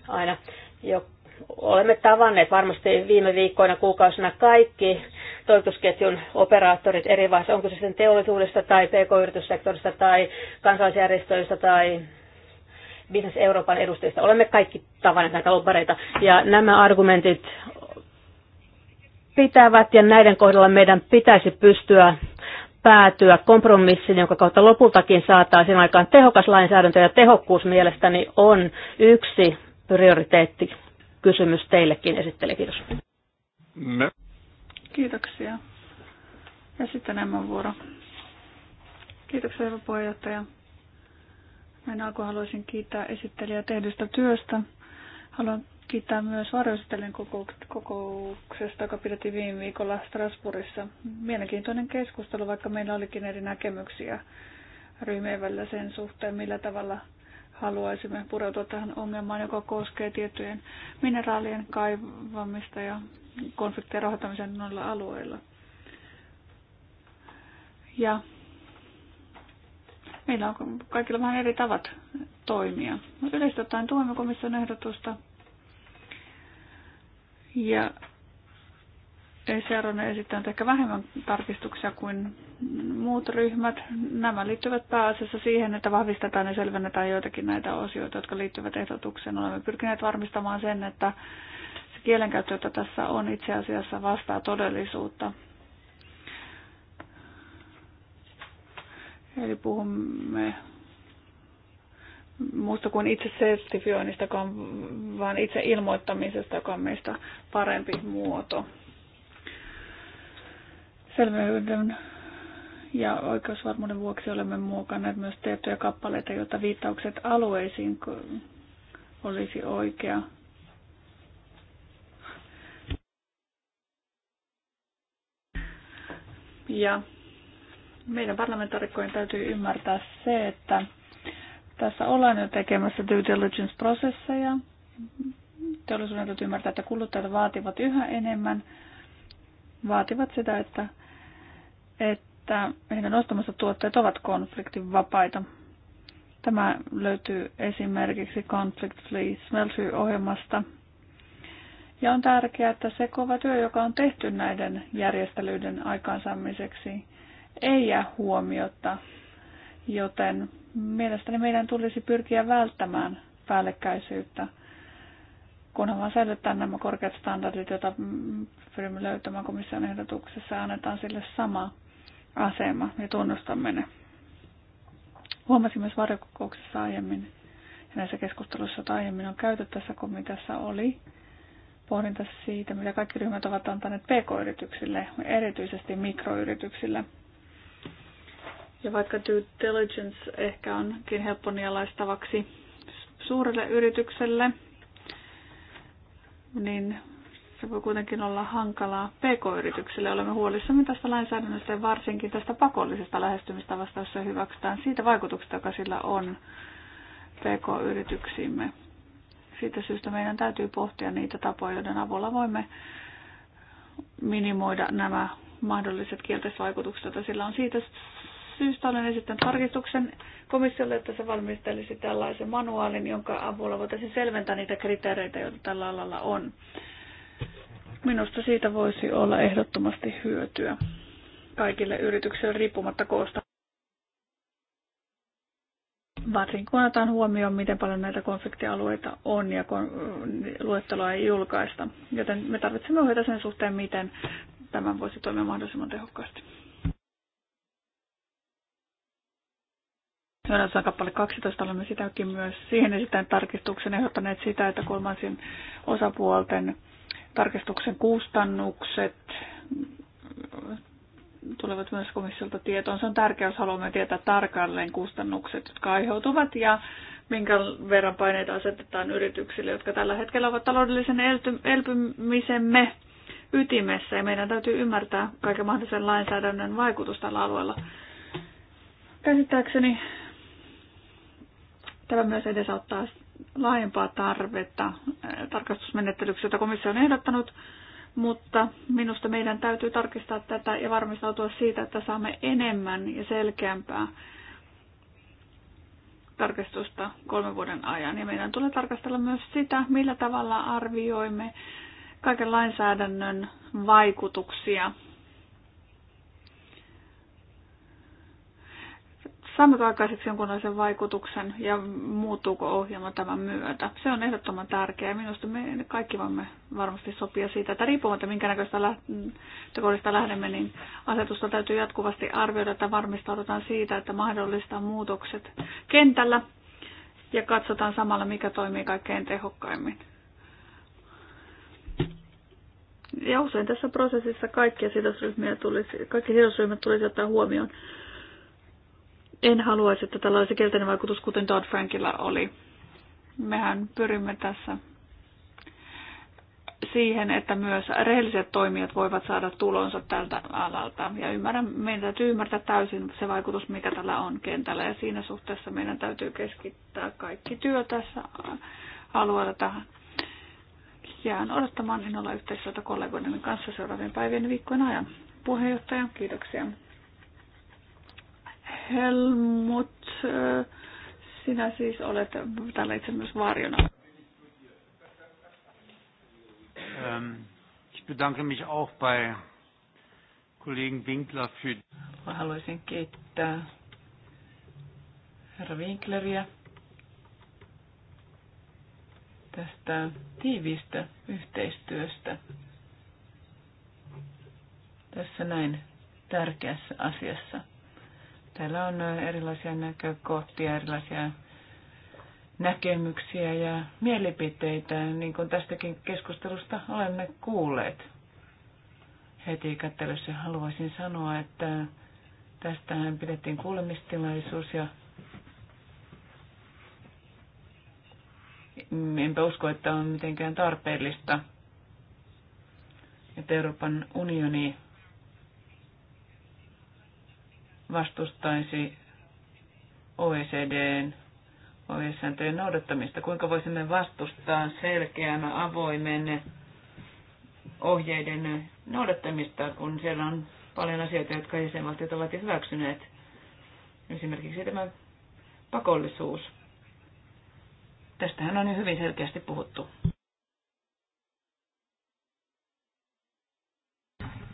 aina, jo, Olemme tavanneet varmasti viime viikkoina, kuukausina kaikki toimitusketjun operaattorit eri vaiheissa, onko se sitten teollisuudesta tai pk-yrityssektorista tai kansalaisjärjestöistä tai Business Euroopan edustajista. Olemme kaikki tavanneet näitä lobbareita ja nämä argumentit pitävät ja näiden kohdalla meidän pitäisi pystyä päätyä kompromissiin, jonka kautta lopultakin saataisiin aikaan tehokas lainsäädäntö ja tehokkuus mielestäni on yksi prioriteetti kysymys teillekin esitteli. Kiitos. No. Kiitoksia. Ja sitten enemmän vuoro. Kiitoksia, hyvä puheenjohtaja. Minä alkuun haluaisin kiittää esittelijää tehdystä työstä. Haluan kiittää myös varjoesittelijän kokouksesta, joka pidettiin viime viikolla Strasbourgissa. Mielenkiintoinen keskustelu, vaikka meillä olikin eri näkemyksiä ryhmien välillä sen suhteen, millä tavalla haluaisimme pureutua tähän ongelmaan, joka koskee tiettyjen mineraalien kaivamista ja konfliktien rahoittamisen noilla alueilla. Ja meillä on kaikilla vähän eri tavat toimia. Yleisesti ottaen tuemme komission ehdotusta ja ECR on esittänyt ehkä vähemmän tarkistuksia kuin muut ryhmät. Nämä liittyvät pääasiassa siihen, että vahvistetaan ja selvennetään joitakin näitä osioita, jotka liittyvät ehdotukseen. Olemme pyrkineet varmistamaan sen, että se kielenkäyttö, jota tässä on, itse asiassa vastaa todellisuutta. Eli puhumme muusta kuin itse sertifioinnista, vaan itse ilmoittamisesta, joka on meistä parempi muoto selvyyden ja oikeusvarmuuden vuoksi olemme muokanneet myös tiettyjä kappaleita, jotta viittaukset alueisiin olisi oikea. Ja meidän parlamentaarikkojen täytyy ymmärtää se, että tässä ollaan jo tekemässä due diligence-prosesseja. Teollisuuden täytyy ymmärtää, että kuluttajat vaativat yhä enemmän, vaativat sitä, että että heidän ostamansa tuotteet ovat konfliktin vapaita. Tämä löytyy esimerkiksi Conflict Free Smeltery-ohjelmasta. Ja on tärkeää, että se kova työ, joka on tehty näiden järjestelyiden aikaansaamiseksi, ei jää huomiota, joten mielestäni meidän tulisi pyrkiä välttämään päällekkäisyyttä, kunhan vaan säilytetään nämä korkeat standardit, joita pyrimme löytämään komission ehdotuksessa ja annetaan sille sama asema Me tunnustamme ne. Huomasin myös varjokokouksessa aiemmin ja näissä keskusteluissa, joita aiemmin on käyty tässä komiteassa, oli pohdinta siitä, mitä kaikki ryhmät ovat antaneet pk-yrityksille, erityisesti mikroyrityksille. Ja vaikka due diligence ehkä onkin helppo nialaistavaksi suurelle yritykselle, niin se voi kuitenkin olla hankalaa pk-yrityksille. Olemme huolissamme tästä lainsäädännöstä ja varsinkin tästä pakollisesta lähestymistavasta, jossa hyväksytään siitä vaikutuksesta, joka sillä on pk-yrityksiimme. Siitä syystä meidän täytyy pohtia niitä tapoja, joiden avulla voimme minimoida nämä mahdolliset kielteiset vaikutukset, joita sillä on. Siitä syystä olen esittänyt tarkistuksen komissiolle, että se valmistelisi tällaisen manuaalin, jonka avulla voitaisiin selventää niitä kriteereitä, joita tällä alalla on. Minusta siitä voisi olla ehdottomasti hyötyä kaikille yrityksille riippumatta koosta. Varsinkin kun otetaan huomioon, miten paljon näitä konfliktialueita on ja kun luetteloa ei julkaista. Joten me tarvitsemme ohjeita sen suhteen, miten tämän voisi toimia mahdollisimman tehokkaasti. Johdassa kappale 12 olemme sitäkin myös siihen esittäen tarkistuksen ehdottaneet sitä, että kolmansien osapuolten tarkastuksen kustannukset tulevat myös komissiolta tietoon. Se on tärkeää, jos haluamme tietää tarkalleen kustannukset, jotka aiheutuvat ja minkä verran paineita asetetaan yrityksille, jotka tällä hetkellä ovat taloudellisen elpymisemme ytimessä ja meidän täytyy ymmärtää kaiken mahdollisen lainsäädännön vaikutus tällä alueella. Käsittääkseni tämä myös edesauttaa laajempaa tarvetta eh, tarkastusmenettelyksi, jota komissio on ehdottanut, mutta minusta meidän täytyy tarkistaa tätä ja varmistautua siitä, että saamme enemmän ja selkeämpää tarkastusta kolmen vuoden ajan. Ja meidän tulee tarkastella myös sitä, millä tavalla arvioimme kaiken lainsäädännön vaikutuksia saammeko aikaiseksi jonkunlaisen vaikutuksen ja muuttuuko ohjelma tämän myötä. Se on ehdottoman tärkeää. Minusta me kaikki voimme varmasti sopia siitä, että riippumatta minkä näköistä lähtökohdista lähdemme, niin asetusta täytyy jatkuvasti arvioida, että varmistaudutaan siitä, että mahdollistaa muutokset kentällä ja katsotaan samalla, mikä toimii kaikkein tehokkaimmin. Ja usein tässä prosessissa kaikkia sidosryhmiä tulisi, kaikki sidosryhmät tulisi ottaa huomioon en haluaisi, että tällä olisi kielteinen vaikutus, kuten Todd frankilla oli. Mehän pyrimme tässä siihen, että myös rehelliset toimijat voivat saada tulonsa tältä alalta. Ja ymmärrän, meidän täytyy ymmärtää täysin se vaikutus, mikä tällä on kentällä. Ja siinä suhteessa meidän täytyy keskittää kaikki työ tässä alueella tähän. Jään odottamaan innolla yhteistyötä kollegoiden kanssa seuraavien päivien viikkojen ajan. Puheenjohtaja, kiitoksia. Helmut, äh, sinä siis olet täällä itse myös varjona. Ähm, ich bedanke mich auch bei Kollegen Winkler für... Haluaisin kiittää herra Winkleriä tästä tiiviistä yhteistyöstä tässä näin tärkeässä asiassa. Täällä on erilaisia näkökohtia, erilaisia näkemyksiä ja mielipiteitä, niin kuin tästäkin keskustelusta olemme kuulleet. Heti kättelyssä haluaisin sanoa, että tästähän pidettiin kuulemistilaisuus ja enpä usko, että on mitenkään tarpeellista, että Euroopan unioni vastustaisi OECDn ohjesääntöjen noudattamista? Kuinka voisimme vastustaa selkeän, avoimen ohjeiden noudattamista, kun siellä on paljon asioita, jotka jäsenvaltiot ovat jo hyväksyneet? Esimerkiksi tämä pakollisuus. Tästähän on jo hyvin selkeästi puhuttu.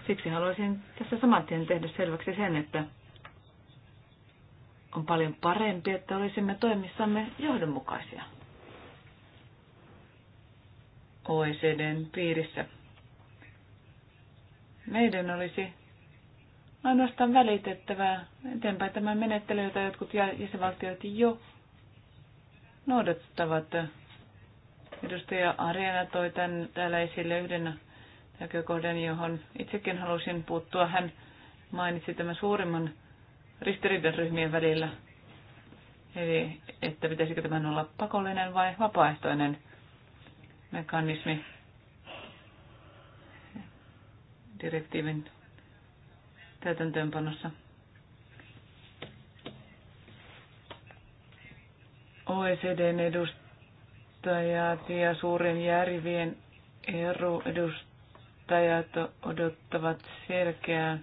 Siksi haluaisin tässä saman tien tehdä selväksi sen, että on paljon parempi, että olisimme toimissamme johdonmukaisia. OECDn piirissä. Meidän olisi ainoastaan välitettävää eteenpäin tämä menettely, jota jotkut jäsenvaltiot jo noudattavat. Edustaja Arena toi tämän täällä esille yhden näkökohdan, johon itsekin halusin puuttua. Hän mainitsi tämän suurimman ristiriidan ryhmien välillä. Eli että pitäisikö tämän olla pakollinen vai vapaaehtoinen mekanismi direktiivin täytäntöönpanossa. OECDn edustajat ja suurin järvien edustajat odottavat selkeää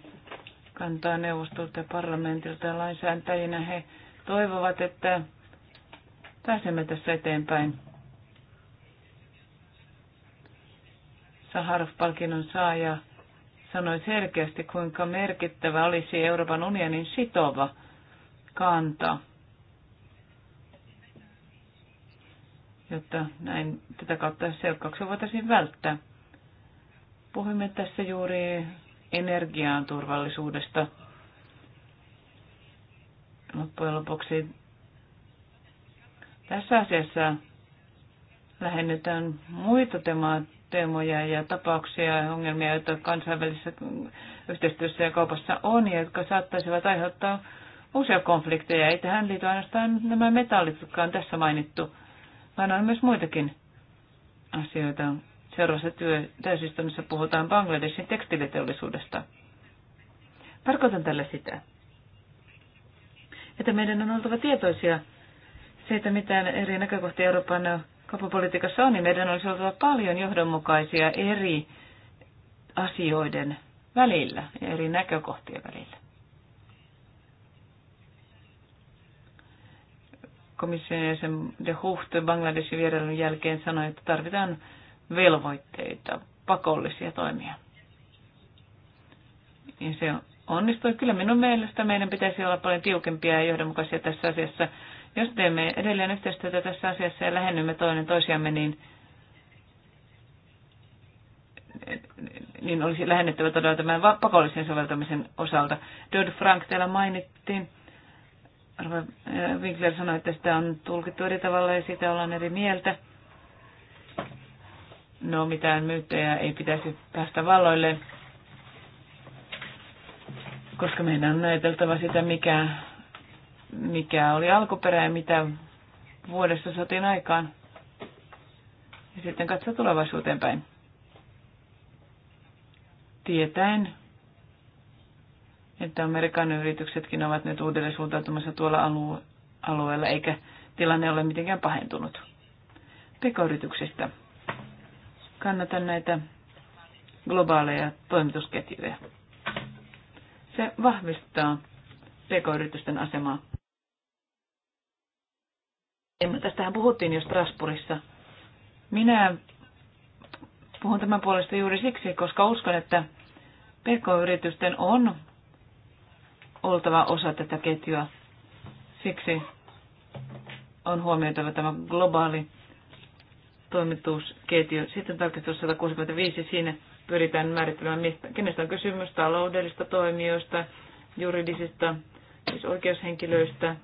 kantaa neuvostolta ja parlamentilta ja lainsääntäjinä. He toivovat, että pääsemme tässä eteenpäin. Saharov-palkinnon saaja sanoi selkeästi, kuinka merkittävä olisi Euroopan unionin sitova kanta, jotta näin tätä kautta selkkauksia voitaisiin välttää. Puhuimme tässä juuri energiaan turvallisuudesta. Loppujen lopuksi tässä asiassa lähennytään muita teemoja ja tapauksia ja ongelmia, joita kansainvälisessä yhteistyössä ja kaupassa on ja jotka saattaisivat aiheuttaa uusia konflikteja. Ei tähän liity ainoastaan nämä metallit, jotka on tässä mainittu, vaan on myös muitakin asioita, Seuraavassa työ, täysistunnossa puhutaan Bangladesin tekstiiliteollisuudesta. Tarkoitan tällä sitä, että meidän on oltava tietoisia siitä, mitä eri näkökohtia Euroopan kauppapolitiikassa on, niin meidän olisi oltava paljon johdonmukaisia eri asioiden välillä ja eri näkökohtien välillä. Komission jäsen De Hucht Bangladesin vierailun jälkeen sanoi, että tarvitaan velvoitteita, pakollisia toimia. Niin se onnistui. Kyllä minun mielestä meidän pitäisi olla paljon tiukempia ja johdonmukaisia tässä asiassa. Jos teemme edelleen yhteistyötä tässä asiassa ja lähennymme toinen toisiamme, niin, niin olisi lähennettävä todella tämän pakollisen soveltamisen osalta. Dodd-Frank täällä mainittiin. Arvo äh, Winkler sanoi, että sitä on tulkittu eri tavalla ja siitä ollaan eri mieltä. No mitään myyttejä ei pitäisi päästä valloille, koska meidän on ajateltava sitä, mikä, mikä oli alkuperä ja mitä vuodessa saatiin aikaan. Ja sitten katso tulevaisuuteen päin. Tietäen, että Amerikan yrityksetkin ovat nyt uudelleen suuntautumassa tuolla alue- alueella, eikä tilanne ole mitenkään pahentunut. Pekoyrityksistä kannata näitä globaaleja toimitusketjuja. Se vahvistaa pk-yritysten asemaa. Tästähän puhuttiin jo Strasbourgissa. Minä puhun tämän puolesta juuri siksi, koska uskon, että pk-yritysten on oltava osa tätä ketjua. Siksi on huomioitava tämä globaali toimitusketju. Sitten tarkistus 165, siinä pyritään määrittelemään, mistä, kenestä on kysymys, taloudellista toimijoista, juridisista, siis oikeushenkilöistä,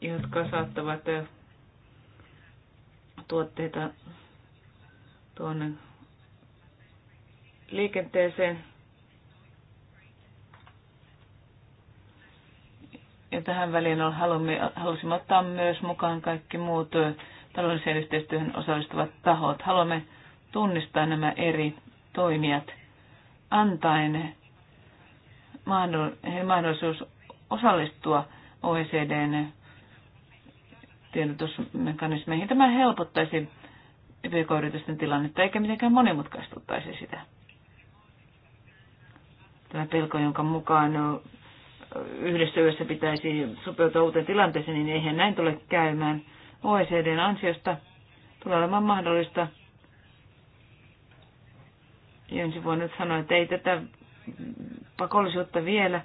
jotka saattavat eh, tuotteita tuonne liikenteeseen. Ja tähän väliin halusimme ottaa myös mukaan kaikki muut eh, taloudelliseen yhteistyöhön osallistuvat tahot. Haluamme tunnistaa nämä eri toimijat antaen mahdollisuus osallistua OECDn tiedotusmekanismeihin. Tämä helpottaisi pk-yritysten tilannetta eikä mitenkään monimutkaistuttaisi sitä. Tämä pelko, jonka mukaan yhdessä yössä pitäisi sopeutua uuteen tilanteeseen, niin eihän näin tule käymään – OECDn ansiosta tulee olemaan mahdollista. Jönsi voi nyt sanoa, että ei tätä pakollisuutta vielä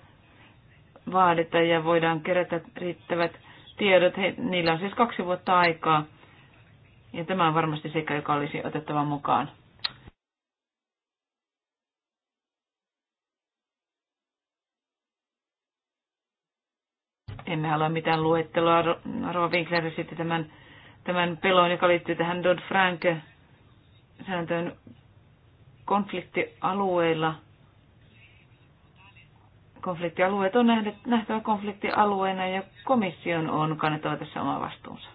vaadita ja voidaan kerätä riittävät tiedot. He, niillä on siis kaksi vuotta aikaa ja tämä on varmasti sekä, joka olisi otettava mukaan. Emme halua mitään luetteloa. Rova Winkler esitti tämän, tämän pelon, joka liittyy tähän Dodd-Frank-sääntöön konfliktialueilla. Konfliktialueet on nähtävä konfliktialueena ja komission on kannettava tässä oma vastuunsa.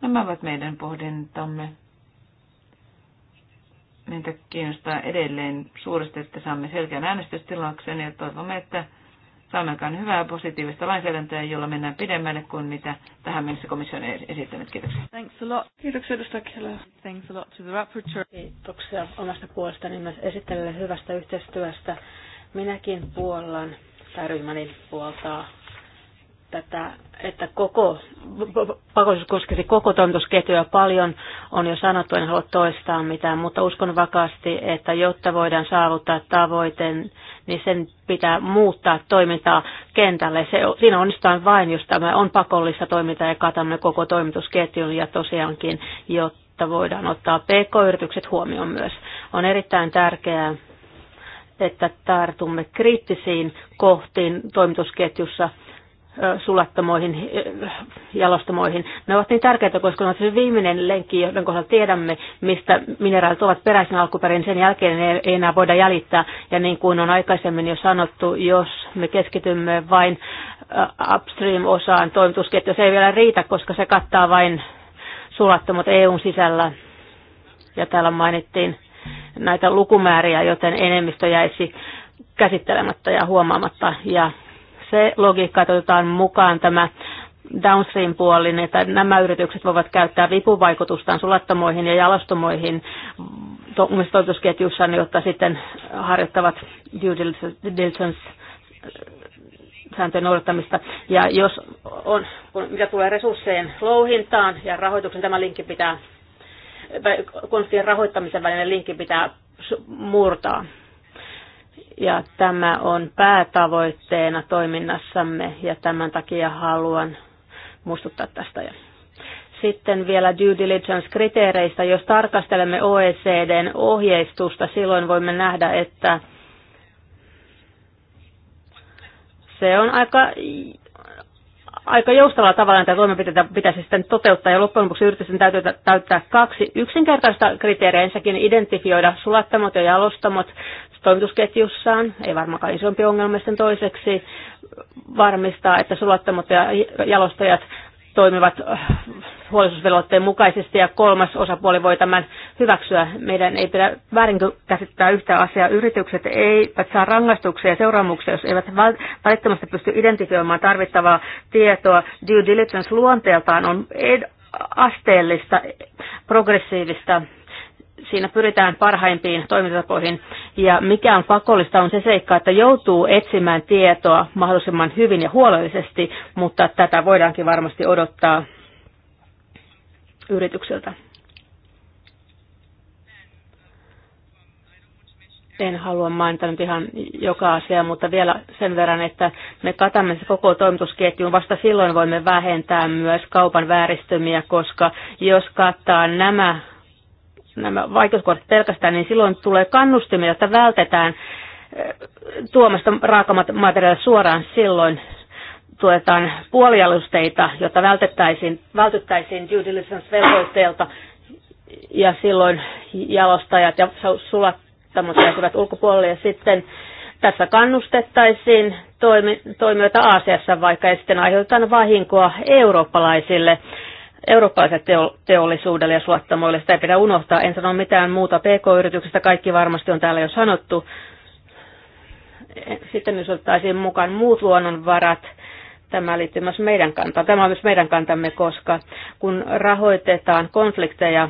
Nämä ovat meidän pohdintamme meitä kiinnostaa edelleen suuresti, että saamme selkeän äänestystilauksen ja toivomme, että saamme hyvää positiivista lainsäädäntöä, jolla mennään pidemmälle kuin mitä tähän mennessä komission on e- esittänyt. Kiitoksia. Thanks a lot. Kiitoksia edustaja Kela. Thanks a lot to the rapporteur. Kiitoksia omasta puolestani myös esittelylle hyvästä yhteistyöstä. Minäkin puollan, tai ryhmäni puoltaa tätä, että koko, pakollisuus koskisi koko toimitusketjua paljon, on jo sanottu, en halua toistaa mitään, mutta uskon vakaasti, että jotta voidaan saavuttaa tavoite, niin sen pitää muuttaa toimintaa kentälle. Se, siinä onnistutaan vain, jos tämä on pakollista toimintaa ja katamme koko toimitusketjun ja tosiaankin, jotta voidaan ottaa pk-yritykset huomioon myös. On erittäin tärkeää, että tartumme kriittisiin kohtiin toimitusketjussa – sulattamoihin, jalostamoihin. Ne ovat niin tärkeitä, koska ne ovat se viimeinen lenkki, joiden kohdalla tiedämme, mistä mineraalit ovat peräisin alkuperin. Sen jälkeen ne ei enää voida jäljittää. Ja niin kuin on aikaisemmin jo sanottu, jos me keskitymme vain upstream-osaan toimitusketju, se ei vielä riitä, koska se kattaa vain sulattomat EUn sisällä. Ja täällä mainittiin näitä lukumääriä, joten enemmistö jäisi käsittelemättä ja huomaamatta. Ja se logiikka, että otetaan mukaan tämä downstream-puolin, että nämä yritykset voivat käyttää vipuvaikutustaan sulattamoihin ja jalastamoihin toimitusketjussa, niin jotta sitten harjoittavat due diligence sääntöjen noudattamista. Ja jos on, kun, mitä tulee resurssien louhintaan ja rahoituksen, tämä linkki pitää, konstien rahoittamisen välinen linkki pitää murtaa ja tämä on päätavoitteena toiminnassamme ja tämän takia haluan muistuttaa tästä. Sitten vielä due diligence-kriteereistä. Jos tarkastelemme OECDn ohjeistusta, silloin voimme nähdä, että se on aika, aika joustavalla tavalla näitä toimenpiteitä pitäisi sitten toteuttaa. Ja loppujen lopuksi yritysten täytyy täyttää kaksi yksinkertaista kriteeriä. Ensinnäkin identifioida sulattamot ja jalostamot toimitusketjussaan, ei varmaankaan isompi ongelma sen toiseksi, varmistaa, että sulattamot ja jalostajat toimivat äh, huolisuusvelvoitteen mukaisesti ja kolmas osapuoli voi tämän hyväksyä. Meidän ei pidä väärin käsittää yhtä asiaa. Yritykset eivät saa rangaistuksia ja seuraamuksia, jos eivät välittömästi pysty identifioimaan tarvittavaa tietoa. Due diligence luonteeltaan on asteellista, progressiivista siinä pyritään parhaimpiin toimintatapoihin. Ja mikä on pakollista on se seikka, että joutuu etsimään tietoa mahdollisimman hyvin ja huolellisesti, mutta tätä voidaankin varmasti odottaa yritykseltä. En halua mainita nyt ihan joka asia, mutta vielä sen verran, että me katamme se koko toimitusketjun. Vasta silloin voimme vähentää myös kaupan vääristymiä, koska jos kattaa nämä nämä vaikutuskortit pelkästään, niin silloin tulee kannustimia, että vältetään eh, tuomasta raakamateriaalia suoraan silloin tuetaan puolialusteita, jotta vältettäisiin, vältyttäisiin due diligence-velvoitteelta ja silloin jalostajat ja sulattamot jäisivät ulkopuolelle ja sitten tässä kannustettaisiin toimi, toimijoita Aasiassa, vaikka ei sitten aiheutetaan vahinkoa eurooppalaisille eurooppalaiselle teollisuudelle ja suottamoille. Sitä ei pidä unohtaa. En sano mitään muuta PK-yrityksistä. Kaikki varmasti on täällä jo sanottu. Sitten jos ottaisiin mukaan muut luonnonvarat, tämä liittyy myös meidän kantaan. Tämä on myös meidän kantamme, koska kun rahoitetaan konflikteja,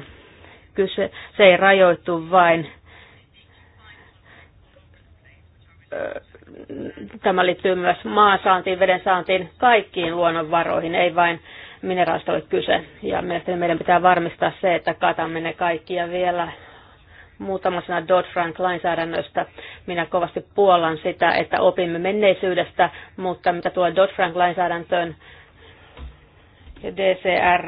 kyse, se ei rajoitu vain tämä liittyy myös maansaantiin, saantiin kaikkiin luonnonvaroihin, ei vain mineraalista ole kyse. Ja mielestäni meidän pitää varmistaa se, että katamme ne kaikki ja vielä muutama sana Dodd-Frank-lainsäädännöstä. Minä kovasti puolan sitä, että opimme menneisyydestä, mutta mitä tulee Dodd-Frank-lainsäädäntöön ja DCR,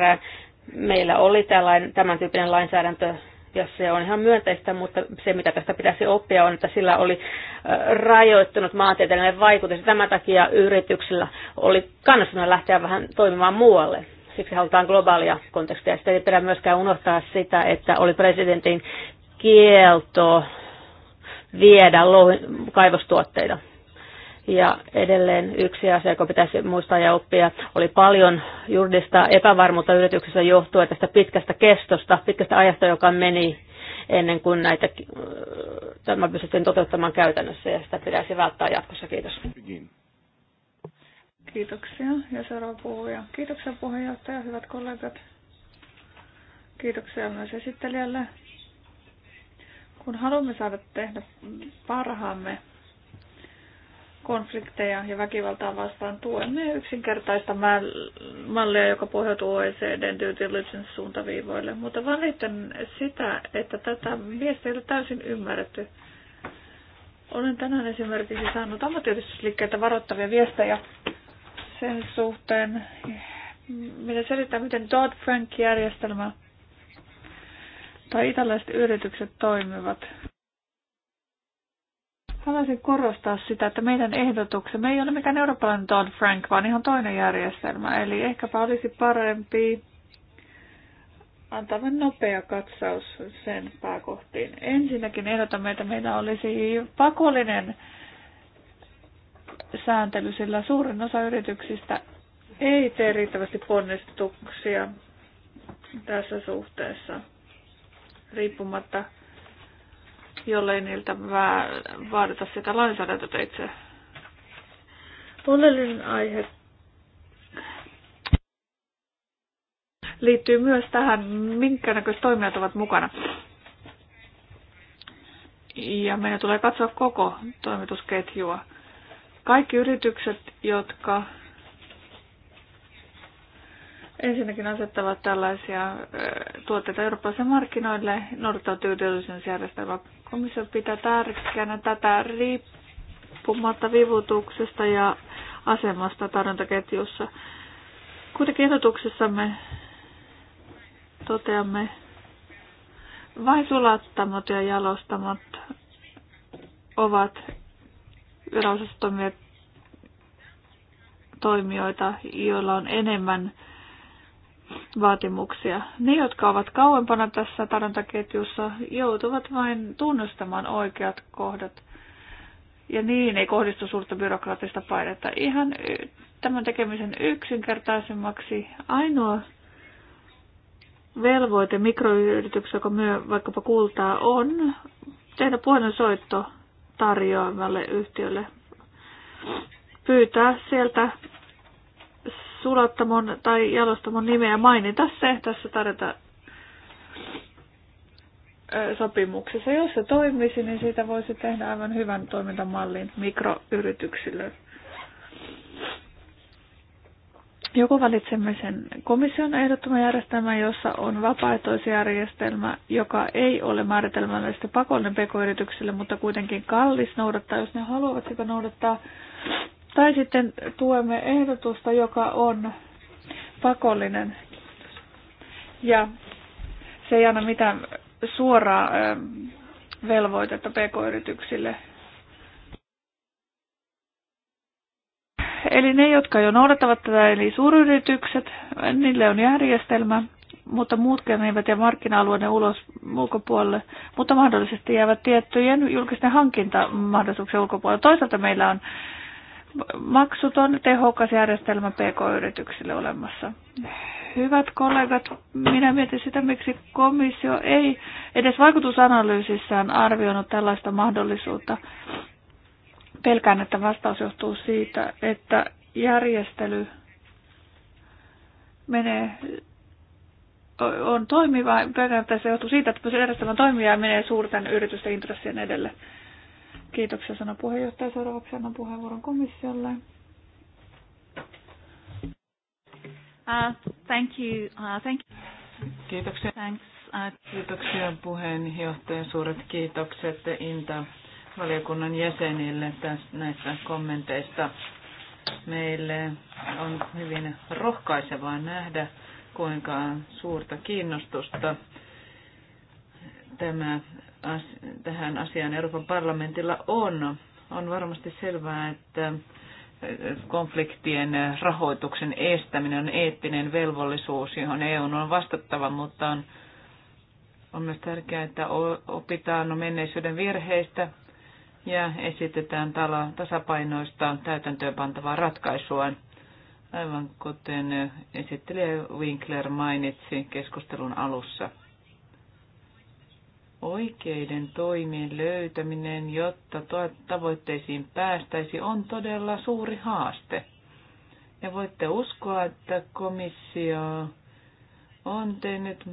meillä oli tällainen, tämän tyyppinen lainsäädäntö ja se on ihan myönteistä, mutta se mitä tästä pitäisi oppia on, että sillä oli rajoittunut maantieteellinen vaikutus. Tämän takia yrityksillä oli kannustana lähteä vähän toimimaan muualle. Siksi halutaan globaalia kontekstia. Sitten ei pidä myöskään unohtaa sitä, että oli presidentin kielto viedä kaivostuotteita ja edelleen yksi asia, joka pitäisi muistaa ja oppia, oli paljon juridista epävarmuutta yrityksessä johtuen tästä pitkästä kestosta, pitkästä ajasta, joka meni ennen kuin näitä, äh, tämä pystyttiin toteuttamaan käytännössä ja sitä pitäisi välttää jatkossa. Kiitos. Kiitoksia. Ja seuraava puhuja. Kiitoksia puheenjohtaja, hyvät kollegat. Kiitoksia myös esittelijälle. Kun haluamme saada tehdä parhaamme konflikteja ja väkivaltaa vastaan tuemme yksinkertaista mallia, joka pohjautuu OECDn due diligence-suuntaviivoille, mutta valitan sitä, että tätä viestiä ei ole täysin ymmärretty. Olen tänään esimerkiksi saanut ammattiyhdistysliikkeitä varoittavia viestejä sen suhteen, mitä selittää, miten Dodd-Frank-järjestelmä tai italaiset yritykset toimivat. Haluaisin korostaa sitä, että meidän ehdotuksemme ei ole mikään eurooppalainen Don Frank, vaan ihan toinen järjestelmä. Eli ehkäpä olisi parempi antaa nopea katsaus sen pääkohtiin. Ensinnäkin ehdotamme, että meillä olisi pakollinen sääntely, sillä suurin osa yrityksistä ei tee riittävästi ponnistuksia tässä suhteessa, riippumatta jollei niiltä vaadita sitä lainsäädäntöteitse. Oleellinen aihe liittyy myös tähän, minkä näköiset toimijat ovat mukana. Ja meidän tulee katsoa koko toimitusketjua. Kaikki yritykset, jotka ensinnäkin asettavat tällaisia tuotteita eurooppalaisille markkinoille, noudattaa tyydellisyysjärjestelmää. Komissio pitää tärkeänä tätä riippumatta vivutuksesta ja asemasta tarjontaketjussa. Kuitenkin ehdotuksessamme toteamme vain sulattamot ja jalostamot ovat yläosastomia toimijoita, joilla on enemmän vaatimuksia. Ne, jotka ovat kauempana tässä tarjontaketjussa, joutuvat vain tunnustamaan oikeat kohdat. Ja niin ei kohdistu suurta byrokraattista painetta. Ihan tämän tekemisen yksinkertaisemmaksi ainoa velvoite mikroyrityksessä, joka myö vaikkapa kultaa, on tehdä puhelinsoitto tarjoamalle yhtiölle. Pyytää sieltä sulattamon tai jalostamon nimeä mainita se tässä tarjota sopimuksessa. Jos se toimisi, niin siitä voisi tehdä aivan hyvän toimintamallin mikroyrityksille. Joko valitsemme sen komission ehdottoman järjestelmän, jossa on vapaaehtoisjärjestelmä, joka ei ole määritelmällisesti pakollinen pk-yrityksille, mutta kuitenkin kallis noudattaa, jos ne haluavat sitä noudattaa. Tai sitten tuemme ehdotusta, joka on pakollinen. Ja se ei anna mitään suoraa velvoitetta pk-yrityksille. Eli ne, jotka jo noudattavat tätä, eli suuryritykset, niille on järjestelmä, mutta muutkin eivät jää markkina-alueiden ulos ulkopuolelle, mutta mahdollisesti jäävät tiettyjen julkisten hankintamahdollisuuksien ulkopuolelle. Toisaalta meillä on maksuton tehokas järjestelmä PK-yrityksille olemassa. Hyvät kollegat, minä mietin sitä, miksi komissio ei edes vaikutusanalyysissään arvioinut tällaista mahdollisuutta. Pelkään, että vastaus johtuu siitä, että järjestely menee on toimiva, pelkään, että se johtuu siitä, että järjestelmä toimii ja menee suurten yritysten intressien edelle. Kiitoksia sana puheenjohtaja. Seuraavaksi annan puheenvuoron komissiolle. Uh, thank you. Uh, thank you. Kiitoksia. Thanks. Uh, kiitoksia puheenjohtaja. Suuret kiitokset Inta valiokunnan jäsenille tästä, näistä kommenteista. Meille on hyvin rohkaisevaa nähdä, kuinka suurta kiinnostusta tämä tähän asiaan Euroopan parlamentilla on. On varmasti selvää, että konfliktien rahoituksen estäminen on eettinen velvollisuus, johon EU on vastattava, mutta on, on myös tärkeää, että opitaan menneisyyden virheistä ja esitetään tala, tasapainoista täytäntöönpantavaa ratkaisua. Aivan kuten esittelijä Winkler mainitsi keskustelun alussa oikeiden toimien löytäminen, jotta tavoitteisiin päästäisi, on todella suuri haaste. Ja voitte uskoa, että komissio on tehnyt,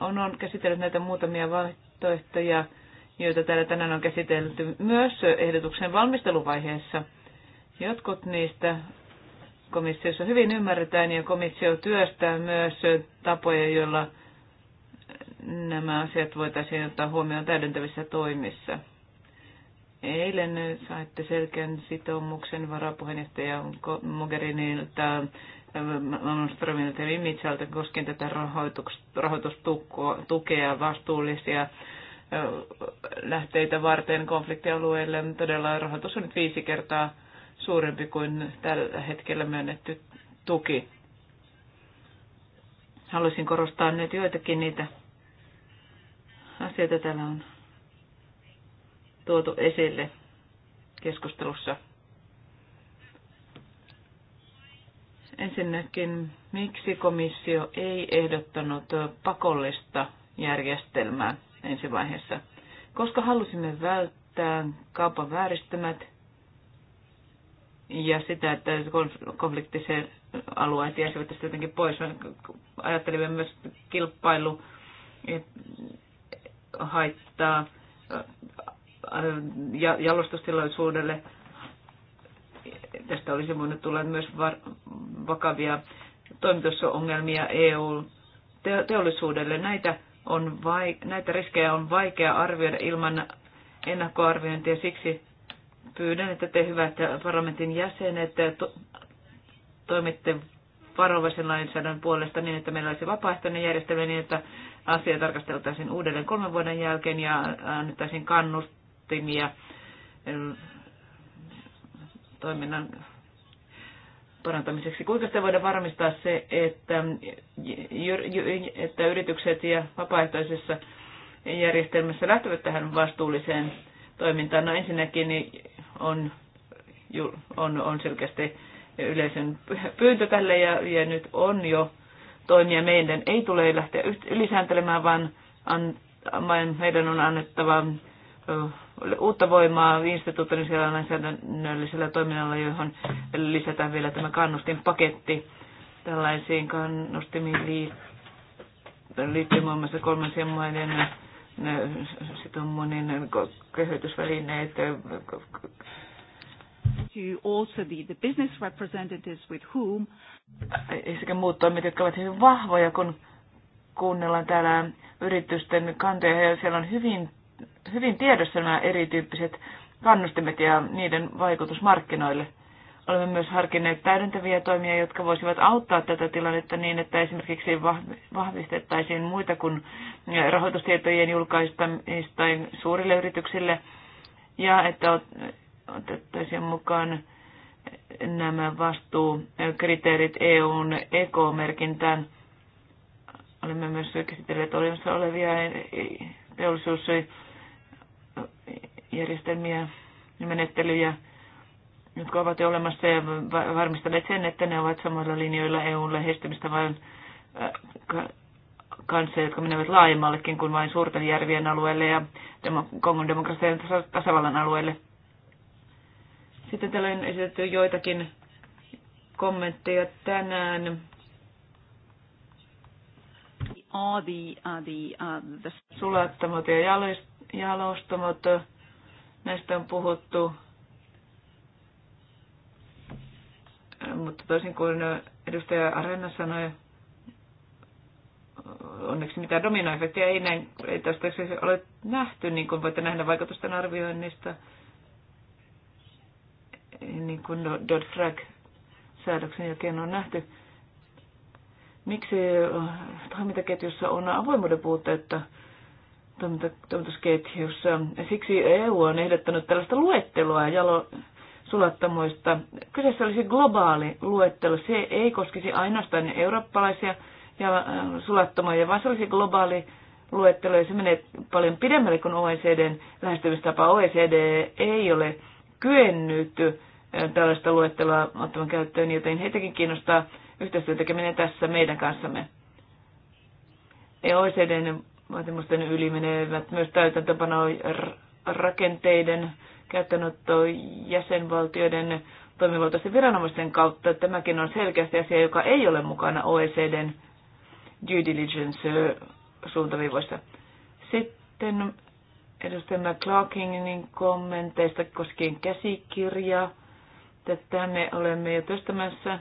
on, on käsitellyt näitä muutamia vaihtoehtoja, joita täällä tänään on käsitelty myös ehdotuksen valmisteluvaiheessa. Jotkut niistä komissiossa hyvin ymmärretään ja komissio työstää myös tapoja, joilla nämä asiat voitaisiin ottaa huomioon täydentävissä toimissa. Eilen saitte selkeän sitoumuksen varapuheenjohtaja Mogherinilta, Malmströmiltä ja Mimitsalta koskien tätä rahoitustukea vastuullisia lähteitä varten konfliktialueille. Todella rahoitus on nyt viisi kertaa suurempi kuin tällä hetkellä myönnetty tuki. Haluaisin korostaa nyt joitakin niitä asioita täällä on tuotu esille keskustelussa. Ensinnäkin, miksi komissio ei ehdottanut pakollista järjestelmää ensi vaiheessa? Koska halusimme välttää kaupan vääristämät ja sitä, että konfliktiset alueet jäisivät tästä jotenkin pois. Ajattelimme myös kilpailu haittaa äh, jalostustilaisuudelle. Tästä olisi voinut tulla myös vakavia toimitusongelmia EU-teollisuudelle. Näitä, on vai, näitä riskejä on vaikea arvioida ilman ennakkoarviointia. Siksi pyydän, että te hyvät parlamentin jäsenet to, toimitte varovaisen lainsäädännön puolesta niin, että meillä olisi vapaaehtoinen järjestelmä niin, että asia tarkasteltaisiin uudelleen kolmen vuoden jälkeen ja annettaisiin kannustimia eh, toiminnan parantamiseksi. Kuinka sitä voidaan varmistaa se, että, että yritykset ja vapaaehtoisessa järjestelmässä lähtevät tähän vastuulliseen toimintaan? No ensinnäkin on, on, on selkeästi yleisön pyyntö tälle ja, ja nyt on jo toimia meidän ei tule lähteä ylisääntelemään, vaan, an, meidän on annettava uutta voimaa instituutioiden lainsäädännöllisellä toiminnalla, johon lisätään vielä tämä kannustinpaketti. Tällaisiin kannustimiin liittyen muun muassa kolmansien maiden sit on monin kehitysvälineet, to also the, the business representatives with whom sekä muut toimijat, jotka ovat hyvin vahvoja, kun kuunnellaan täällä yritysten kantoja ja siellä on hyvin, hyvin tiedossa nämä erityyppiset kannustimet ja niiden vaikutus markkinoille. Olemme myös harkinneet täydentäviä toimia, jotka voisivat auttaa tätä tilannetta niin, että esimerkiksi vahvistettaisiin muita kuin rahoitustietojen julkaistamista suurille yrityksille ja että otettaisiin mukaan nämä vastuukriteerit EUn ekomerkintään. Olemme myös käsitelleet olemassa olevia teollisuusjärjestelmiä ja menettelyjä, jotka ovat jo olemassa ja varmistaneet sen, että ne ovat samoilla linjoilla EUn lähestymistä vain äh, kanssa, jotka menevät laajemmallekin kuin vain suurten järvien alueelle ja Kongon demokratian tasavallan alueelle. Sitten täällä on esitetty joitakin kommentteja tänään. All the, uh, the, uh, the... Sulattamot ja jalostamot, näistä on puhuttu. Mutta toisin kuin edustaja Arena sanoi, onneksi mitään dominoefektiä ei, näin, ei tästä ole nähty, niin kuin voitte nähdä vaikutusten arvioinnista niin kuin Dodd-Frank-säädöksen jälkeen on nähty. Miksi äh, toimintaketjussa on avoimuuden puutteita toimitusketjussa? Siksi EU on ehdottanut tällaista luettelua jalo sulattamoista. Kyseessä olisi globaali luettelo. Se ei koskisi ainoastaan eurooppalaisia ja äh, sulattamoja, vaan se olisi globaali luettelo ja se menee paljon pidemmälle kuin OECDn lähestymistapa. OECD ei ole kyennyt tällaista luettelua ottamaan käyttöön, joten heitäkin kiinnostaa yhteistyön tekeminen tässä meidän kanssamme. Ja OECDn vaatimusten yli menevät myös täytäntöpano rakenteiden käyttöönotto jäsenvaltioiden toimivaltaisten viranomaisten kautta. Tämäkin on selkeästi asia, joka ei ole mukana OECDn due diligence-suuntaviivoissa. Sitten edustaja McClarkingin niin kommenteista koskien käsikirjaa. Tätä me olemme jo työstämässä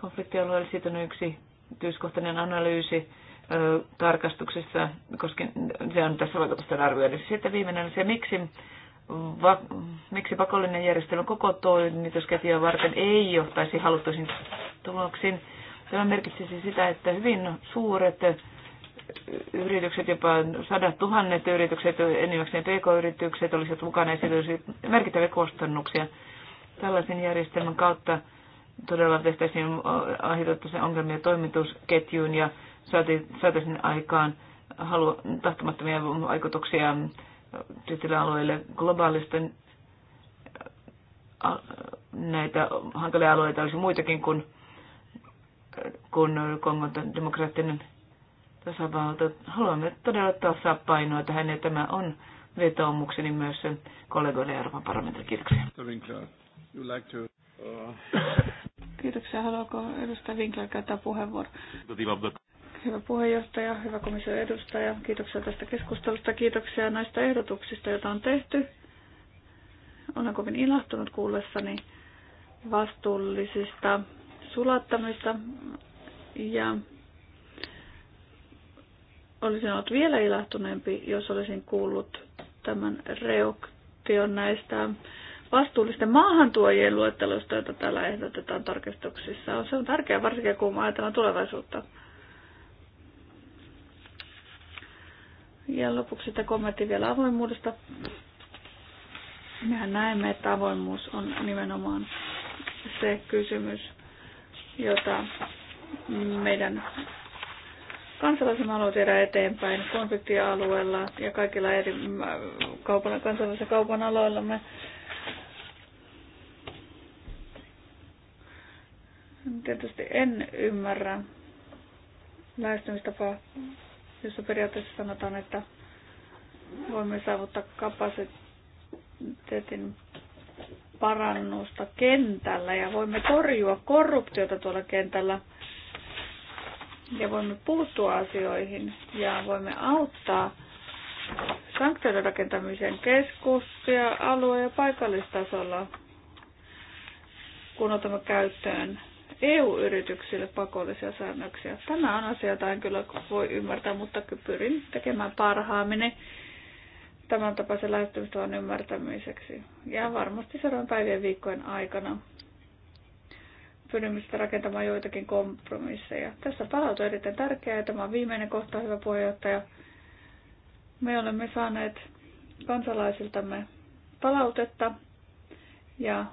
konfliktialueella. Siitä on yksi yksityiskohtainen analyysi ö, tarkastuksessa, koska se on tässä vaikutusten arvioinnissa. Sitten viimeinen se, miksi, va, miksi pakollinen järjestelmä koko toimitusketjua varten ei johtaisi haluttuisiin tuloksiin. Tämä merkitsisi sitä, että hyvin suuret yritykset, jopa sadat tuhannet yritykset, enimmäkseen pk-yritykset olisivat mukana ja merkittäviä kustannuksia Tällaisen järjestelmän kautta todella tehtäisiin aiheutettaisiin ongelmia toimitusketjuun ja saataisiin aikaan halu, tahtomattomia vaikutuksia tietyille alueille globaalisten näitä hankalia alueita olisi muitakin kuin, kuin Kongon demokraattinen tasavalta. Haluamme todella taas painoa tähän ja tämä on vetoomukseni myös kollegoille Euroopan parlamentille. Kiitoksia. You like to, uh... Kiitoksia. Haluaako edustaja Winkler käyttää puheenvuoro? Hyvä puheenjohtaja, hyvä komission edustaja. Kiitoksia tästä keskustelusta. Kiitoksia näistä ehdotuksista, joita on tehty. Olen kovin ilahtunut kuullessani vastuullisista sulattamista ja olisin ollut vielä ilahtuneempi, jos olisin kuullut tämän reaktion näistä vastuullisten maahantuojien luettelosta, jota täällä ehdotetaan tarkistuksissa. Se on tärkeää varsinkin, kun ajatellaan tulevaisuutta. Ja lopuksi sitten kommentti vielä avoimuudesta. Mehän näemme, että avoimuus on nimenomaan se kysymys, jota meidän kansalaisemme haluaa tehdä eteenpäin konfliktialueella ja kaikilla eri äh, kaupan, kansalaisen kaupan aloillamme. Tietysti en ymmärrä lähestymistapaa, jossa periaatteessa sanotaan, että voimme saavuttaa kapasiteetin parannusta kentällä ja voimme torjua korruptiota tuolla kentällä ja voimme puuttua asioihin ja voimme auttaa sanktioiden rakentamisen keskustia, alue- ja paikallistasolla, kun otamme käyttöön EU-yrityksille pakollisia säännöksiä. Tämä on asia, jota en kyllä voi ymmärtää, mutta pyrin tekemään parhaamini tämän tapaisen lähestymistavan ymmärtämiseksi. Ja varmasti seuraavan päivien viikkojen aikana pyrimistä rakentamaan joitakin kompromisseja. Tässä palaute on erittäin tärkeää ja tämä on viimeinen kohta, hyvä puheenjohtaja. Me olemme saaneet kansalaisiltamme palautetta ja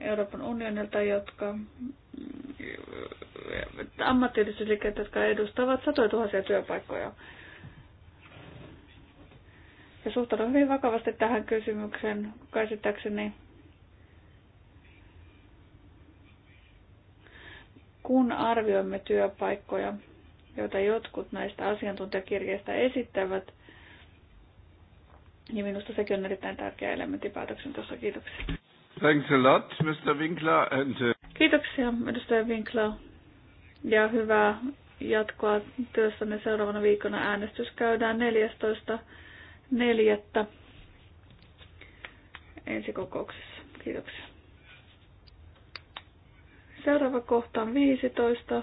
Euroopan unionilta, jotka ammattiyhdistysliikkeet, jotka edustavat satoja tuhansia työpaikkoja. Ja suhtaudun hyvin vakavasti tähän kysymykseen, käsittääkseni. Kun arvioimme työpaikkoja, joita jotkut näistä asiantuntijakirjeistä esittävät, niin minusta sekin on erittäin tärkeä elementti tuossa. Kiitoksia. Thanks a lot, Mr. Winkler. And, uh, Kiitoksia, edustaja Winkler. Ja hyvää jatkoa työssänne seuraavana viikona. Äänestys käydään 14.4. ensi kokouksessa. Kiitoksia. Seuraava kohta on 15.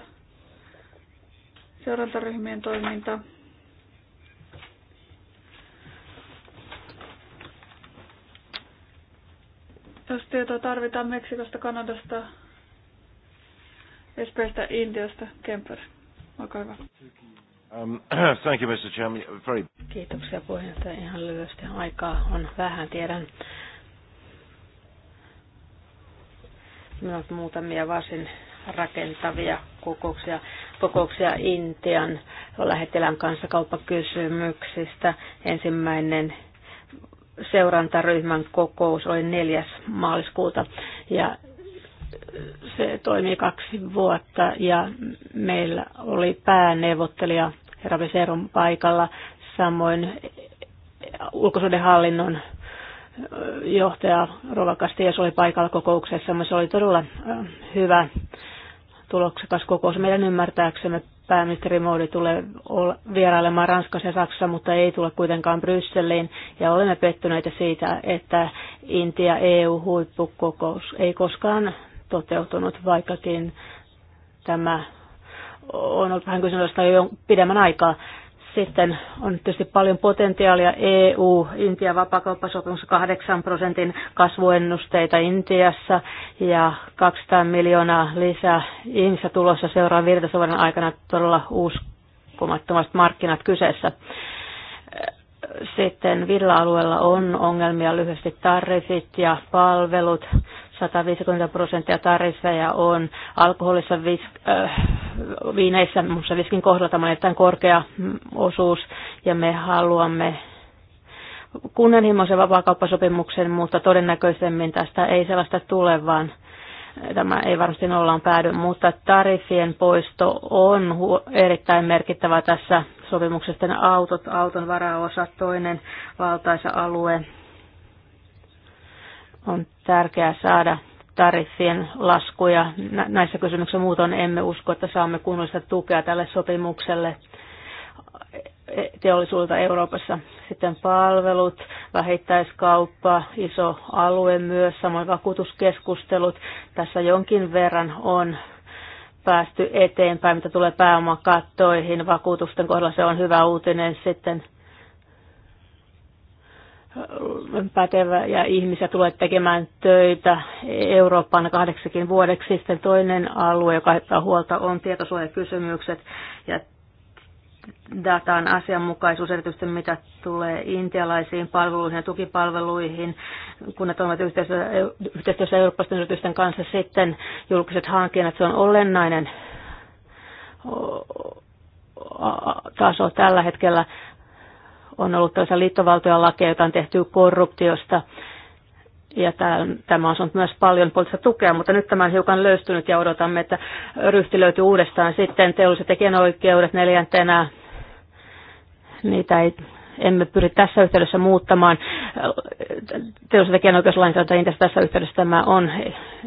Seurantaryhmien toiminta. Jos tietoa tarvitaan Meksikosta, Kanadasta, Espoosta, Intiasta, Kemper. Olkaa hyvä. Um, thank you, Mr. Chairman. Very... Kiitoksia puheenjohtaja. Ihan lyhyesti aikaa on vähän, tiedän. Minulla on muutamia varsin rakentavia kokouksia, kokouksia Intian lähettilän kanssa kauppakysymyksistä. Ensimmäinen seurantaryhmän kokous oli 4. maaliskuuta ja se toimi kaksi vuotta ja meillä oli pääneuvottelija herra Veseron paikalla, samoin ulkosuhdehallinnon johtaja Rova Kastias oli paikalla kokouksessa, se oli todella hyvä tuloksekas kokous. Meidän ymmärtääksemme pääministeri Moodi tulee vierailemaan Ranskassa ja Saksassa, mutta ei tule kuitenkaan Brysseliin. Ja olemme pettyneitä siitä, että Intia-EU-huippukokous ei koskaan toteutunut, vaikkakin tämä on ollut vähän kysymystä jo pidemmän aikaa. Sitten on tietysti paljon potentiaalia EU, Intia vapakauppasopimus 8 prosentin kasvuennusteita Intiassa ja 200 miljoonaa lisää ihmistä tulossa seuraavan virtaisuuden aikana todella uskomattomat markkinat kyseessä. Sitten villa-alueella on ongelmia lyhyesti tarifit ja palvelut, 150 prosenttia tariffeja on alkoholissa, vis, äh, viineissä, minusta viskin kohdalla on erittäin korkea osuus, ja me haluamme kunnianhimoisen vapaakauppasopimuksen, mutta todennäköisemmin tästä ei sellaista tule, vaan tämä ei varmasti ollaan päädy, mutta tariffien poisto on erittäin merkittävä tässä sopimuksessa. Autot, auton varaosa, toinen valtaisa alue, on tärkeää saada tariffien laskuja. Näissä kysymyksissä muuten emme usko, että saamme kunnollista tukea tälle sopimukselle teollisuudelta Euroopassa. Sitten palvelut, vähittäiskauppa, iso alue myös, samoin vakuutuskeskustelut. Tässä jonkin verran on päästy eteenpäin, mitä tulee pääomakattoihin. Vakuutusten kohdalla se on hyvä uutinen. Sitten pätevä ja ihmisiä tulee tekemään töitä Euroopan kahdeksakin vuodeksi. Sitten toinen alue, joka ottaa huolta, on tietosuojakysymykset ja datan asianmukaisuus, erityisesti mitä tulee intialaisiin palveluihin ja tukipalveluihin, kun ne toimivat yhteistyössä, yhteistyössä eurooppalaisten yritysten kanssa sitten julkiset hankinnat, se on olennainen taso tällä hetkellä on ollut toisaalta liittovaltion lakeja, joita on tehty korruptiosta. Ja tämä on saanut myös paljon poliittista tukea, mutta nyt tämä on hiukan löystynyt ja odotamme, että ryhti löytyy uudestaan. Sitten teolliset tekijänoikeudet neljäntenä, niitä ei emme pyri tässä yhteydessä muuttamaan. Teolliset ja tekijänoikeuslainsäädäntöintä tässä yhteydessä tämä on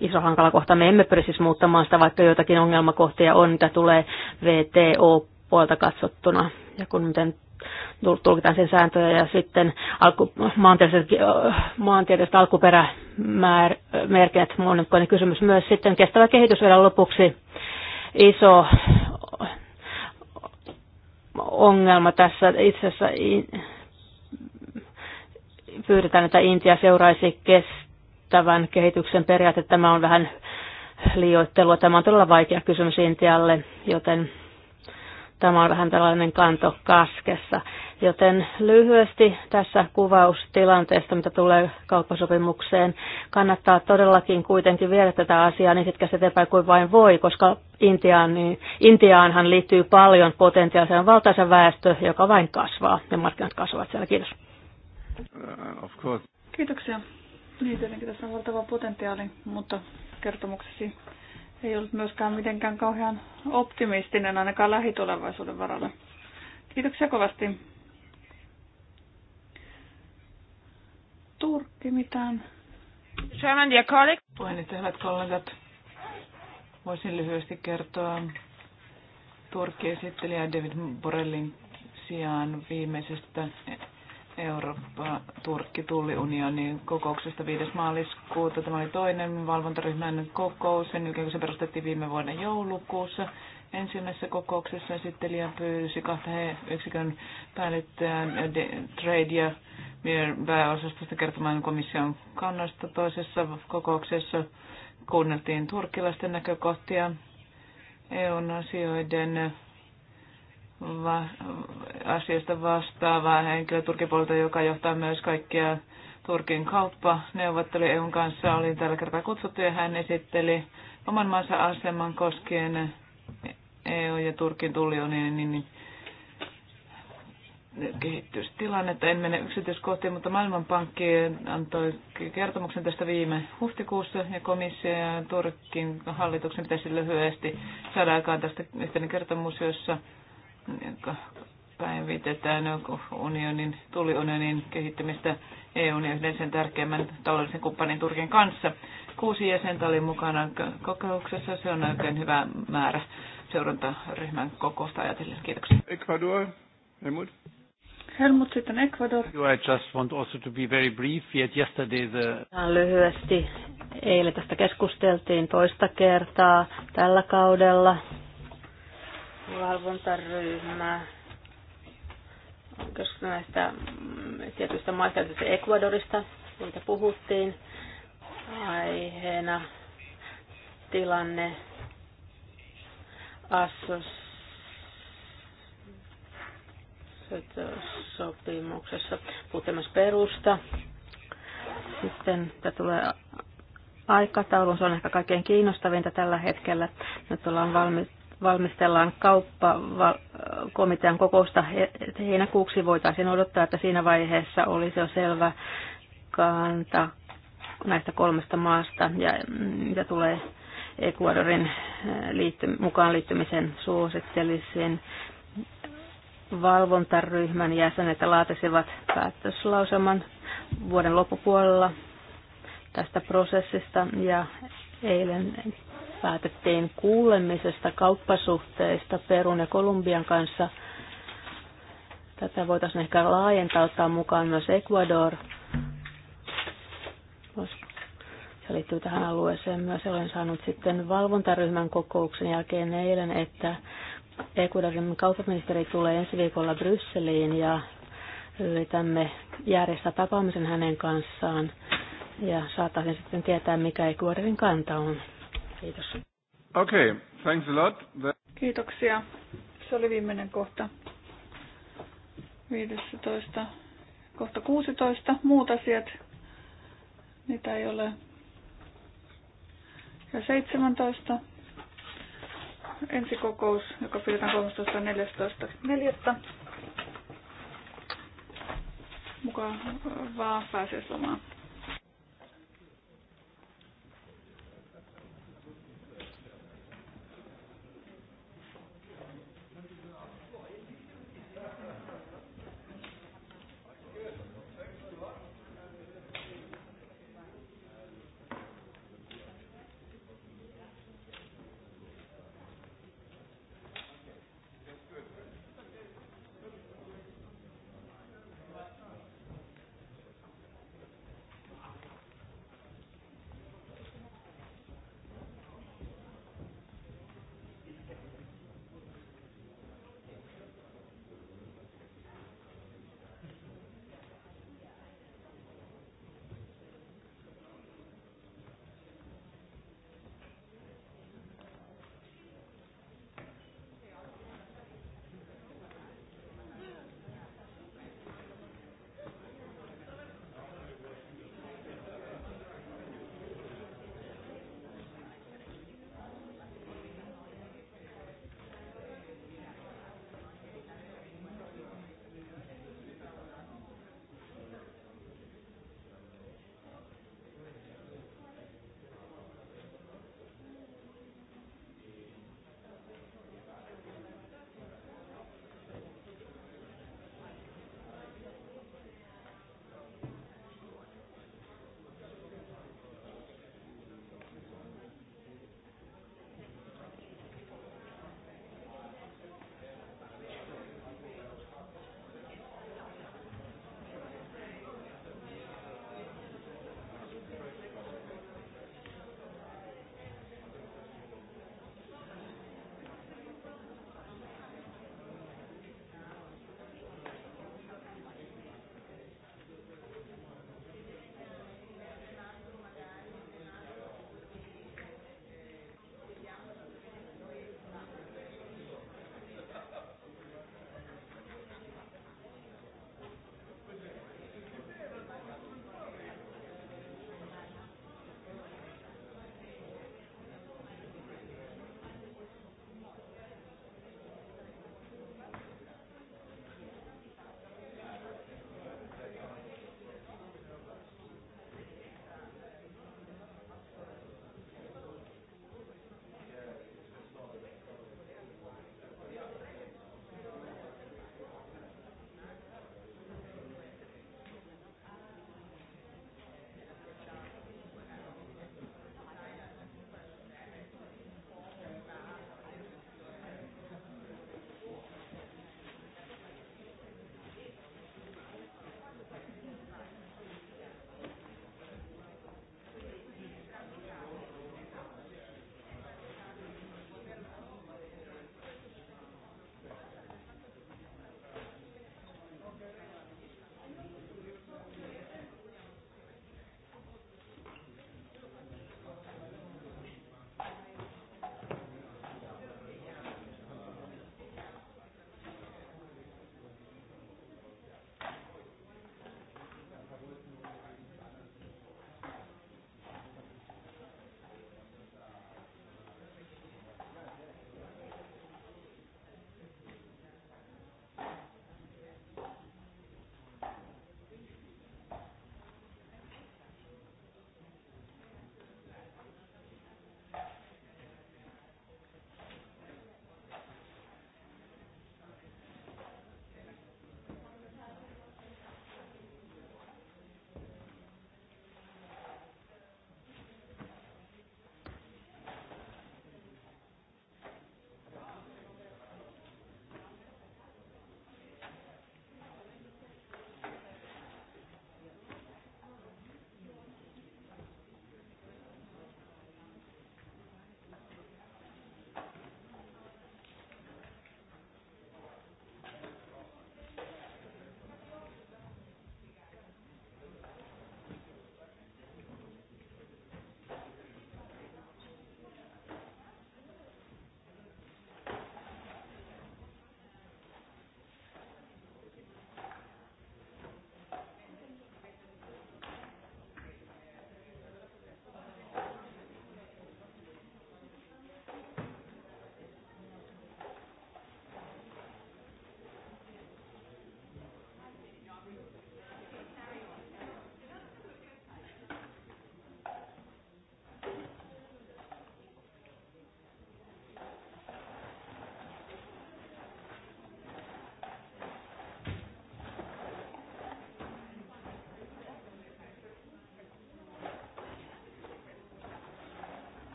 iso hankala kohta. Me emme pyri siis muuttamaan sitä, vaikka joitakin ongelmakohtia on, mitä tulee VTO puolta katsottuna. Ja kun miten tulkitaan sen sääntöjä ja sitten alku, maantieteelliset, maantieteelliset alkuperämerkit, monimutkainen kysymys myös sitten kestävä kehitys vielä lopuksi iso ongelma tässä itse asiassa pyydetään, että Intia seuraisi kestävän kehityksen periaate. Tämä on vähän liioittelua. Tämä on todella vaikea kysymys Intialle, joten Tämä on vähän tällainen kanto kaskessa. Joten lyhyesti tässä kuvaus tilanteesta, mitä tulee kauppasopimukseen, kannattaa todellakin kuitenkin viedä tätä asiaa niin pitkästi eteenpäin kuin vain voi, koska Intiaan, niin Intiaanhan liittyy paljon potentiaalisen valtaisen väestö, joka vain kasvaa ja markkinat kasvavat siellä. Kiitos. Uh, of Kiitoksia. Niin, tietenkin tässä on valtava potentiaali, mutta kertomuksesi ei ollut myöskään mitenkään kauhean optimistinen ainakaan lähitulevaisuuden varalle. Kiitoksia kovasti. Turkki mitään. Sherman ja Kalik. Puheenjohtaja, hyvät kollegat. Voisin lyhyesti kertoa Turkki-esittelijä David Borellin sijaan viimeisestä Eurooppa-Turkki-tulliunionin kokouksesta 5. maaliskuuta. Tämä oli toinen valvontaryhmän kokous, sen jälkeen kun se perustettiin viime vuonna joulukuussa. Ensimmäisessä kokouksessa liian pyysi kahta he yksikön päällyttäjän trade ja pääosastosta kertomaan komission kannasta. Toisessa kokouksessa kuunneltiin turkkilaisten näkökohtia eu asioiden va- asiasta vastaava henkilö Turkin puolelta, joka johtaa myös kaikkia Turkin kauppa neuvotteli EUn kanssa, oli tällä kertaa kutsuttu ja hän esitteli oman maansa aseman koskien EU ja Turkin tullionin niin, niin, kehitystilannetta. En mene yksityiskohtiin, mutta Maailmanpankki antoi kertomuksen tästä viime huhtikuussa ja komissio ja Turkin hallituksen pitäisi lyhyesti saada aikaan tästä yhteinen kertomus, jossa päivitetään unionin, tuliunionin kehittämistä EUn ja yhden sen tärkeimmän taloudellisen kumppanin Turkin kanssa. Kuusi jäsentä oli mukana kokouksessa. Se on oikein hyvä määrä seurantaryhmän kokousta ajatellen. Kiitoksia. Ecuador, Helmut. Helmut sitten Ecuador. I just want also to be very brief, yet yesterday the... Lyhyesti. Eilen tästä keskusteltiin toista kertaa tällä kaudella valvontaryhmä Onko näistä tietyistä maista, tietysti Ecuadorista, siitä puhuttiin aiheena tilanne sopimuksessa puhuttiin perusta. Sitten tämä tulee aikataulun, se on ehkä kaikkein kiinnostavinta tällä hetkellä. Nyt ollaan valmiit valmistellaan kauppakomitean kokousta heinäkuuksi, voitaisiin odottaa, että siinä vaiheessa olisi jo selvä kanta näistä kolmesta maasta ja mitä tulee Ecuadorin eh, liitty, mukaan liittymisen suosittelisiin valvontaryhmän jäsenet laatisivat päätöslauselman vuoden loppupuolella tästä prosessista ja eilen päätettiin kuulemisesta kauppasuhteista Perun ja Kolumbian kanssa. Tätä voitaisiin ehkä laajentaa, ottaa mukaan myös Ecuador. Se liittyy tähän alueeseen myös. Olen saanut sitten valvontaryhmän kokouksen jälkeen eilen, että Ecuadorin kauppaministeri tulee ensi viikolla Brysseliin ja yritämme järjestää tapaamisen hänen kanssaan ja saataisiin sitten tietää, mikä Ecuadorin kanta on. Kiitos. Okei, okay, thanks a lot. The... Kiitoksia. Se oli viimeinen kohta. 15. Kohta 16. Muut asiat. Niitä ei ole. Ja 17. Ensi kokous, joka pidetään 13.14.4. Äh, pääsee lomaan.